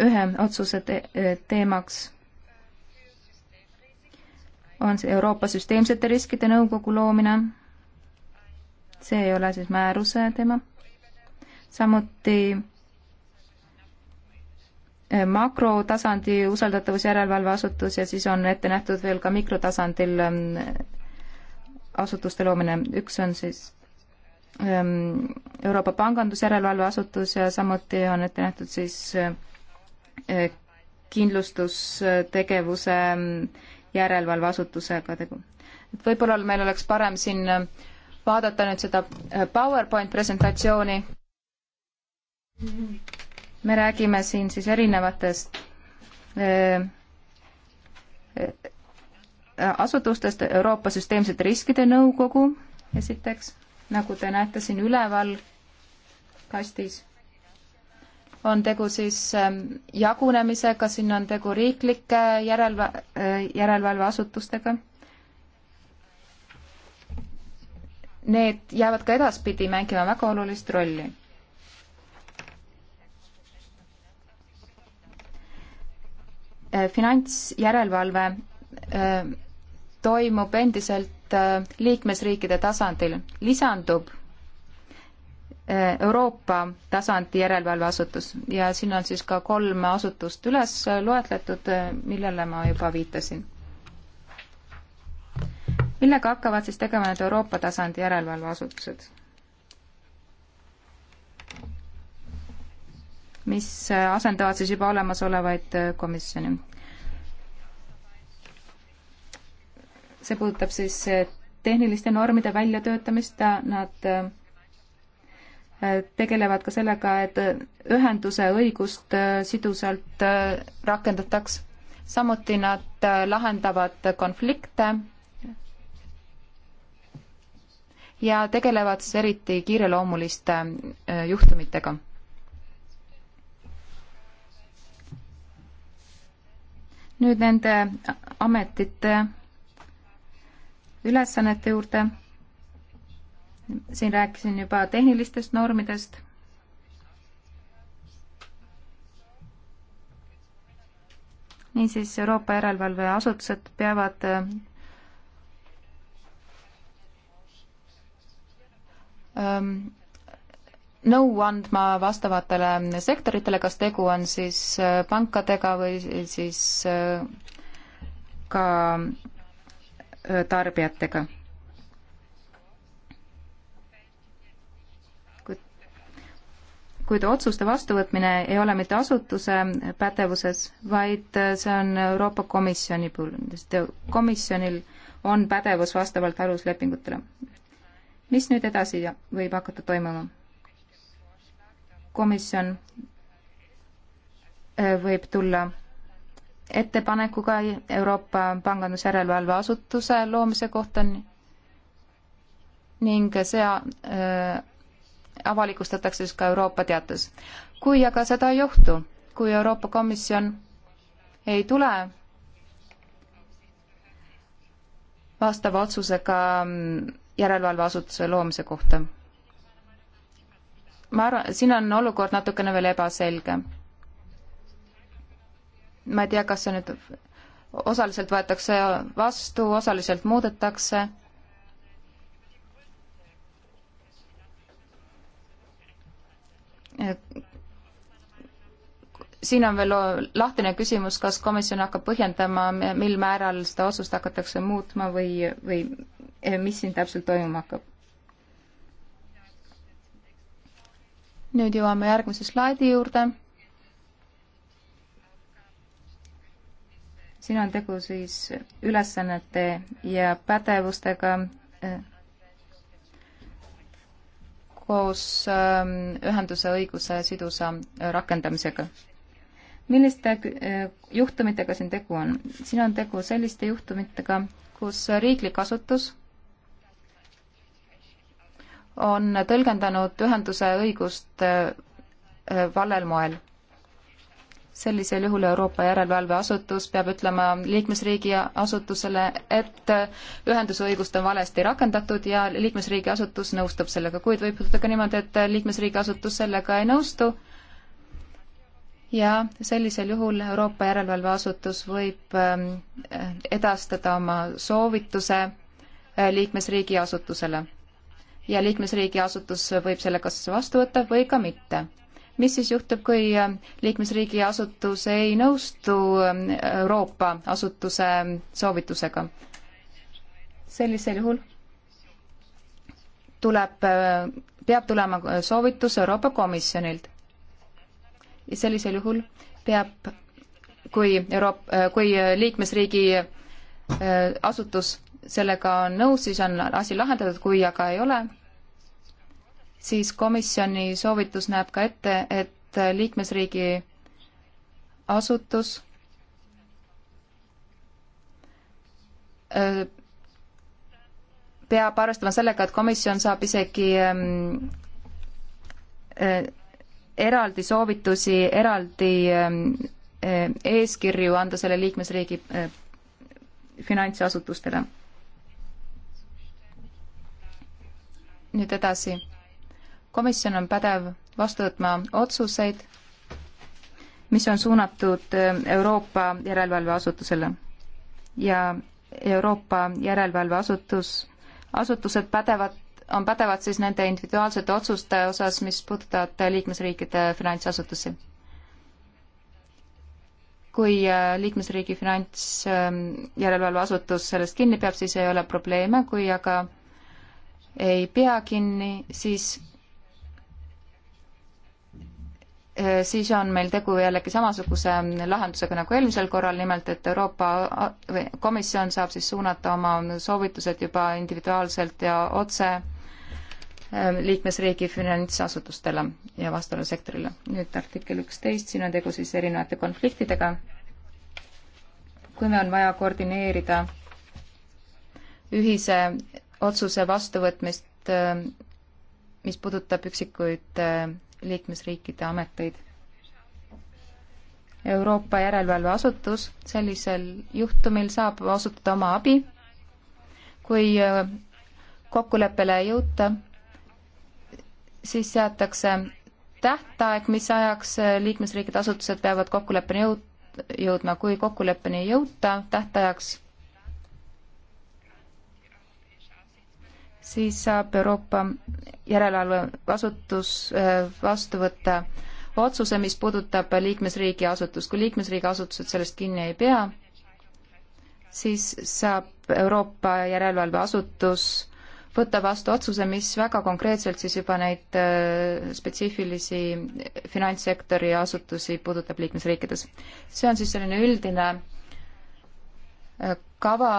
ühe otsuse te teemaks on see Euroopa Süsteemsete Riskide Nõukogu loomine see ei ole siis määruse teema. samuti eh, makrotasandi usaldatavuse järelevalveasutus ja siis on ette nähtud veel ka mikrotasandil mm, asutuste loomine, üks on siis mm, Euroopa Pangandusjärelevalveasutus ja samuti on ette nähtud siis eh, kindlustustegevuse mm, järelevalveasutusega tegu. et võib-olla meil oleks parem siin vaadata nüüd seda äh, PowerPoint presentatsiooni. me räägime siin siis erinevatest äh, äh, asutustest Euroopa Süsteemsete Riskide Nõukogu esiteks, nagu te näete siin üleval kastis, on tegu siis ähm, jagunemisega, siin on tegu riiklike järelva-, järelevalveasutustega need jäävad ka edaspidi mängima väga olulist rolli. Äh, finantsjärelevalve äh, toimub endiselt äh, liikmesriikide tasandil, lisandub Euroopa tasandi järelevalveasutus ja siin on siis ka kolm asutust üles loetletud, millele ma juba viitasin millega hakkavad siis tegema need Euroopa tasandi järelevalveasutused? mis asendavad siis juba olemasolevaid komisjone. see puudutab siis tehniliste normide väljatöötamist, nad äh, tegelevad ka sellega, et ühenduse õigust äh, sidusalt äh, rakendataks. samuti nad lahendavad konflikte ja tegelevad siis eriti kiireloomuliste äh, juhtumitega. nüüd nende ametite ülesannete juurde. siin rääkisin juba tehnilistest normidest niisiis Euroopa järelevalveasutused peavad äh, nõu andma vastavatele sektoritele, kas tegu on siis äh, pankadega või siis äh, ka äh, tarbijatega. kuid, kuid otsuste vastuvõtmine ei ole mitte asutuse pädevuses, vaid see on Euroopa Komisjoni puhul, sest komisjonil on pädevus vastavalt aluslepingutele mis nüüd edasi võib hakata toimuma? komisjon äh, võib tulla ettepanekuga Euroopa Pangandusjärelevalve Asutuse loomise kohta ning see äh, avalikustatakse siis ka Euroopa teates. kui aga seda ei juhtu, kui Euroopa Komisjon ei tule vastava otsusega mm, järelevalveasutuse loomise kohta. ma arvan, siin on olukord natukene veel ebaselge. ma ei tea, kas see nüüd osaliselt võetakse vastu, osaliselt muudetakse. siin on veel lahtine küsimus, kas komisjon hakkab põhjendama, mil määral seda otsust hakatakse muutma või, või mis siin täpselt toimuma hakkab. nüüd jõuame järgmise slaidi juurde. siin on tegu siis ülesannete ja pädevustega eh, koos ähm, ühenduse õiguse sidusa äh, rakendamisega. milliste äh, juhtumitega siin tegu on? siin on tegu selliste juhtumitega, kus riiklik asutus on tõlgendanud ühenduse õigust äh, valel moel. sellisel juhul Euroopa järelevalveasutus peab ütlema liikmesriigi asutusele, et äh, ühenduse õigust on valesti rakendatud ja liikmesriigi asutus nõustub sellega, kuid võib juhtuda ka niimoodi, et äh, liikmesriigi asutus sellega ei nõustu ja sellisel juhul Euroopa järelevalveasutus võib ähm, edastada oma soovituse liikmesriigi asutusele ja liikmesriigi asutus võib selle kas vastu võtta või ka mitte. mis siis juhtub, kui äh, liikmesriigi asutus ei nõustu ähm, Euroopa asutuse ähm, soovitusega? sellisel juhul tuleb, äh, peab tulema äh, soovitus Euroopa Komisjonilt. ja sellisel juhul peab, kui Euroop-, kui liikmesriigi asutus sellega on nõus, siis on asi lahendatud, kui aga ei ole, siis komisjoni soovitus näeb ka ette, et liikmesriigi asutus peab arvestama sellega, et komisjon saab isegi eraldi soovitusi, eraldi eeskirju anda selle liikmesriigi finantsasutustele nüüd edasi. komisjon on pädev vastu võtma otsuseid, mis on suunatud äh, Euroopa järelevalveasutusele ja Euroopa järelevalveasutus, asutused pädevad, on pädevad siis nende individuaalsete otsuste osas, mis puudutavad liikmesriikide finantsasutusi. kui äh, liikmesriigi finantsjärelevalveasutus äh, sellest kinni peab, siis ei ole probleeme, kui aga ei pea kinni, siis äh, siis on meil tegu jällegi samasuguse lahendusega nagu eelmisel korral, nimelt et Euroopa äh, Komisjon saab siis suunata oma soovitused juba individuaalselt ja otse äh, liikmesriigi finantsasutustele ja vastavale sektorile. nüüd artikkel üksteist, siin on tegu siis erinevate konfliktidega. kui meil on vaja koordineerida ühise otsuse vastuvõtmist, äh, mis puudutab üksikuid äh, liikmesriikide ameteid. Euroopa järelevalveasutus sellisel juhtumil saab osutada oma abi, kui äh, kokkuleppele ei jõuta, siis seatakse tähtaeg, mis ajaks liikmesriikide asutused peavad kokkuleppeni jõud-, jõudma, kui kokkuleppeni ei jõuta tähtajaks, siis saab Euroopa järelevalveasutus äh, vastu võtta otsuse, mis puudutab liikmesriigi asutust. kui liikmesriigi asutused sellest kinni ei pea, siis saab Euroopa järelevalveasutus võtta vastu otsuse, mis väga konkreetselt siis juba neid äh, spetsiifilisi finantssektori asutusi puudutab liikmesriikides. see on siis selline üldine äh, kava,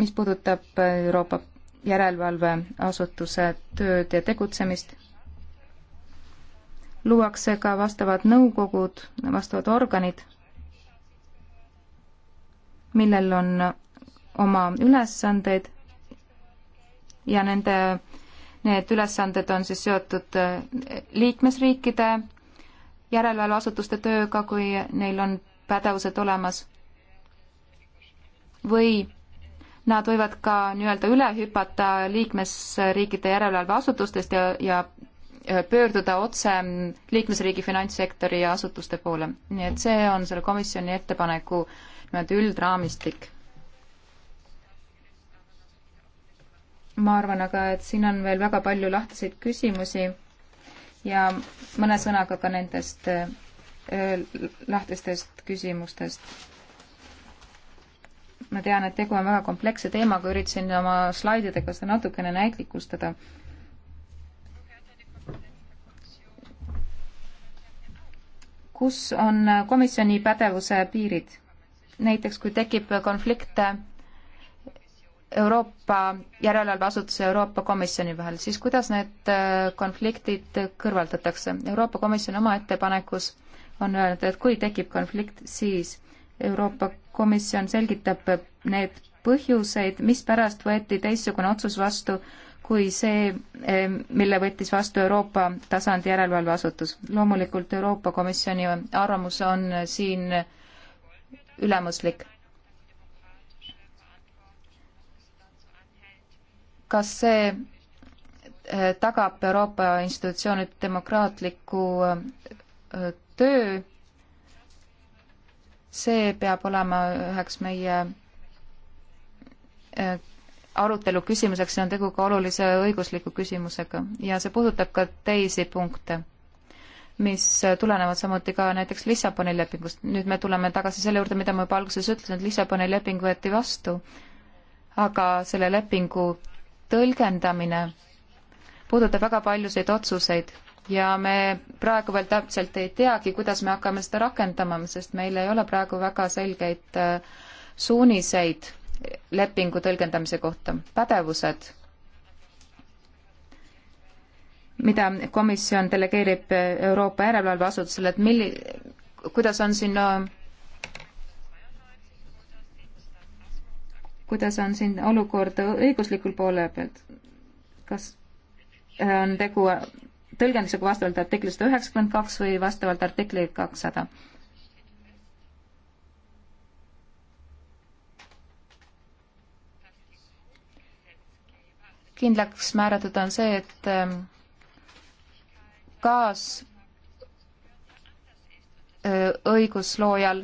mis puudutab Euroopa järelevalveasutuse tööd ja tegutsemist, luuakse ka vastavad nõukogud, vastavad organid, millel on oma ülesandeid ja nende, need ülesanded on siis seotud liikmesriikide järelevalveasutuste tööga, kui neil on pädevused olemas, või Nad võivad ka nii-öelda üle hüpata liikmesriikide järelevalveasutustest ja, ja pöörduda otse liikmesriigi finantssektori ja asutuste poole. nii et see on selle komisjoni ettepaneku nii-öelda üldraamistik. ma arvan aga, et siin on veel väga palju lahtiseid küsimusi ja mõne sõnaga ka nendest äh, lahtistest küsimustest ma tean, et tegu on väga kompleksse teemaga, üritasin oma slaididega seda natukene näitlikustada. kus on komisjoni pädevuse piirid? näiteks kui tekib konflikte Euroopa järelevalveasutuse ja Euroopa Komisjoni vahel, siis kuidas need konfliktid kõrvaldatakse? Euroopa Komisjon oma ettepanekus on öelnud, et kui tekib konflikt, siis Euroopa komisjon selgitab need põhjuseid, mispärast võeti teistsugune otsus vastu kui see, eh, mille võttis vastu Euroopa tasandi järelevalveasutus. loomulikult Euroopa Komisjoni arvamus on siin ülemuslik. kas see eh, tagab Euroopa institutsioonide demokraatliku eh, töö see peab olema üheks meie äh, arutelu küsimuseks, see on tegu ka olulise õigusliku küsimusega ja see puudutab ka teisi punkte, mis tulenevad samuti ka näiteks Lissaboni lepingust. nüüd me tuleme tagasi selle juurde, mida ma juba alguses ütlesin, et Lissaboni leping võeti vastu, aga selle lepingu tõlgendamine puudutab väga paljusid otsuseid ja me praegu veel täpselt ei teagi, kuidas me hakkame seda rakendama, sest meil ei ole praegu väga selgeid äh, suuniseid lepingu tõlgendamise kohta. pädevused, mida komisjon delegeerib Euroopa järelevalveasutusele, et milli-, kuidas on siin äh, kuidas on siin olukord õiguslikul poole pealt, kas äh, on tegu tõlgendusega vastavalt artikli sada üheksakümmend kaks või vastavalt artikli kakssada. kindlaks määratud on see, et ähm, kaas äh, õigusloojal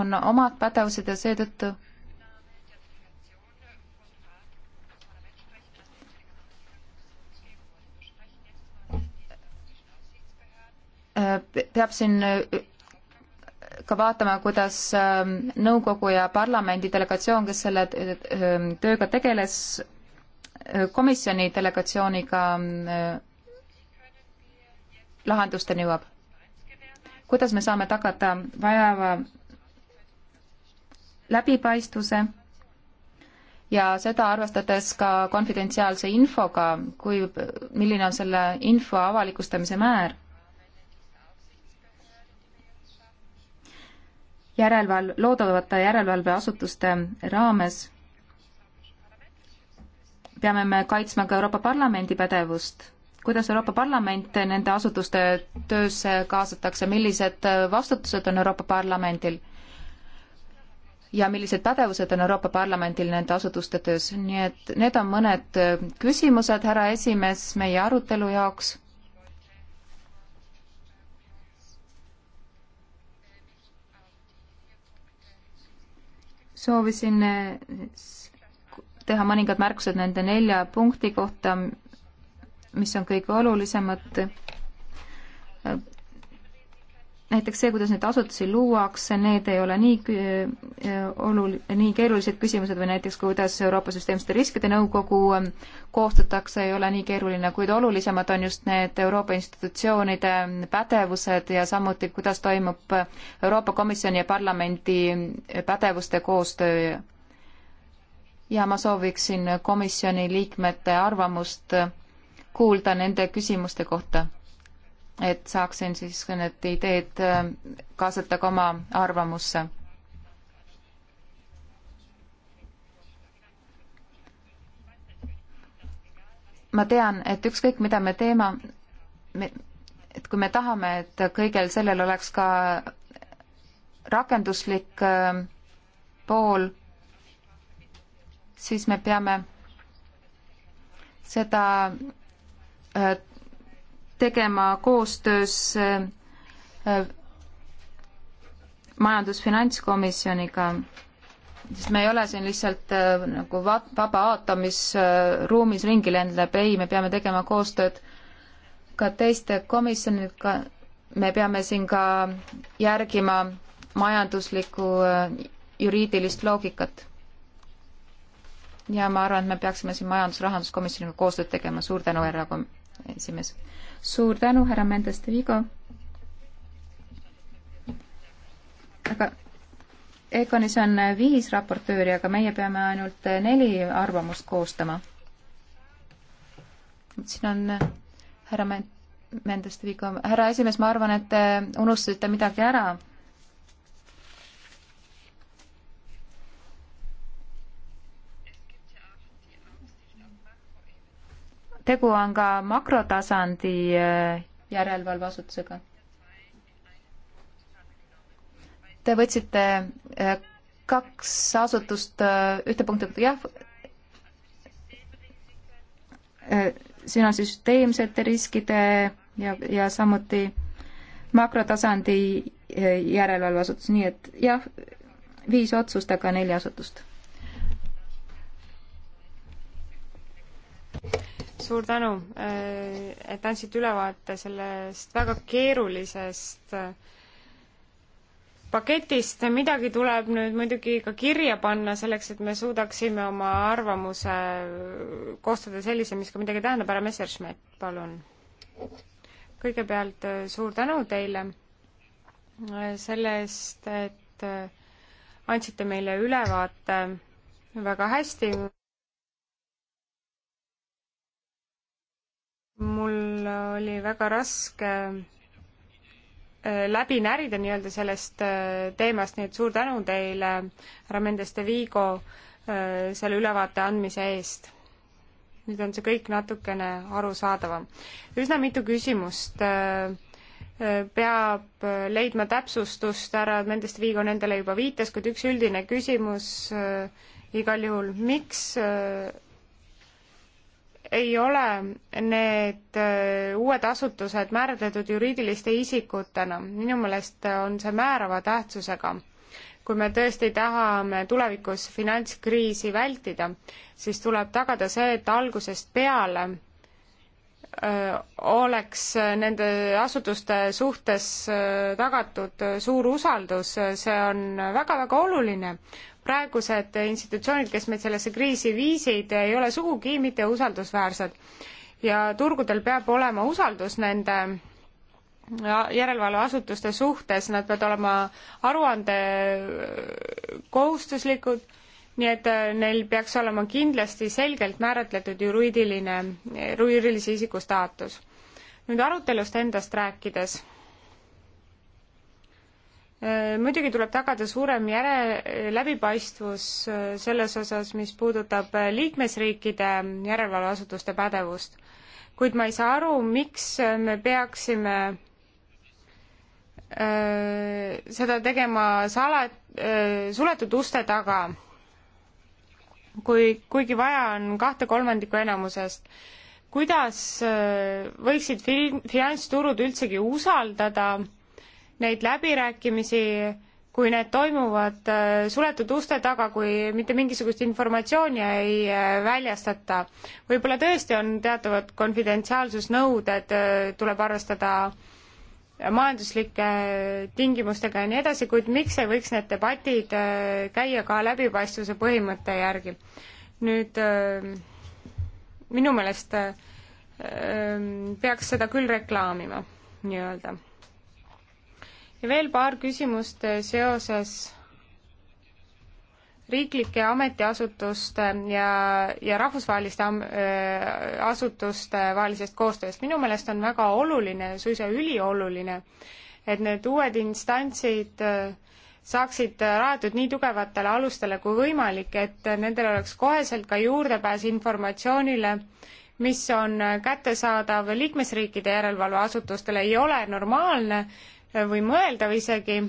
on omad pädevused ja seetõttu Äh, peab siin äh, ka vaatama, kuidas ähm, nõukogu ja parlamendi delegatsioon, kes selle ähm, tööga tegeles, äh, komisjoni delegatsiooniga lahendusteni jõuab. kuidas me saame tagada vajava läbipaistvuse ja seda arvestades ka konfidentsiaalse infoga, kui, milline on selle info avalikustamise määr järelevalve, loodavate järelevalveasutuste raames peame me kaitsma ka Euroopa Parlamendi pädevust, kuidas Euroopa Parlament nende asutuste töösse kaasatakse, millised vastutused on Euroopa Parlamendil ja millised pädevused on Euroopa Parlamendil nende asutuste töös, nii et need on mõned küsimused, härra esimees, meie arutelu jaoks soovisin eh, teha mõningad märkused nende nelja punkti kohta, mis on kõige olulisemad näiteks see, kuidas neid asutusi luuakse, need ei ole nii äh, olul-, nii keerulised küsimused või näiteks kuidas Euroopa Süsteemsete Riskide Nõukogu ähm, koostatakse, ei ole nii keeruline, kuid olulisemad on just need Euroopa institutsioonide ähm, pädevused ja samuti, kuidas toimub äh, Euroopa Komisjoni ja parlamendi äh, pädevuste koostöö. ja ma sooviksin komisjoni liikmete arvamust kuulda nende küsimuste kohta et saaksin siis need ideed äh, kaasata ka oma arvamusse. ma tean, et ükskõik, mida me teeme, et kui me tahame, et kõigel sellel oleks ka rakenduslik äh, pool, siis me peame seda äh, tegema koostöös äh, majandusfinantskomisjoniga, sest me ei ole siin lihtsalt äh, nagu va-, vaba aatom, mis äh, ruumis ringi lendab, ei, me peame tegema koostööd ka teiste komisjonidega, me peame siin ka järgima majanduslikku juriidilist loogikat. ja ma arvan, et me peaksime siin majandus-rahanduskomisjoniga koostööd tegema, suur tänu, härra esimees suur tänu, härra Mendes de Vigo. aga EKONis on viis raportööri, aga meie peame ainult neli arvamust koostama. siin on äh, härra Mendes de Vigo, härra esimees, ma arvan, et te äh, unustasite midagi ära tegu on ka makrotasandi äh, järelevalveasutusega. Te võtsite äh, kaks asutust äh, ühte punkti, jah, siin on süsteemsete riskide ja, ja samuti makrotasandi järelevalveasutus, nii et jah, viis otsust, aga neli asutust suur tänu, äh, et andsite ülevaate sellest väga keerulisest äh, paketist, midagi tuleb nüüd muidugi ka kirja panna selleks, et me suudaksime oma arvamuse äh, koostada sellise, mis ka midagi tähendab, härra Messerschmidt, palun. kõigepealt suur tänu teile selle eest, et andsite meile ülevaate väga hästi mul oli väga raske äh, läbi närida nii-öelda sellest äh, teemast, nii et suur tänu teile, härra Mendes de Vigo, äh, selle ülevaate andmise eest. nüüd on see kõik natukene arusaadavam. üsna mitu küsimust peab leidma täpsustust, härra Mendes de Vigo nendele juba viitas, kuid üks üldine küsimus igal juhul, miks ei ole need äh, uued asutused määratletud juriidiliste isikutena. minu meelest on see määrava tähtsusega. kui me tõesti tahame tulevikus finantskriisi vältida, siis tuleb tagada see, et algusest peale Äh, oleks äh, nende asutuste suhtes äh, tagatud suur usaldus, see on väga-väga oluline. praegused institutsioonid, kes meid sellesse kriisi viisid, ei ole sugugi mitte usaldusväärsed ja turgudel peab olema usaldus nende järelevalveasutuste suhtes, nad peavad olema aruandekohustuslikud nii et äh, neil peaks olema kindlasti selgelt määratletud juriidiline, juriidilise isiku staatus. nüüd arutelust endast rääkides. Äh, muidugi tuleb tagada suurem järe, äh, läbipaistvus selles osas, mis puudutab liikmesriikide järelevalveasutuste pädevust. kuid ma ei saa aru, miks me peaksime öö, seda tegema sala-, suletud uste taga kui, kuigi vaja on kahte kolmandikku enamusest. kuidas äh, võiksid fil-, finantsturud üldsegi usaldada neid läbirääkimisi, kui need toimuvad äh, suletud uste taga, kui mitte mingisugust informatsiooni ei äh, väljastata. võib-olla tõesti on teatavad konfidentsiaalsusnõuded, tuleb arvestada äh, majanduslike tingimustega ja nii edasi, kuid miks ei võiks need debatid äh, käia ka läbipaistvuse põhimõtte järgi? nüüd äh, minu meelest äh, ähm, peaks seda küll reklaamima nii-öelda. ja veel paar küsimust seoses riiklike ametiasutuste ja, ja rahvusvaheliste am, äh, asutuste vahelisest koostööst. minu meelest on väga oluline, suisa ülioluline, et need uued instantsid äh, saaksid rajatud nii tugevatele alustele kui võimalik, et nendel oleks koheselt ka juurdepääs informatsioonile, mis on kättesaadav liikmesriikide järelevalveasutustele, ei ole normaalne või mõeldav isegi,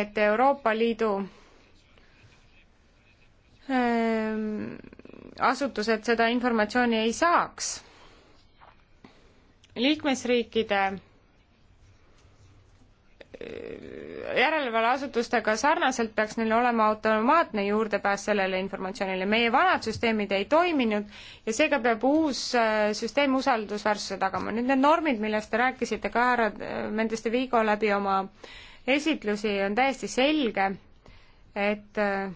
et Euroopa Liidu Ehm, asutused seda informatsiooni ei saaks. liikmesriikide eh, järelevalveasutustega sarnaselt peaks neil olema automaatne juurdepääs sellele informatsioonile. meie vanad süsteemid ei toiminud ja seega peab uus eh, süsteem usaldusväärsuse tagama. nüüd need normid, millest te rääkisite ka härra eh, Mendeste Vigo läbi oma esitlusi, on täiesti selge, et äh,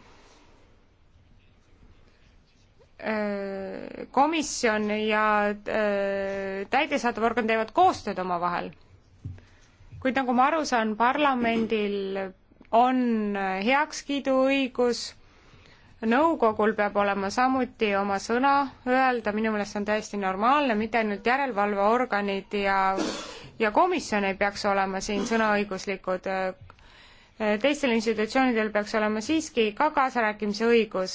Äh, komisjon ja äh, täidesaatev organ teevad koostööd omavahel. kuid nagu ma aru saan, parlamendil on heakskiiduõigus, nõukogul peab olema samuti oma sõna öelda, minu meelest see on täiesti normaalne, mitte ainult järelevalveorganid ja ja komisjon ei peaks olema siin sõnaõiguslikud, teistel institutsioonidel peaks olema siiski ka kaasarääkimise õigus.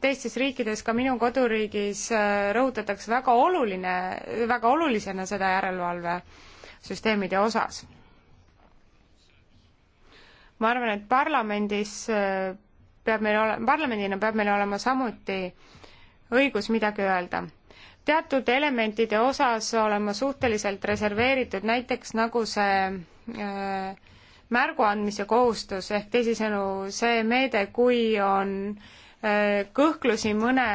teistes riikides, ka minu koduriigis, rõhutatakse väga oluline, väga olulisena seda järelevalvesüsteemide osas. ma arvan, et parlamendis äh, peab meil olema, parlamendina peab meil olema samuti õigus midagi öelda. teatud elementide osas olen ma suhteliselt reserveeritud, näiteks nagu see äh, märguandmise kohustus ehk teisisõnu see meede, kui on äh, kõhklusi mõne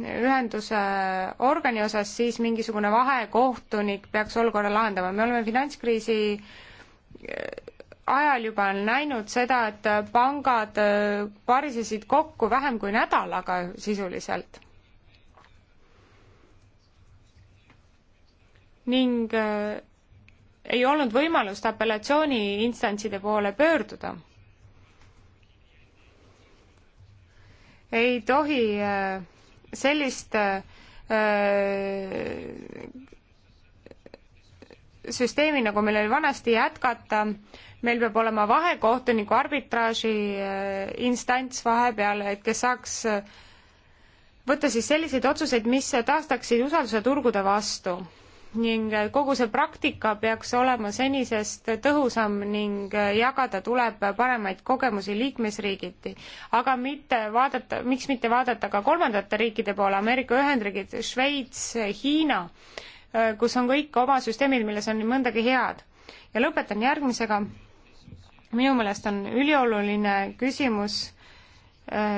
ühenduse organi osas, siis mingisugune vahekohtunik peaks olukorra lahendama. me oleme finantskriisi äh, ajal juba näinud seda, et pangad äh, parisesid kokku vähem kui nädalaga sisuliselt. ning ei olnud võimalust apellatsiooniinstantside poole pöörduda. ei tohi äh, sellist äh, süsteemi, nagu meil oli vanasti, jätkata, meil peab olema vahekohtuniku arbitraaži äh, instants vahepeal, et kes saaks võtta siis selliseid otsuseid, mis taastaksid usalduse turgude vastu ning äh, kogu see praktika peaks olema senisest tõhusam ning äh, jagada tuleb paremaid kogemusi liikmesriigiti. aga mitte vaadata, miks mitte vaadata ka kolmandate riikide poole, Ameerika Ühendriigid, Šveits, Hiina, äh, kus on kõik oma süsteemid, milles on nii mõndagi head. ja lõpetan järgmisega. minu meelest on ülioluline küsimus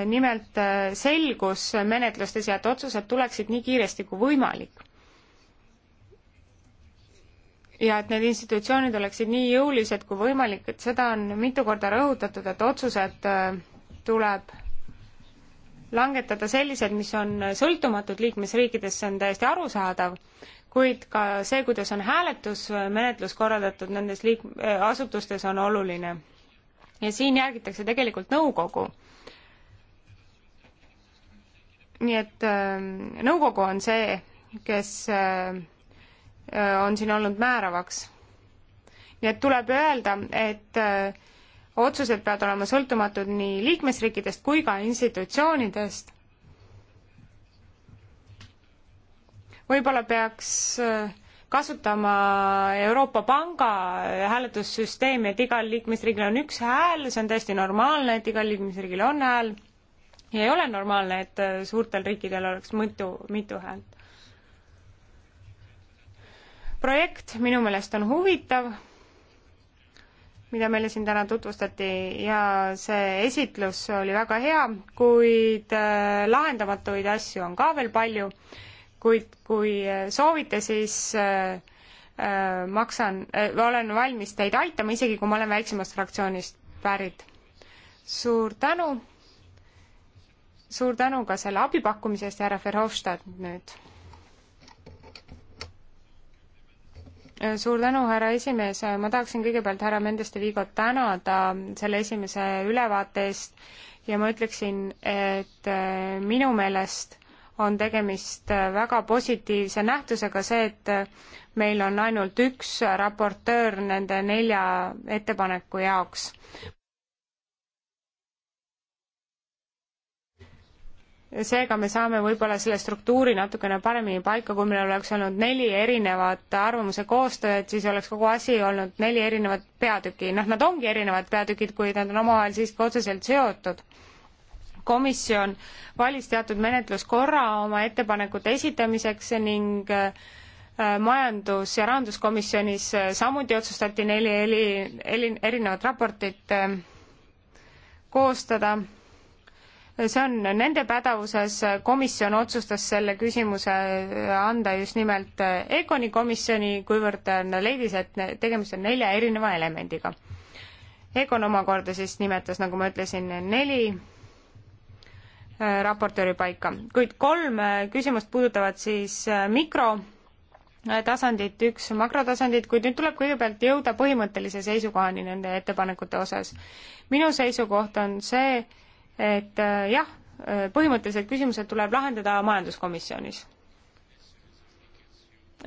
nimelt selgus menetlustes ja et otsused tuleksid nii kiiresti kui võimalik ja et need institutsioonid oleksid nii jõulised kui võimalik, et seda on mitu korda rõhutatud, et otsused äh, tuleb langetada sellised, mis on sõltumatud liikmesriikides, see on täiesti arusaadav, kuid ka see, kuidas on hääletusmenetlus äh, korraldatud nendes liik-, äh, asutustes, on oluline. ja siin järgitakse tegelikult nõukogu. nii et nõukogu on see, kes äh, Äh, on siin olnud määravaks. nii et tuleb öelda, et äh, otsused peavad olema sõltumatud nii liikmesriikidest kui ka institutsioonidest. võib-olla peaks äh, kasutama Euroopa Panga hääletussüsteemi, et igal liikmesriigil on üks hääl, see on täiesti normaalne, et igal liikmesriigil on hääl ja ei ole normaalne, et suurtel riikidel oleks mitu, mitu häält projekt minu meelest on huvitav, mida meile siin täna tutvustati ja see esitlus oli väga hea, kuid äh, lahendamatuid asju on ka veel palju, kuid kui soovite, siis äh, äh, maksan, olen valmis teid aitama, isegi kui ma olen väiksemast fraktsioonist pärit. suur tänu, suur tänu ka selle abipakkumise eest, härra Verhofstadt nüüd suur tänu, härra esimees, ma tahaksin kõigepealt härra Mendeste Viigot tänada selle esimese ülevaate eest ja ma ütleksin, et äh, minu meelest on tegemist äh, väga positiivse nähtusega, see, et äh, meil on ainult üks raportöör nende nelja ettepaneku jaoks. seega me saame võib-olla selle struktuuri natukene paremini paika, kui meil oleks olnud neli erinevat arvamuse koostajat, siis oleks kogu asi olnud neli erinevat peatüki, noh, nad ongi erinevad peatükid, kuid nad on omavahel siiski otseselt seotud. komisjon valis teatud menetluskorra oma ettepanekute esitamiseks ning äh, majandus- ja rahanduskomisjonis äh, samuti otsustati neli eri, eri, erinevat raportit äh, koostada see on nende pädevuses, komisjon otsustas selle küsimuse anda just nimelt EKONi komisjoni, kuivõrd ta leidis, et tegemist on nelja erineva elemendiga. EKON omakorda siis nimetas, nagu ma ütlesin, neli äh, raportööri paika, kuid kolm äh, küsimust puudutavad siis äh, mikro tasandit, üks makrotasandit, kuid nüüd tuleb kõigepealt jõuda põhimõttelise seisukohani nende ettepanekute osas. minu seisukoht on see, et äh, jah, äh, põhimõttelised küsimused tuleb lahendada majanduskomisjonis.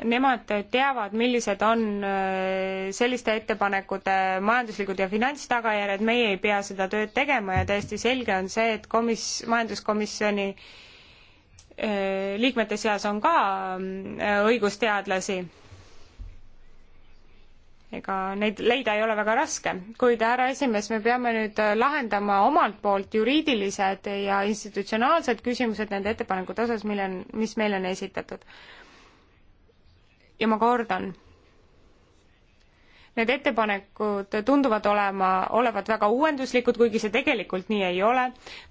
Nemad teavad, millised on äh, selliste ettepanekute majanduslikud ja finantstagajärjed, meie ei pea seda tööd tegema ja täiesti selge on see, et komis-, majanduskomisjoni liikmete seas on ka mm, õigusteadlasi ega neid leida ei ole väga raske, kuid härra esimees, me peame nüüd äh, lahendama omalt poolt juriidilised ja institutsionaalsed küsimused nende ettepanekute osas, mille on, mis meile on esitatud. ja ma kordan need ettepanekud tunduvad olema, olevat väga uuenduslikud, kuigi see tegelikult nii ei ole.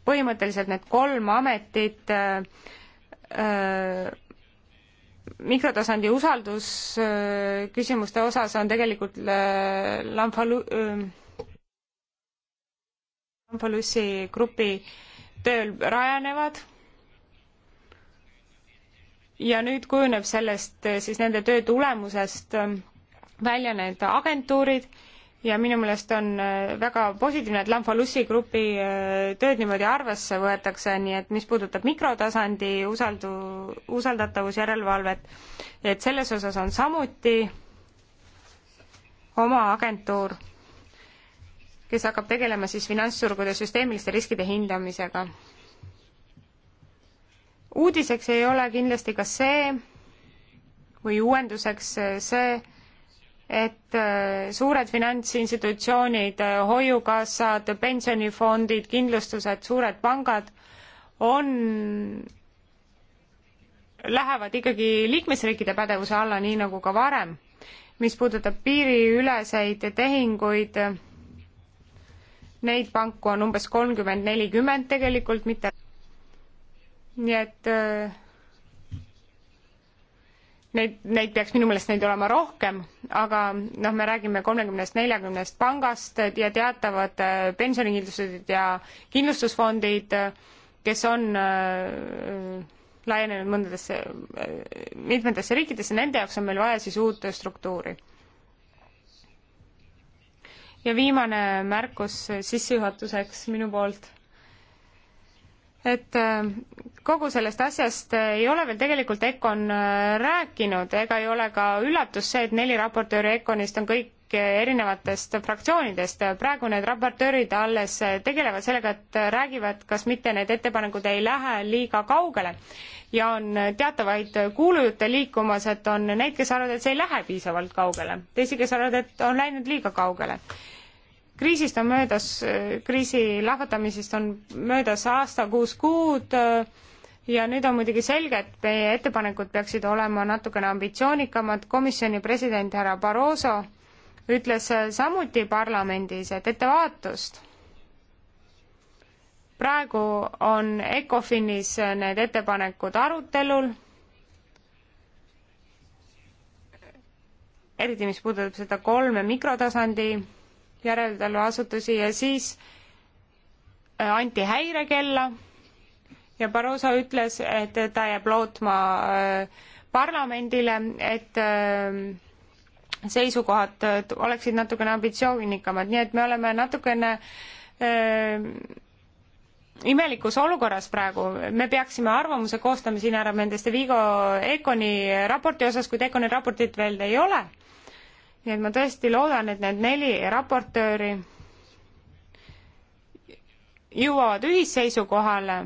põhimõtteliselt need kolm ametit äh, äh, mikrotasandi usaldusküsimuste äh, osas on tegelikult äh, Lamfalu-, äh, Lamfalussi grupi tööl rajanevad ja nüüd kujuneb sellest siis nende töö tulemusest välja need agentuurid ja minu meelest on äh, väga positiivne, et Lamfalussi grupi äh, tööd niimoodi arvesse võetakse, nii et mis puudutab mikrotasandi usaldu, usaldatavusjärelevalvet, et selles osas on samuti oma agentuur, kes hakkab tegelema siis finantsturgude süsteemiliste riskide hindamisega. uudiseks ei ole kindlasti ka see või uuenduseks äh, see, et äh, suured finantsinstitutsioonid, äh, hoiukassad, pensionifondid, kindlustused, suured pangad on, lähevad ikkagi liikmesriikide pädevuse alla, nii nagu ka varem. mis puudutab piiriüleseid tehinguid, neid panku on umbes kolmkümmend, nelikümmend tegelikult, mitte nii et äh, neid, neid peaks minu meelest neid olema rohkem, aga noh, me räägime kolmekümnest, neljakümnest pangast ja teatavad äh, pensionikindlustused ja kindlustusfondid, kes on äh, laienenud mõndadesse, äh, mitmetesse riikidesse, nende jaoks on meil vaja siis uut struktuuri. ja viimane märkus sissejuhatuseks minu poolt et äh, kogu sellest asjast äh, ei ole veel tegelikult EKOn äh, rääkinud, ega ei ole ka üllatus see, et neli raportööri EKOnist on kõik erinevatest fraktsioonidest. praegu need raportöörid alles tegelevad sellega, et räägivad, kas mitte need ettepanekud ei lähe liiga kaugele. ja on teatavaid kuulujutte liikumas, et on neid, kes arvavad, et see ei lähe piisavalt kaugele, teisi, kes arvavad, et on läinud liiga kaugele kriisist on möödas, kriisi lahvatamisest on möödas aasta, kuus kuud äh, ja nüüd on muidugi selge, et meie ettepanekud peaksid olema natukene ambitsioonikamad, komisjoni president härra Barroso ütles äh, samuti parlamendis, et ettevaatust. praegu on ECOFINis äh, need ettepanekud arutelul, eriti mis puudutab seda kolme mikrotasandi järelevalveasutusi ja siis äh, anti häirekella ja Barroso ütles, et ta jääb lootma äh, parlamendile, et äh, seisukohad oleksid natukene ambitsioonikamad, nii et me oleme natukene imelikus olukorras praegu, me peaksime arvamuse koostama siin härra Mendeste Vigo Econi raporti osas, kuid Econi raportit veel ei ole nii et ma tõesti loodan, et need neli raportööri jõuavad ühisseisukohale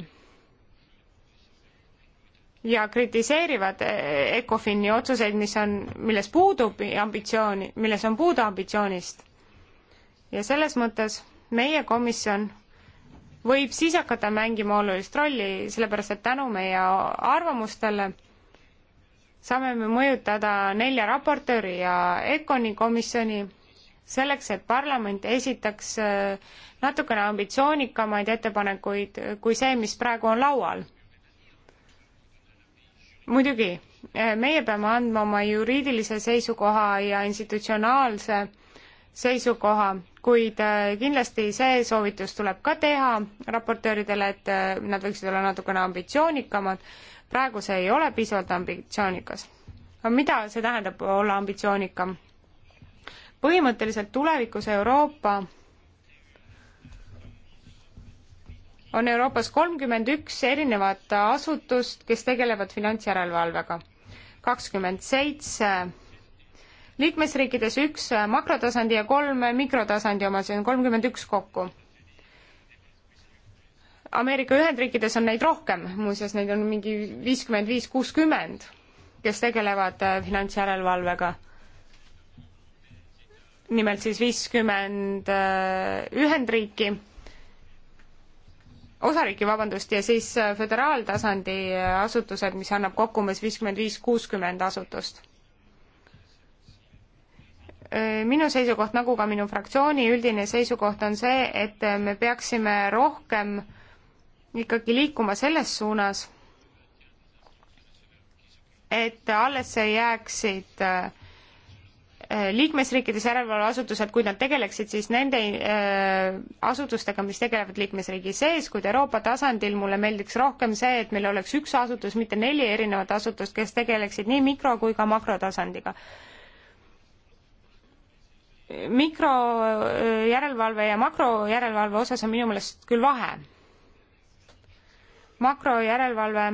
ja kritiseerivad ECOFIN-i otsuseid, mis on, milles puudub ambitsiooni, milles on puudu ambitsioonist. ja selles mõttes meie komisjon võib siis hakata mängima olulist rolli, sellepärast et tänu meie arvamustele saame me mõjutada nelja raportööri ja ECONi komisjoni selleks, et parlament esitaks äh, natukene ambitsioonikamaid ettepanekuid kui see, mis praegu on laual. muidugi, äh, meie peame andma oma juriidilise seisukoha ja institutsionaalse seisukoha kuid äh, kindlasti see soovitus tuleb ka teha raportööridele, et äh, nad võiksid olla natukene ambitsioonikamad. praegu see ei ole piisavalt ambitsioonikas. aga mida see tähendab olla ambitsioonikam? põhimõtteliselt tulevikus Euroopa on Euroopas kolmkümmend üks erinevat asutust, kes tegelevad finantsjärelevalvega. kakskümmend seitse liikmesriikides üks äh, makrotasandi ja kolm äh, mikrotasandi oma, see on kolmkümmend üks kokku. Ameerika Ühendriikides on neid rohkem, muuseas neid on mingi viiskümmend viis, kuuskümmend, kes tegelevad äh, finantsjärelevalvega nimelt siis viiskümmend Ühendriiki, osariiki, vabandust, ja siis föderaaltasandi asutused, mis annab kokku umbes viiskümmend viis, kuuskümmend asutust. Äh, minu seisukoht, nagu ka minu fraktsiooni üldine seisukoht, on see, et äh, me peaksime rohkem ikkagi liikuma selles suunas, et alles jääksid äh, liikmesriikides järelevalveasutused, kui nad tegeleksid siis nende asutustega, mis tegelevad liikmesriigi sees, kuid Euroopa tasandil mulle meeldiks rohkem see, et meil oleks üks asutus, mitte neli erinevat asutust, kes tegeleksid nii mikro- kui ka makrotasandiga mikrojärelevalve ja makrojärelevalve osas on minu meelest küll vahe. makrojärelevalve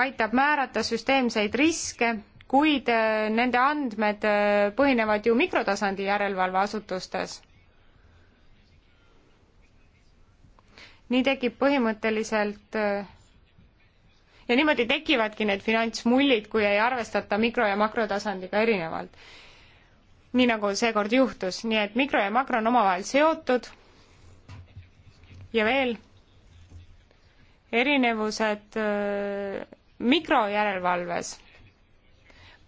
aitab määrata süsteemseid riske, kuid äh, nende andmed äh, põhinevad ju mikrotasandi järelevalveasutustes. nii tekib põhimõtteliselt äh, ja niimoodi tekivadki need finantsmullid, kui ei arvestata mikro- ja makrotasandiga erinevalt. nii nagu seekord juhtus, nii et mikro ja makro on omavahel seotud ja veel erinevused äh, mikrojärelevalves,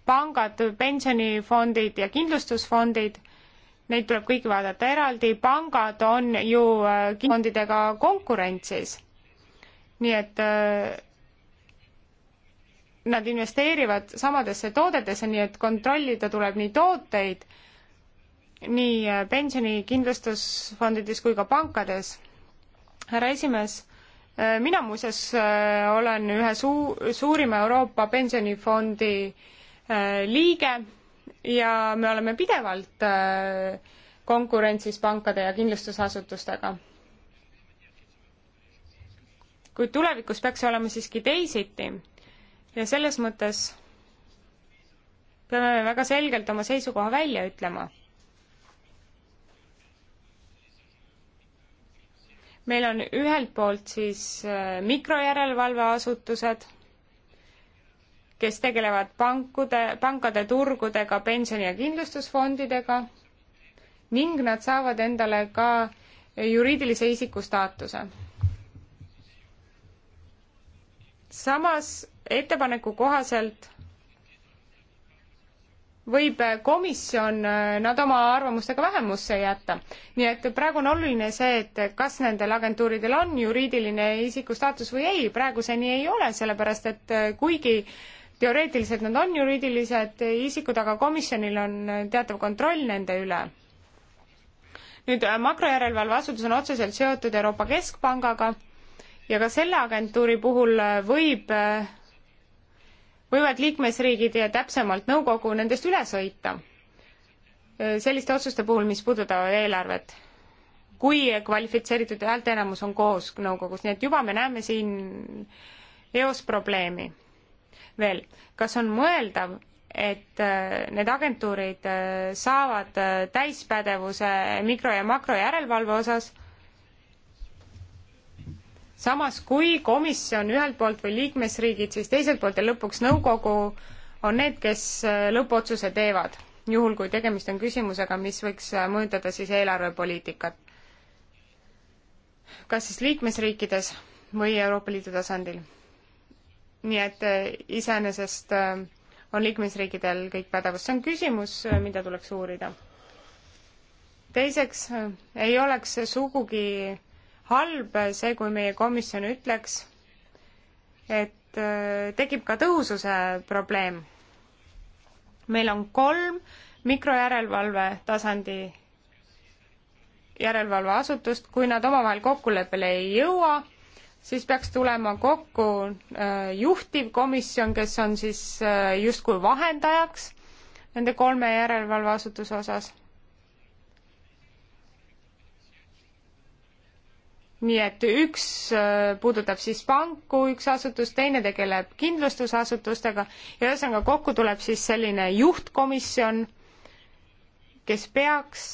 pangad, pensionifondid ja kindlustusfondid, neid tuleb kõiki vaadata eraldi, pangad on ju äh, fondidega konkurentsis. nii et äh, nad investeerivad samadesse toodetesse, nii et kontrollida tuleb nii tooteid, nii äh, pensionikindlustusfondides kui ka pankades. härra esimees, äh, mina muuseas äh, olen ühe suu-, suurima Euroopa pensionifondi liige ja me oleme pidevalt konkurentsis pankade ja kindlustusasutustega. kuid tulevikus peaks see olema siiski teisiti ja selles mõttes peame me väga selgelt oma seisukoha välja ütlema. meil on ühelt poolt siis äh, mikrojärelevalveasutused, kes tegelevad pankude, pankade turgudega, pensioni- ja kindlustusfondidega ning nad saavad endale ka juriidilise isiku staatuse samas ettepaneku kohaselt võib komisjon äh, nad oma arvamustega vähemusse jätta. nii et praegu on oluline see, et kas nendel agentuuridel on juriidiline isiku staatus või ei, praegu see nii ei ole, sellepärast et äh, kuigi teoreetiliselt nad on juriidilised äh, isikud, aga komisjonil on teatav kontroll nende üle. nüüd makrojärelevalveasutus on otseselt seotud Euroopa Keskpangaga ja ka selle agentuuri puhul äh, võib, äh, võivad liikmesriigid ja täpsemalt nõukogu nendest üle sõita äh, selliste otsuste puhul, mis puudutavad eelarvet, kui kvalifitseeritud häälteenamus on koos nõukogus, nii et juba me näeme siin eos probleemi. veel, kas on mõeldav, et need agentuurid saavad täispädevuse mikro- ja makrojärelevalve osas samas, kui komisjon ühelt poolt või liikmesriigid siis teiselt poolt ja lõpuks nõukogu on need, kes äh, lõppotsuse teevad, juhul kui tegemist on küsimusega, mis võiks äh, mõjutada siis eelarvepoliitikat. kas siis liikmesriikides või Euroopa Liidu tasandil. nii et äh, iseenesest on liikmesriikidel kõik pädevus, see on küsimus, mida tuleks uurida. teiseks, ei oleks sugugi halb see, kui meie komisjon ütleks, et äh, tekib ka tõhususe probleem. meil on kolm mikrojärelevalve tasandi järelevalveasutust, kui nad omavahel kokkuleppele ei jõua, siis peaks tulema kokku äh, juhtivkomisjon, kes on siis äh, justkui vahendajaks nende kolme järelevalveasutuse osas nii et üks äh, puudutab siis panku, üks asutus, teine tegeleb kindlustusasutustega ja ühesõnaga kokku tuleb siis selline juhtkomisjon, kes peaks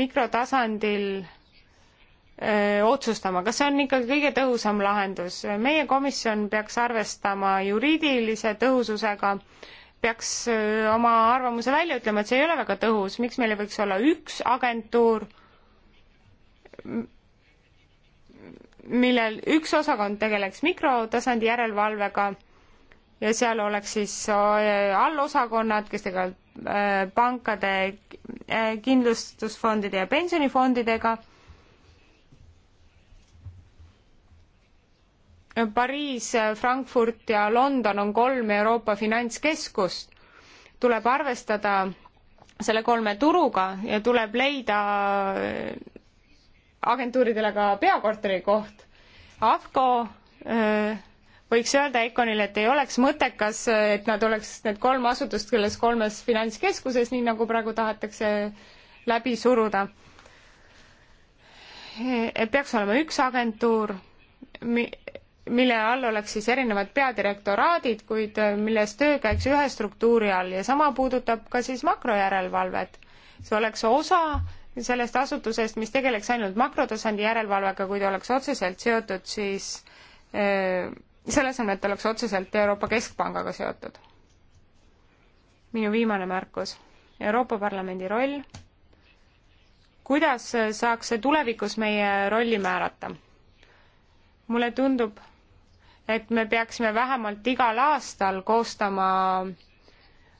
mikrotasandil öö, äh, otsustama, kas see on ikka kõige tõhusam lahendus. meie komisjon peaks arvestama juriidilise tõhususega, peaks öö, äh, oma arvamuse välja ütlema, et see ei ole väga tõhus, miks meil ei võiks olla üks agentuur, millel üks osakond tegeleks mikrotasandi järelevalvega ja seal oleks siis äh, allosakonnad, kes tegelevad äh, pankade, äh, kindlustusfondide ja pensionifondidega. Pariis, Frankfurt ja London on kolm Euroopa finantskeskust. tuleb arvestada selle kolme turuga ja tuleb leida agentuuridele ka peakorteri koht. AFCO äh, võiks öelda Econile, et ei oleks mõttekas, äh, et nad oleks need kolm asutust selles kolmes finantskeskuses, nii nagu praegu tahetakse läbi suruda. et äh, peaks olema üks agentuur, mille all oleks siis erinevad peadirektoraadid, kuid milles töö käiks ühe struktuuri all ja sama puudutab ka siis makrojärelevalvet. see oleks osa sellest asutusest, mis tegeleks ainult makrotasandi järelevalvega, kui ta oleks otseselt seotud, siis selle asemel, et ta oleks otseselt Euroopa Keskpangaga seotud. minu viimane märkus. Euroopa Parlamendi roll. kuidas saaks see tulevikus meie rolli määrata? mulle tundub, et me peaksime vähemalt igal aastal koostama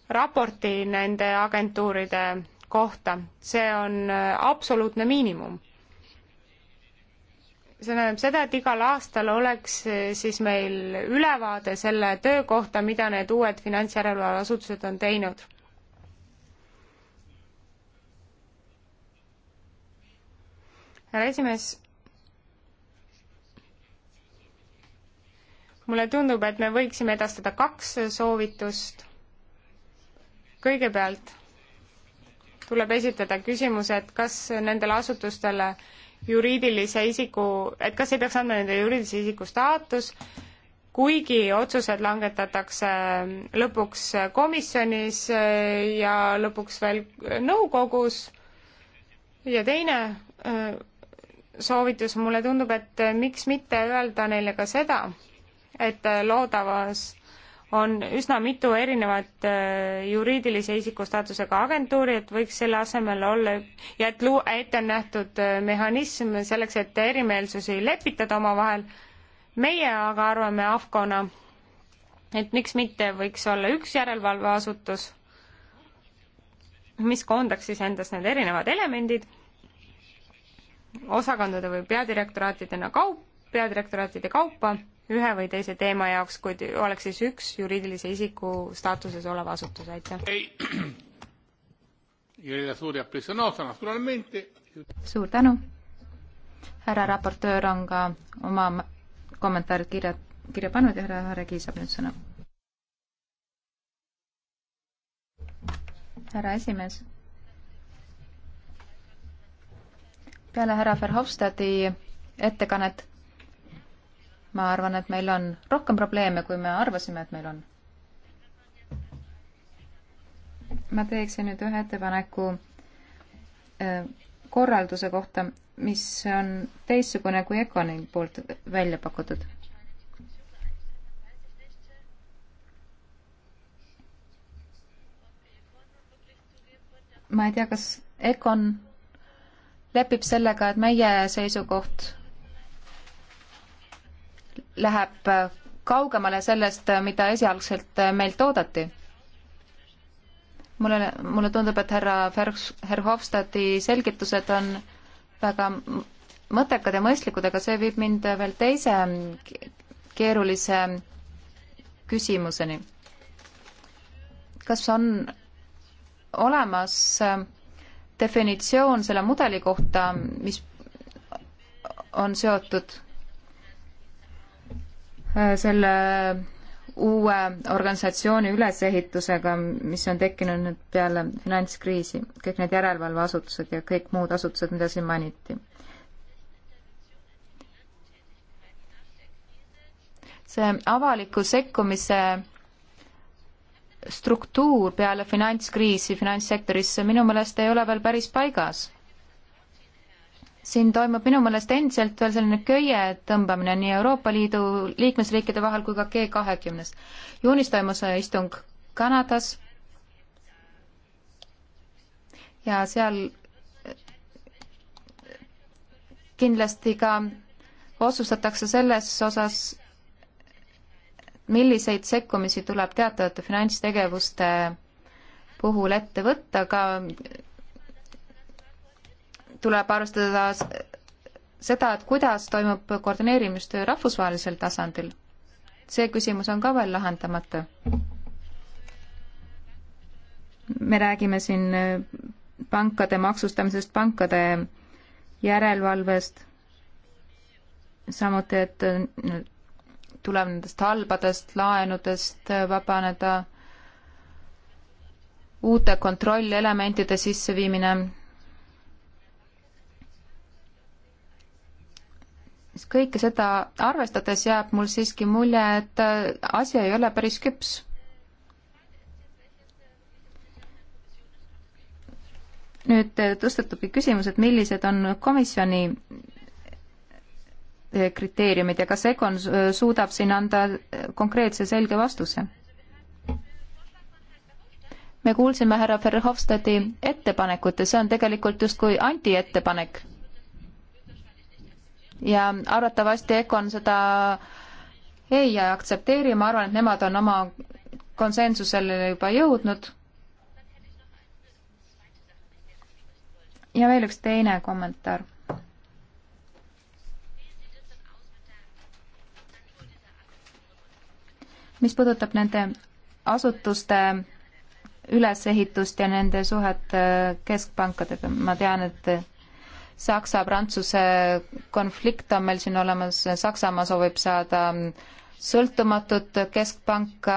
raporti nende agentuuride kohta, see on äh, absoluutne miinimum. see tähendab seda, et igal aastal oleks äh, siis meil ülevaade selle töö kohta, mida need uued finantsjärelevalveasutused on teinud. härra esimees mulle tundub, et me võiksime edastada kaks soovitust. kõigepealt tuleb esitada küsimus, et kas nendele asutustele juriidilise isiku, et kas ei peaks andma nende juriidilise isiku staatus, kuigi otsused langetatakse lõpuks komisjonis ja lõpuks veel nõukogus. ja teine äh, soovitus, mulle tundub, et miks mitte öelda neile ka seda, et loodavas on üsna mitu erinevat äh, juriidilise isiku staatusega agentuuri, et võiks selle asemel olla ja et luu-, ette on nähtud äh, mehhanism selleks, et erimeelsusi lepitada omavahel. meie aga arvame AFCOna, et miks mitte võiks olla üks järelevalveasutus, mis koondaks siis endas need erinevad elemendid osakondade või peadirektoraatidena kaup, peadirektoraatide kaupa ühe või teise teema jaoks, kuid oleks siis üks juriidilise isiku staatuses olev asutus, aitäh. suur tänu. härra raportöör on ka oma kommentaarid kirja, kirja pannud ja härra Regi saab nüüd sõna. härra esimees. peale härra Verhofstadti ettekannet ma arvan, et meil on rohkem probleeme, kui me arvasime, et meil on. ma teeksin nüüd ühe ettepaneku äh, korralduse kohta, mis on teistsugune kui Econi poolt välja pakutud. ma ei tea, kas Econ lepib sellega, et meie seisukoht läheb kaugemale sellest, mida esialgselt meilt oodati. mulle, mulle tundub, et härra Fer-, Verhofstadti selgitused on väga mõttekad ja mõistlikud, aga see viib mind veel teise keerulise küsimuseni. kas on olemas definitsioon selle mudeli kohta, mis on seotud Äh, selle uue organisatsiooni ülesehitusega, mis on tekkinud nüüd peale finantskriisi, kõik need järelevalveasutused ja kõik muud asutused, mida siin mainiti. see avaliku sekkumise struktuur peale finantskriisi finantssektorisse minu meelest ei ole veel päris paigas siin toimub minu meelest endiselt veel selline köie tõmbamine nii Euroopa Liidu liikmesriikide vahel kui ka G20-s. juunis toimus istung Kanadas ja seal kindlasti ka otsustatakse selles osas, milliseid sekkumisi tuleb teatavate finantstegevuste puhul ette võtta, ka tuleb arvestada seda, et kuidas toimub koordineerimistöö rahvusvahelisel tasandil. see küsimus on ka veel lahendamata. me räägime siin äh, pankade maksustamisest, pankade järelevalvest, samuti, et äh, tuleb nendest halbadest laenudest äh, vabaneda, uute kontrollelementide sisseviimine kõike seda arvestades jääb mul siiski mulje, et äh, asi ei ole päris küps. nüüd äh, tõstatubki küsimus, et millised on komisjoni äh, kriteeriumid ja kas Egon suudab siin anda konkreetse selge vastuse? me kuulsime härra Verhofstadti ettepanekut ja see on tegelikult justkui antiettepanek ja arvatavasti Econ seda ei aktsepteeri, ma arvan, et nemad on oma konsensusele juba jõudnud. ja veel üks teine kommentaar. mis puudutab nende asutuste ülesehitust ja nende suhet äh, keskpankadega, ma tean, et Saksa-Prantsuse konflikt on meil siin olemas, Saksamaa soovib saada sõltumatut keskpanka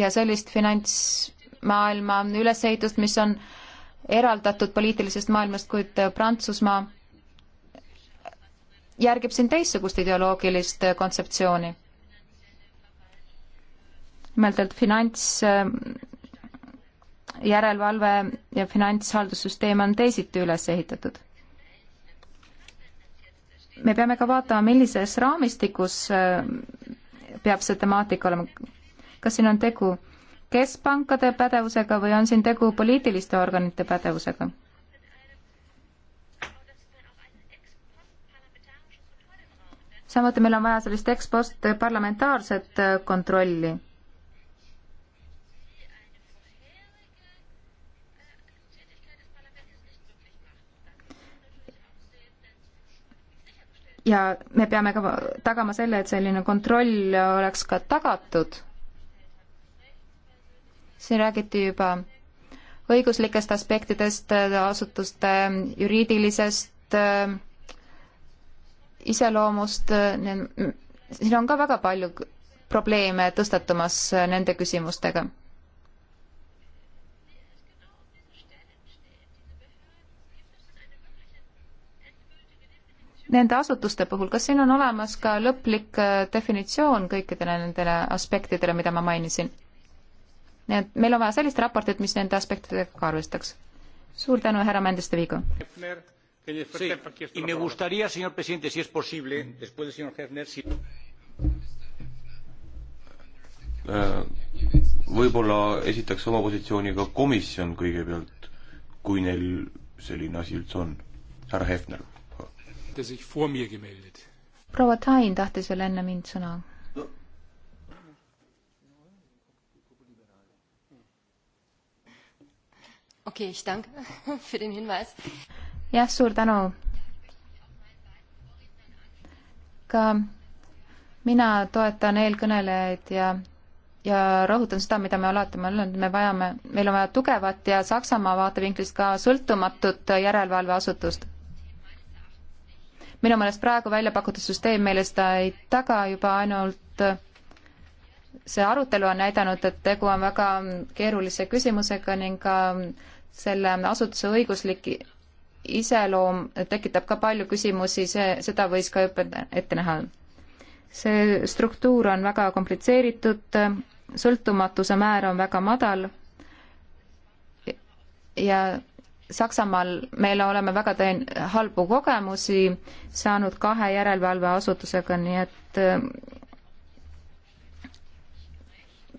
ja sellist finantsmaailma ülesehitust, mis on eraldatud poliitilisest maailmast, kuid Prantsusmaa järgib siin teistsugust ideoloogilist kontseptsiooni. nimelt, et finants järelevalve ja finantshaldussüsteem on teisiti üles ehitatud. me peame ka vaatama, millises raamistikus äh, peab see temaatika olema. kas siin on tegu keskpankade pädevusega või on siin tegu poliitiliste organite pädevusega? samuti meil on vaja sellist ekspost parlamentaarset äh, kontrolli ja me peame ka tagama selle, et selline kontroll oleks ka tagatud. siin räägiti juba õiguslikest aspektidest, asutuste juriidilisest äh, iseloomust, siin on ka väga palju probleeme tõstatumas äh, nende küsimustega nende asutuste puhul, kas siin on olemas ka lõplik äh, definitsioon kõikidele nendele aspektidele, mida ma mainisin? nii et meil on vaja sellist raportit, mis nende aspektidega ka arvestaks. suur tänu, härra Mändeste Viigo. võib-olla esitaks oma positsiooni ka komisjon kõigepealt, kui neil selline asi üldse on. härra Hefner hatte sich vor mir gemeldet. proua Tain tahtis veel enne mind sõna no.. okei okay,, ich danke für den hinweis. jah, suur tänu. ka mina toetan eelkõnelejaid ja ja rõhutan seda, mida me alati oleme öelnud, me vajame, meil on vaja tugevat ja Saksamaa vaatevinklist ka sõltumatut järelevalveasutust minu meelest praegu välja pakutud süsteem meile seda ei taga, juba ainult äh, see arutelu on näidanud, et tegu on väga keerulise küsimusega ning ka selle asutuse õiguslik iseloom tekitab ka palju küsimusi, see, seda võis ka ette näha. see struktuur on väga komplitseeritud, sõltumatuse määr on väga madal ja Saksamaal me oleme väga tõen-, halbu kogemusi saanud kahe järelevalveasutusega, nii et äh,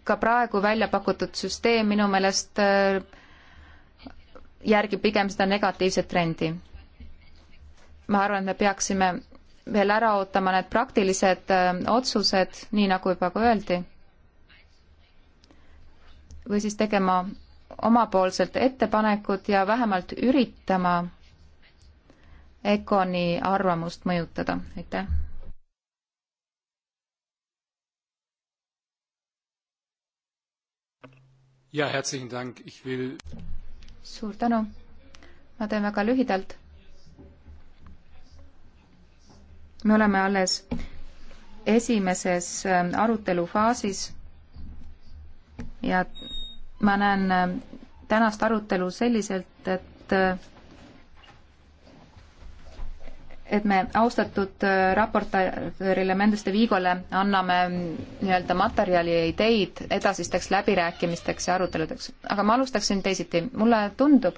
ka praegu välja pakutud süsteem minu meelest äh, järgib pigem seda negatiivset trendi. ma arvan, et me peaksime veel ära ootama need praktilised äh, otsused, nii nagu juba ka öeldi, või siis tegema omapoolsed ettepanekud ja vähemalt üritama ECONi arvamust mõjutada, aitäh. ja, herzlichen Dank, ich will. suur tänu. ma teen väga lühidalt. me oleme alles esimeses äh, arutelufaasis ja ma näen äh, tänast arutelu selliselt, et äh, et me austatud äh, raportöörile Mendeste Viigole anname mm, nii-öelda materjali ja ideid edasisteks läbirääkimisteks ja aruteludeks. aga ma alustaksin teisiti. mulle tundub,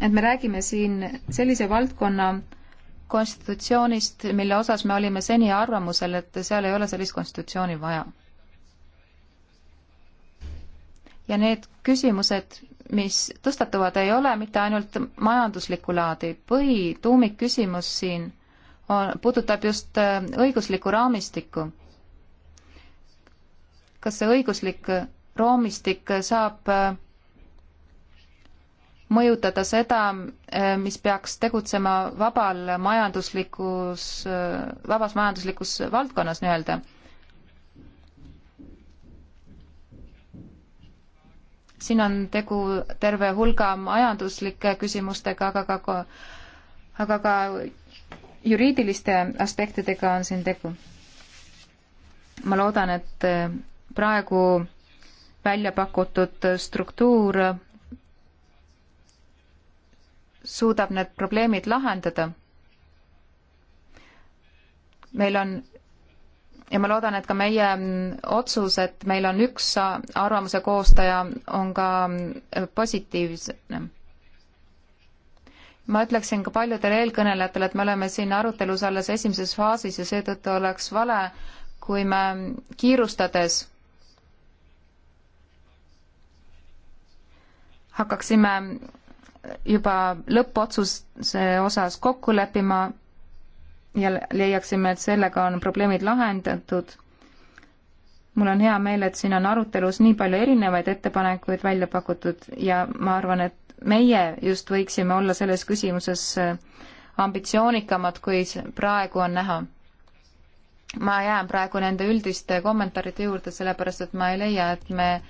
et me räägime siin sellise valdkonna konstitutsioonist, mille osas me olime seni arvamusel, et seal ei ole sellist konstitutsiooni vaja. ja need küsimused, mis tõstatuvad, ei ole mitte ainult majanduslikku laadi, põhituumikküsimus siin on, puudutab just äh, õiguslikku raamistikku. kas see õiguslik raamistik saab äh, mõjutada seda, eh, mis peaks tegutsema vabal majanduslikus, eh, vabas majanduslikus valdkonnas nii-öelda. siin on tegu terve hulga majanduslike küsimustega, aga ka, aga ka juriidiliste aspektidega on siin tegu. ma loodan, et eh, praegu välja pakutud struktuur suudab need probleemid lahendada. meil on ja ma loodan, et ka meie otsus, et meil on üks arvamuse koostaja, on ka positiivne. ma ütleksin ka paljudele eelkõnelejatele, et me oleme siin arutelus alles esimeses faasis ja seetõttu oleks vale, kui me kiirustades hakkaksime juba lõppotsuse osas kokku leppima ja leiaksime, et sellega on probleemid lahendatud. mul on hea meel, et siin on arutelus nii palju erinevaid ettepanekuid välja pakutud ja ma arvan, et meie just võiksime olla selles küsimuses äh, ambitsioonikamad, kui praegu on näha. ma jään praegu nende üldiste kommentaaride juurde, sellepärast et ma ei leia, et me äh,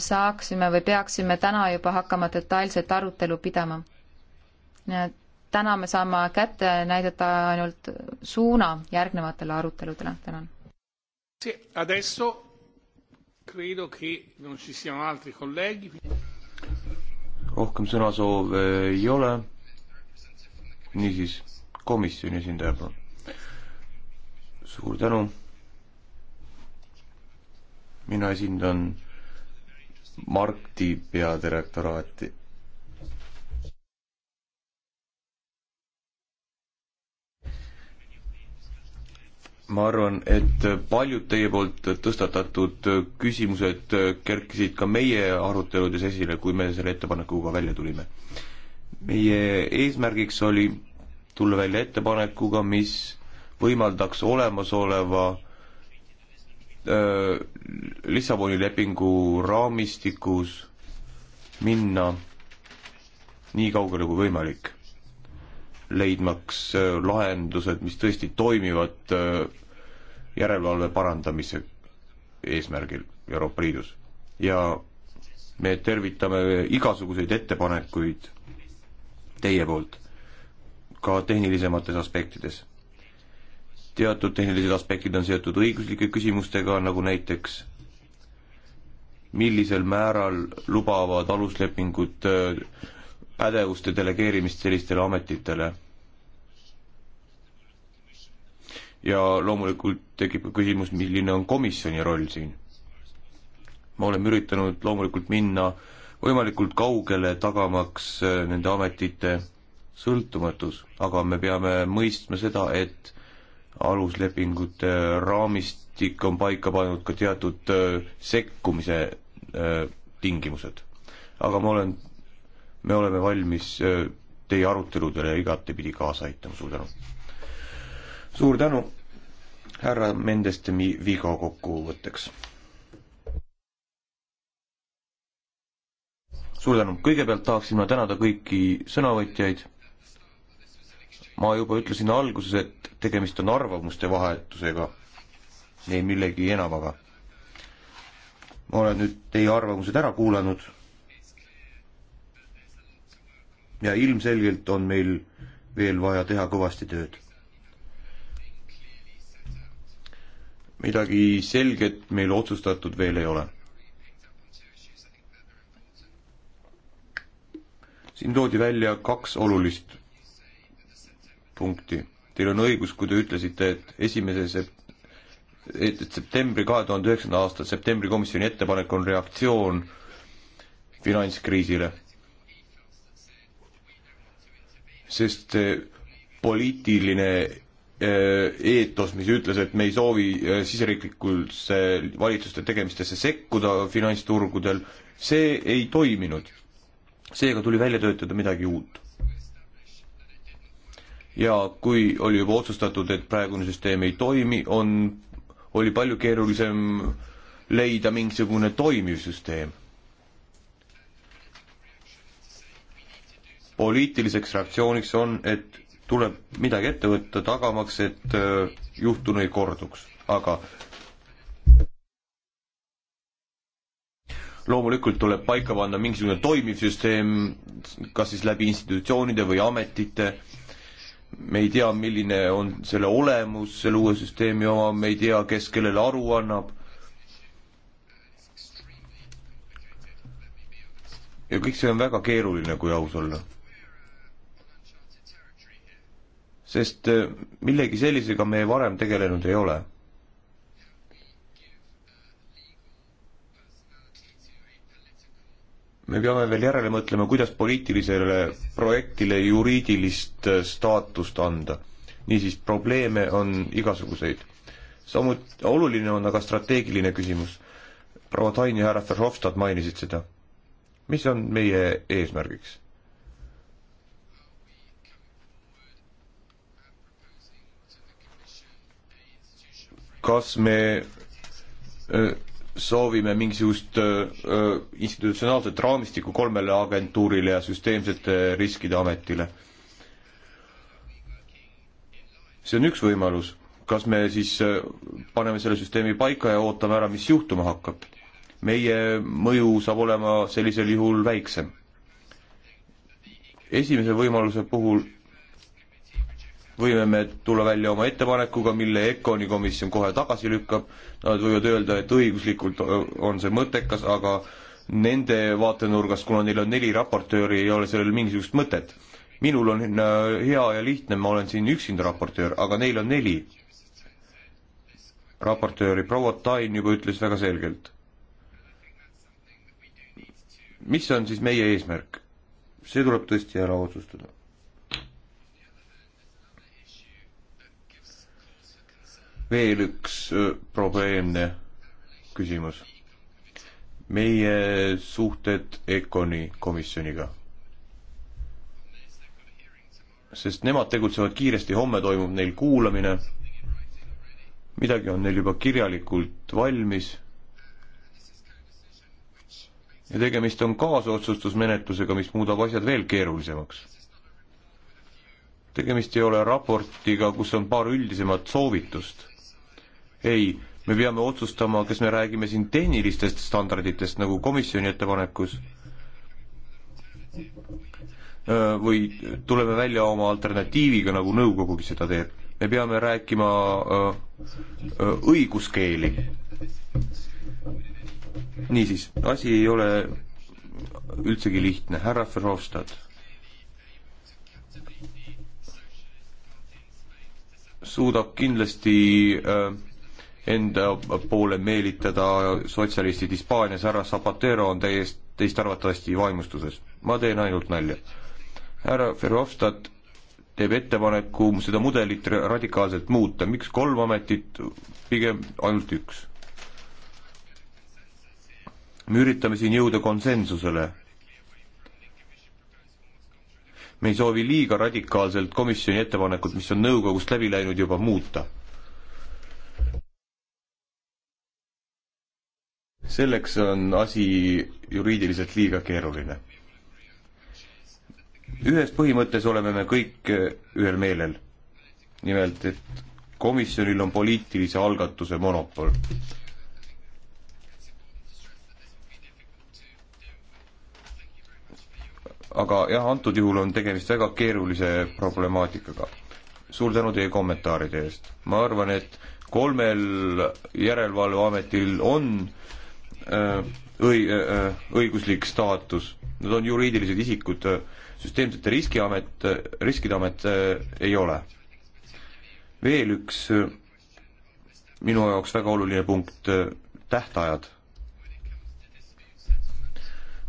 saaksime või peaksime täna juba hakkama detailset arutelu pidama. täna me saame kätte näidata ainult suuna järgnevatele aruteludele, tänan. rohkem sõnasoove ei ole. niisiis, komisjoni esindaja, palun. suur tänu. mina esindan Markti peadirektoraati. ma arvan, et paljud teie poolt tõstatatud küsimused kerkisid ka meie aruteludes esile, kui me selle ettepanekuga välja tulime. meie eesmärgiks oli tulla välja ettepanekuga, mis võimaldaks olemasoleva Äh, Lissaboni lepingu raamistikus minna nii kaugele kui võimalik, leidmaks äh, lahendused, mis tõesti toimivad äh, järelevalve parandamise eesmärgil Euroopa Liidus. ja me tervitame igasuguseid ettepanekuid teie poolt, ka tehnilisemates aspektides teatud tehnilised aspektid on seotud õiguslike küsimustega, nagu näiteks millisel määral lubavad aluslepingud äh, pädevuste delegeerimist sellistele ametitele. ja loomulikult tekib ka küsimus, milline on komisjoni roll siin. me oleme üritanud loomulikult minna võimalikult kaugele, tagamaks äh, nende ametite sõltumatus, aga me peame mõistma seda, et aluslepingute raamistik on paika pannud ka teatud sekkumise tingimused. aga ma olen, me oleme valmis teie aruteludele igatepidi kaasa aitama, suur tänu. suur tänu, härra Mendestemi viga kokkuvõtteks. suur tänu, kõigepealt tahaksin ma tänada kõiki sõnavõtjaid ma juba ütlesin alguses, et tegemist on arvamuste vahetusega, ei millegi enamaga. ma olen nüüd teie arvamused ära kuulanud ja ilmselgelt on meil veel vaja teha kõvasti tööd. midagi selget meil otsustatud veel ei ole. siin toodi välja kaks olulist punkti. Teil on õigus, kui te ütlesite, et esimese sep-, et septembri, kahe tuhande üheksanda aasta septembri komisjoni ettepanek on reaktsioon finantskriisile. sest poliitiline äh, eetos, mis ütles, et me ei soovi äh, siseriiklikusse valitsuste tegemistesse sekkuda finantsturgudel, see ei toiminud. seega tuli välja töötada midagi uut ja kui oli juba otsustatud, et praegune süsteem ei toimi, on, oli palju keerulisem leida mingisugune toimiv süsteem. poliitiliseks reaktsiooniks on, et tuleb midagi ette võtta, tagamaks, et äh, juhtunu ei korduks, aga loomulikult tuleb paika panna mingisugune toimiv süsteem, kas siis läbi institutsioonide või ametite me ei tea, milline on selle olemus, selle uue süsteemi oma, me ei tea, kes kellele aru annab. ja kõik see on väga keeruline, kui aus olla. sest eh, millegi sellisega me varem tegelenud ei ole me peame veel järele mõtlema, kuidas poliitilisele projektile juriidilist äh, staatust anda. niisiis, probleeme on igasuguseid. samuti oluline on aga strateegiline küsimus. proua Tain ja härra Verhofstadt mainisid seda. mis on meie eesmärgiks? kas me äh, soovime mingisugust institutsionaalset raamistikku kolmele agentuurile ja süsteemsete riskide ametile. see on üks võimalus, kas me siis paneme selle süsteemi paika ja ootame ära, mis juhtuma hakkab. meie mõju saab olema sellisel juhul väiksem. esimese võimaluse puhul võime me tulla välja oma ettepanekuga, mille ECONi komisjon kohe tagasi lükkab, nad võivad öelda, et õiguslikult on see mõttekas, aga nende vaatenurgast, kuna neil on neli raportööri, ei ole sellel mingisugust mõtet. minul on äh, hea ja lihtne, ma olen siin üksinda raportöör, aga neil on neli raportööri, proua Tain juba ütles väga selgelt. mis on siis meie eesmärk? see tuleb tõesti ära otsustada. veel üks probleemne küsimus. meie suhted ECONi komisjoniga. sest nemad tegutsevad kiiresti, homme toimub neil kuulamine, midagi on neil juba kirjalikult valmis ja tegemist on kaasotsustusmenetlusega, mis muudab asjad veel keerulisemaks. tegemist ei ole raportiga, kus on paar üldisemat soovitust ei, me peame otsustama, kas me räägime siin tehnilistest standarditest, nagu komisjoni ettepanekus, või tuleme välja oma alternatiiviga, nagu nõukogugi seda teeb. me peame rääkima õiguskeeli. niisiis, asi ei ole üldsegi lihtne, härra Verhofstadt. suudab kindlasti öö, enda poole meelitada, sotsialistid Hispaanias, härra Zapatero on täiesti, teist arvatavasti vaimustuses. ma teen ainult nalja. härra Verhofstadt teeb ettepaneku seda mudelit radikaalselt muuta, miks kolm ametit, pigem ainult üks? me üritame siin jõuda konsensusele. me ei soovi liiga radikaalselt komisjoni ettepanekut, mis on nõukogust läbi läinud, juba muuta selleks on asi juriidiliselt liiga keeruline. ühes põhimõttes oleme me kõik eh, ühel meelel. nimelt, et komisjonil on poliitilise algatuse monopol. aga jah, antud juhul on tegemist väga keerulise problemaatikaga. suur tänu teie kommentaaride eest. ma arvan, et kolmel järelevalveametil on äh, Äh, õi-, äh, õiguslik staatus. Nad on juriidilised isikud, äh, süsteemsete riskiamet, riskide amet ei ole. veel üks minu jaoks väga oluline punkt, tähtajad.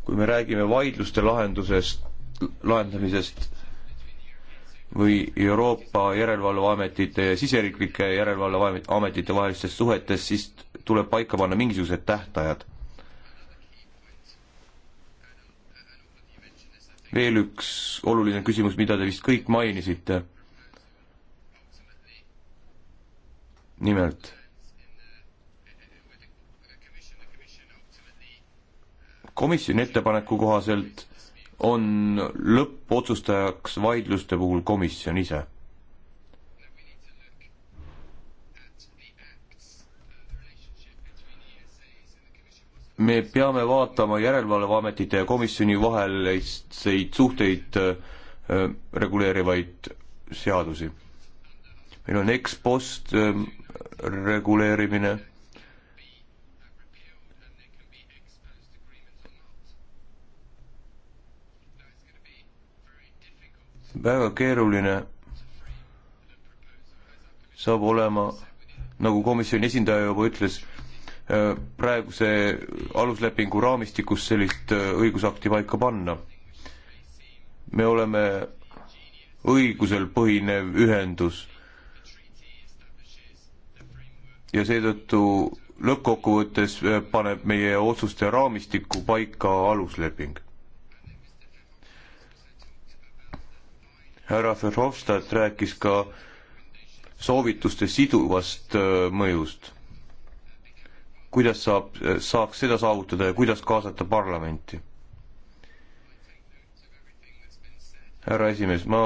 kui me räägime vaidluste lahendusest, lahendamisest, või Euroopa järelevalveametite ja siseriiklike järelevalveametite vahelistes suhetes, siis tuleb paika panna mingisugused tähtajad. veel üks oluline küsimus, mida te vist kõik mainisite. nimelt. komisjoni ettepaneku kohaselt on lõppotsustajaks vaidluste puhul komisjon ise. me peame vaatama järelevalveametite ja komisjoni vaheliseid suhteid äh, reguleerivaid seadusi. meil on ex-post äh, reguleerimine väga keeruline saab olema, nagu komisjoni esindaja juba ütles, äh, praeguse aluslepingu raamistikus sellist äh, õigusakti paika panna. me oleme õigusel põhinev ühendus ja seetõttu lõppkokkuvõttes äh, paneb meie otsuste raamistiku paika alusleping. härra Verhofstadt rääkis ka soovituste siduvast äh, mõjust. kuidas saab, äh, saaks seda saavutada ja kuidas kaasata parlamenti? härra esimees, ma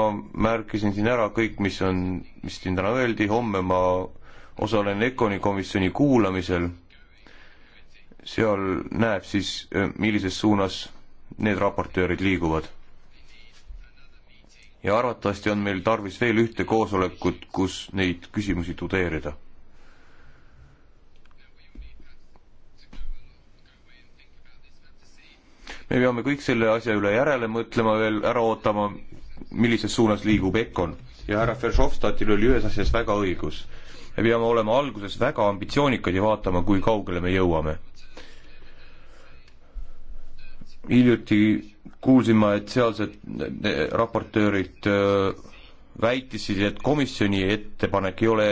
märkisin siin ära kõik, mis on, mis siin täna öeldi, homme ma osalen Econi komisjoni kuulamisel, seal näeb siis, äh, millises suunas need raportöörid liiguvad ja arvatavasti on meil tarvis veel ühte koosolekut, kus neid küsimusi tudeerida. me peame kõik selle asja üle järele mõtlema veel, ära ootama, millises suunas liigub Econ. ja härra Verhofstadtil oli ühes asjas väga õigus. me peame olema alguses väga ambitsioonikad ja vaatama, kui kaugele me jõuame hiljuti kuulsime, et sealsed raportöörid äh, väitisid, et komisjoni ettepanek ei ole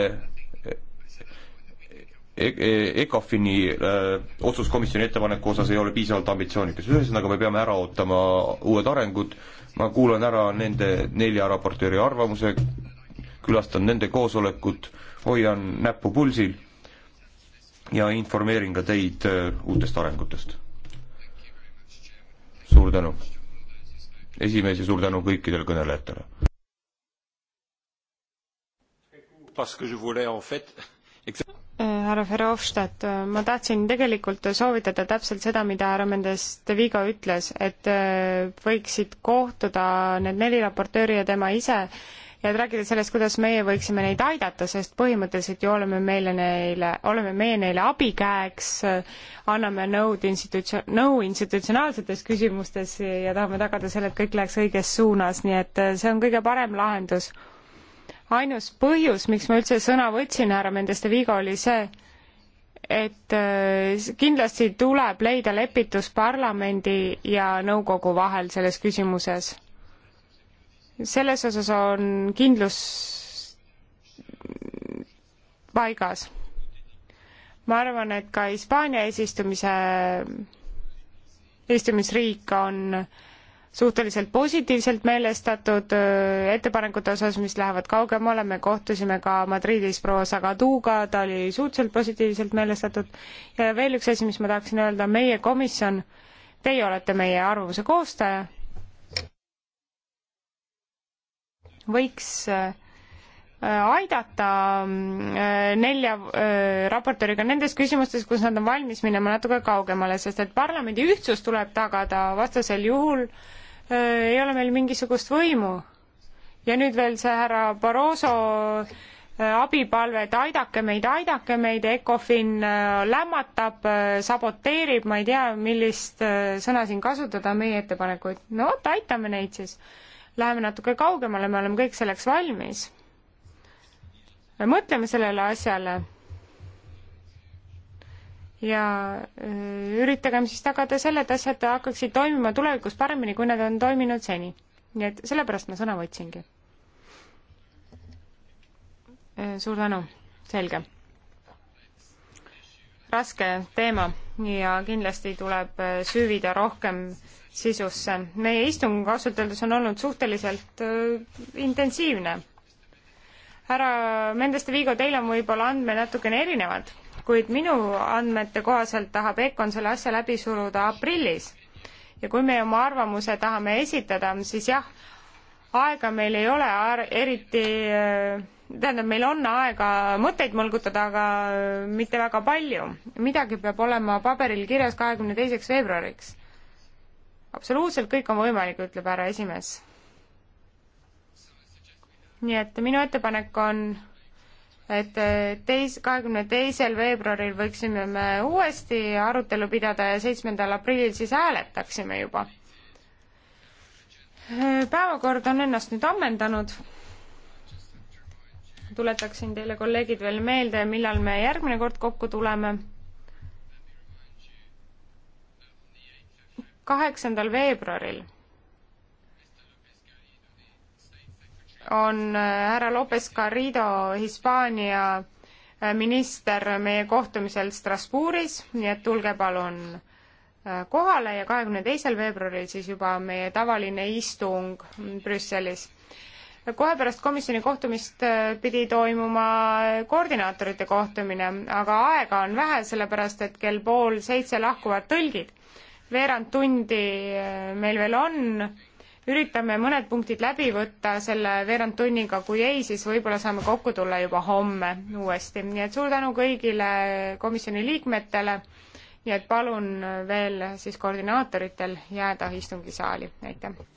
ECOFIN-i e e e otsus komisjoni ettepaneku osas ei ole piisavalt ambitsioonikas, ühesõnaga me peame ära ootama uued arengud, ma kuulan ära nende nelja raportööri arvamuse, külastan nende koosolekut, hoian näppu pulsil ja informeerin ka teid äh, uutest arengutest suur tänu, esimees ja suur tänu kõikidele kõnelejatele. Äh, härra Verhofstadt, äh, ma tahtsin tegelikult soovitada täpselt seda, mida härra Mendes de Vigo ütles, et äh, võiksid kohtuda need neli raportööri ja tema ise ja et rääkida sellest, kuidas meie võiksime neid aidata, sest põhimõtteliselt ju oleme meile neile, oleme meie neile abikäeks, anname nõud institutsio-, nõu institutsionaalsetes küsimustes ja tahame tagada selle, et kõik läheks õiges suunas, nii et äh, see on kõige parem lahendus. ainus põhjus, miks ma üldse sõna võtsin, härra Mendeste Vigo, oli see, et äh, kindlasti tuleb leida lepitus parlamendi ja nõukogu vahel selles küsimuses selles osas on kindlus paigas. ma arvan, et ka Hispaania eesistumise, eesistumisriik on suhteliselt positiivselt meelestatud äh, ettepanekute osas, mis lähevad kaugemale, me kohtusime ka Madridis proua Sagaduga, ta oli suhteliselt positiivselt meelestatud ja veel üks asi, mis ma tahaksin öelda, meie komisjon, teie olete meie arvamuse koostaja võiks äh, aidata äh, nelja äh, raportööriga nendes küsimustes, kus nad on valmis minema natuke kaugemale, sest et parlamendi ühtsus tuleb tagada, vastasel juhul ei ole meil mingisugust võimu. ja nüüd veel see härra Barroso abipalve, et aidake meid, aidake meid, Ecofin lämmatab, saboteerib, ma ei tea, millist sõna siin kasutada, meie ettepanekuid. no vot, aitame neid siis läheme natuke kaugemale, me oleme kõik selleks valmis. mõtleme sellele asjale ja äh, üritagem siis tagada selle, et asjad hakkaksid toimima tulevikus paremini, kui nad on toiminud seni. nii et sellepärast ma sõna võtsingi. Äh, suur tänu, selge. raske teema ja kindlasti tuleb äh, süüvida rohkem sisusse. meie istung ausalt öeldes on olnud suhteliselt äh, intensiivne. härra Mendeste Viigo, teil on võib-olla andmed natukene erinevad, kuid minu andmete kohaselt tahab EKOn selle asja läbi suruda aprillis. ja kui me oma arvamuse tahame esitada, siis jah, aega meil ei ole eriti äh, tähendab, meil on aega mõtteid mõlgutada, aga äh, mitte väga palju. midagi peab olema paberil kirjas kahekümne teiseks veebruariks absoluutselt kõik on võimalik, ütleb härra esimees. nii et minu ettepanek on, et äh, teis-, kahekümne teisel veebruaril võiksime me uuesti arutelu pidada ja seitsmendal aprillil siis hääletaksime juba. Äh, päevakord on ennast nüüd ammendanud tuletaksin teile, kolleegid, veel meelde, millal me järgmine kord kokku tuleme kaheksandal veebruaril on äh, härra Lopez Garrido, Hispaania äh, minister, meie kohtumisel Strasbourgis, nii et tulge palun äh, kohale ja kahekümne teisel veebruaril siis juba meie tavaline istung Brüsselis. kohe pärast komisjoni kohtumist pidi toimuma koordinaatorite kohtumine, aga aega on vähe, sellepärast et kell pool seitse lahkuvad tõlgid veerand tundi äh, meil veel on, üritame mõned punktid läbi võtta selle veerand tunniga, kui ei, siis võib-olla saame kokku tulla juba homme uuesti, nii et suur tänu kõigile komisjoni liikmetele nii et palun veel siis koordinaatoritel jääda istungisaali, aitäh!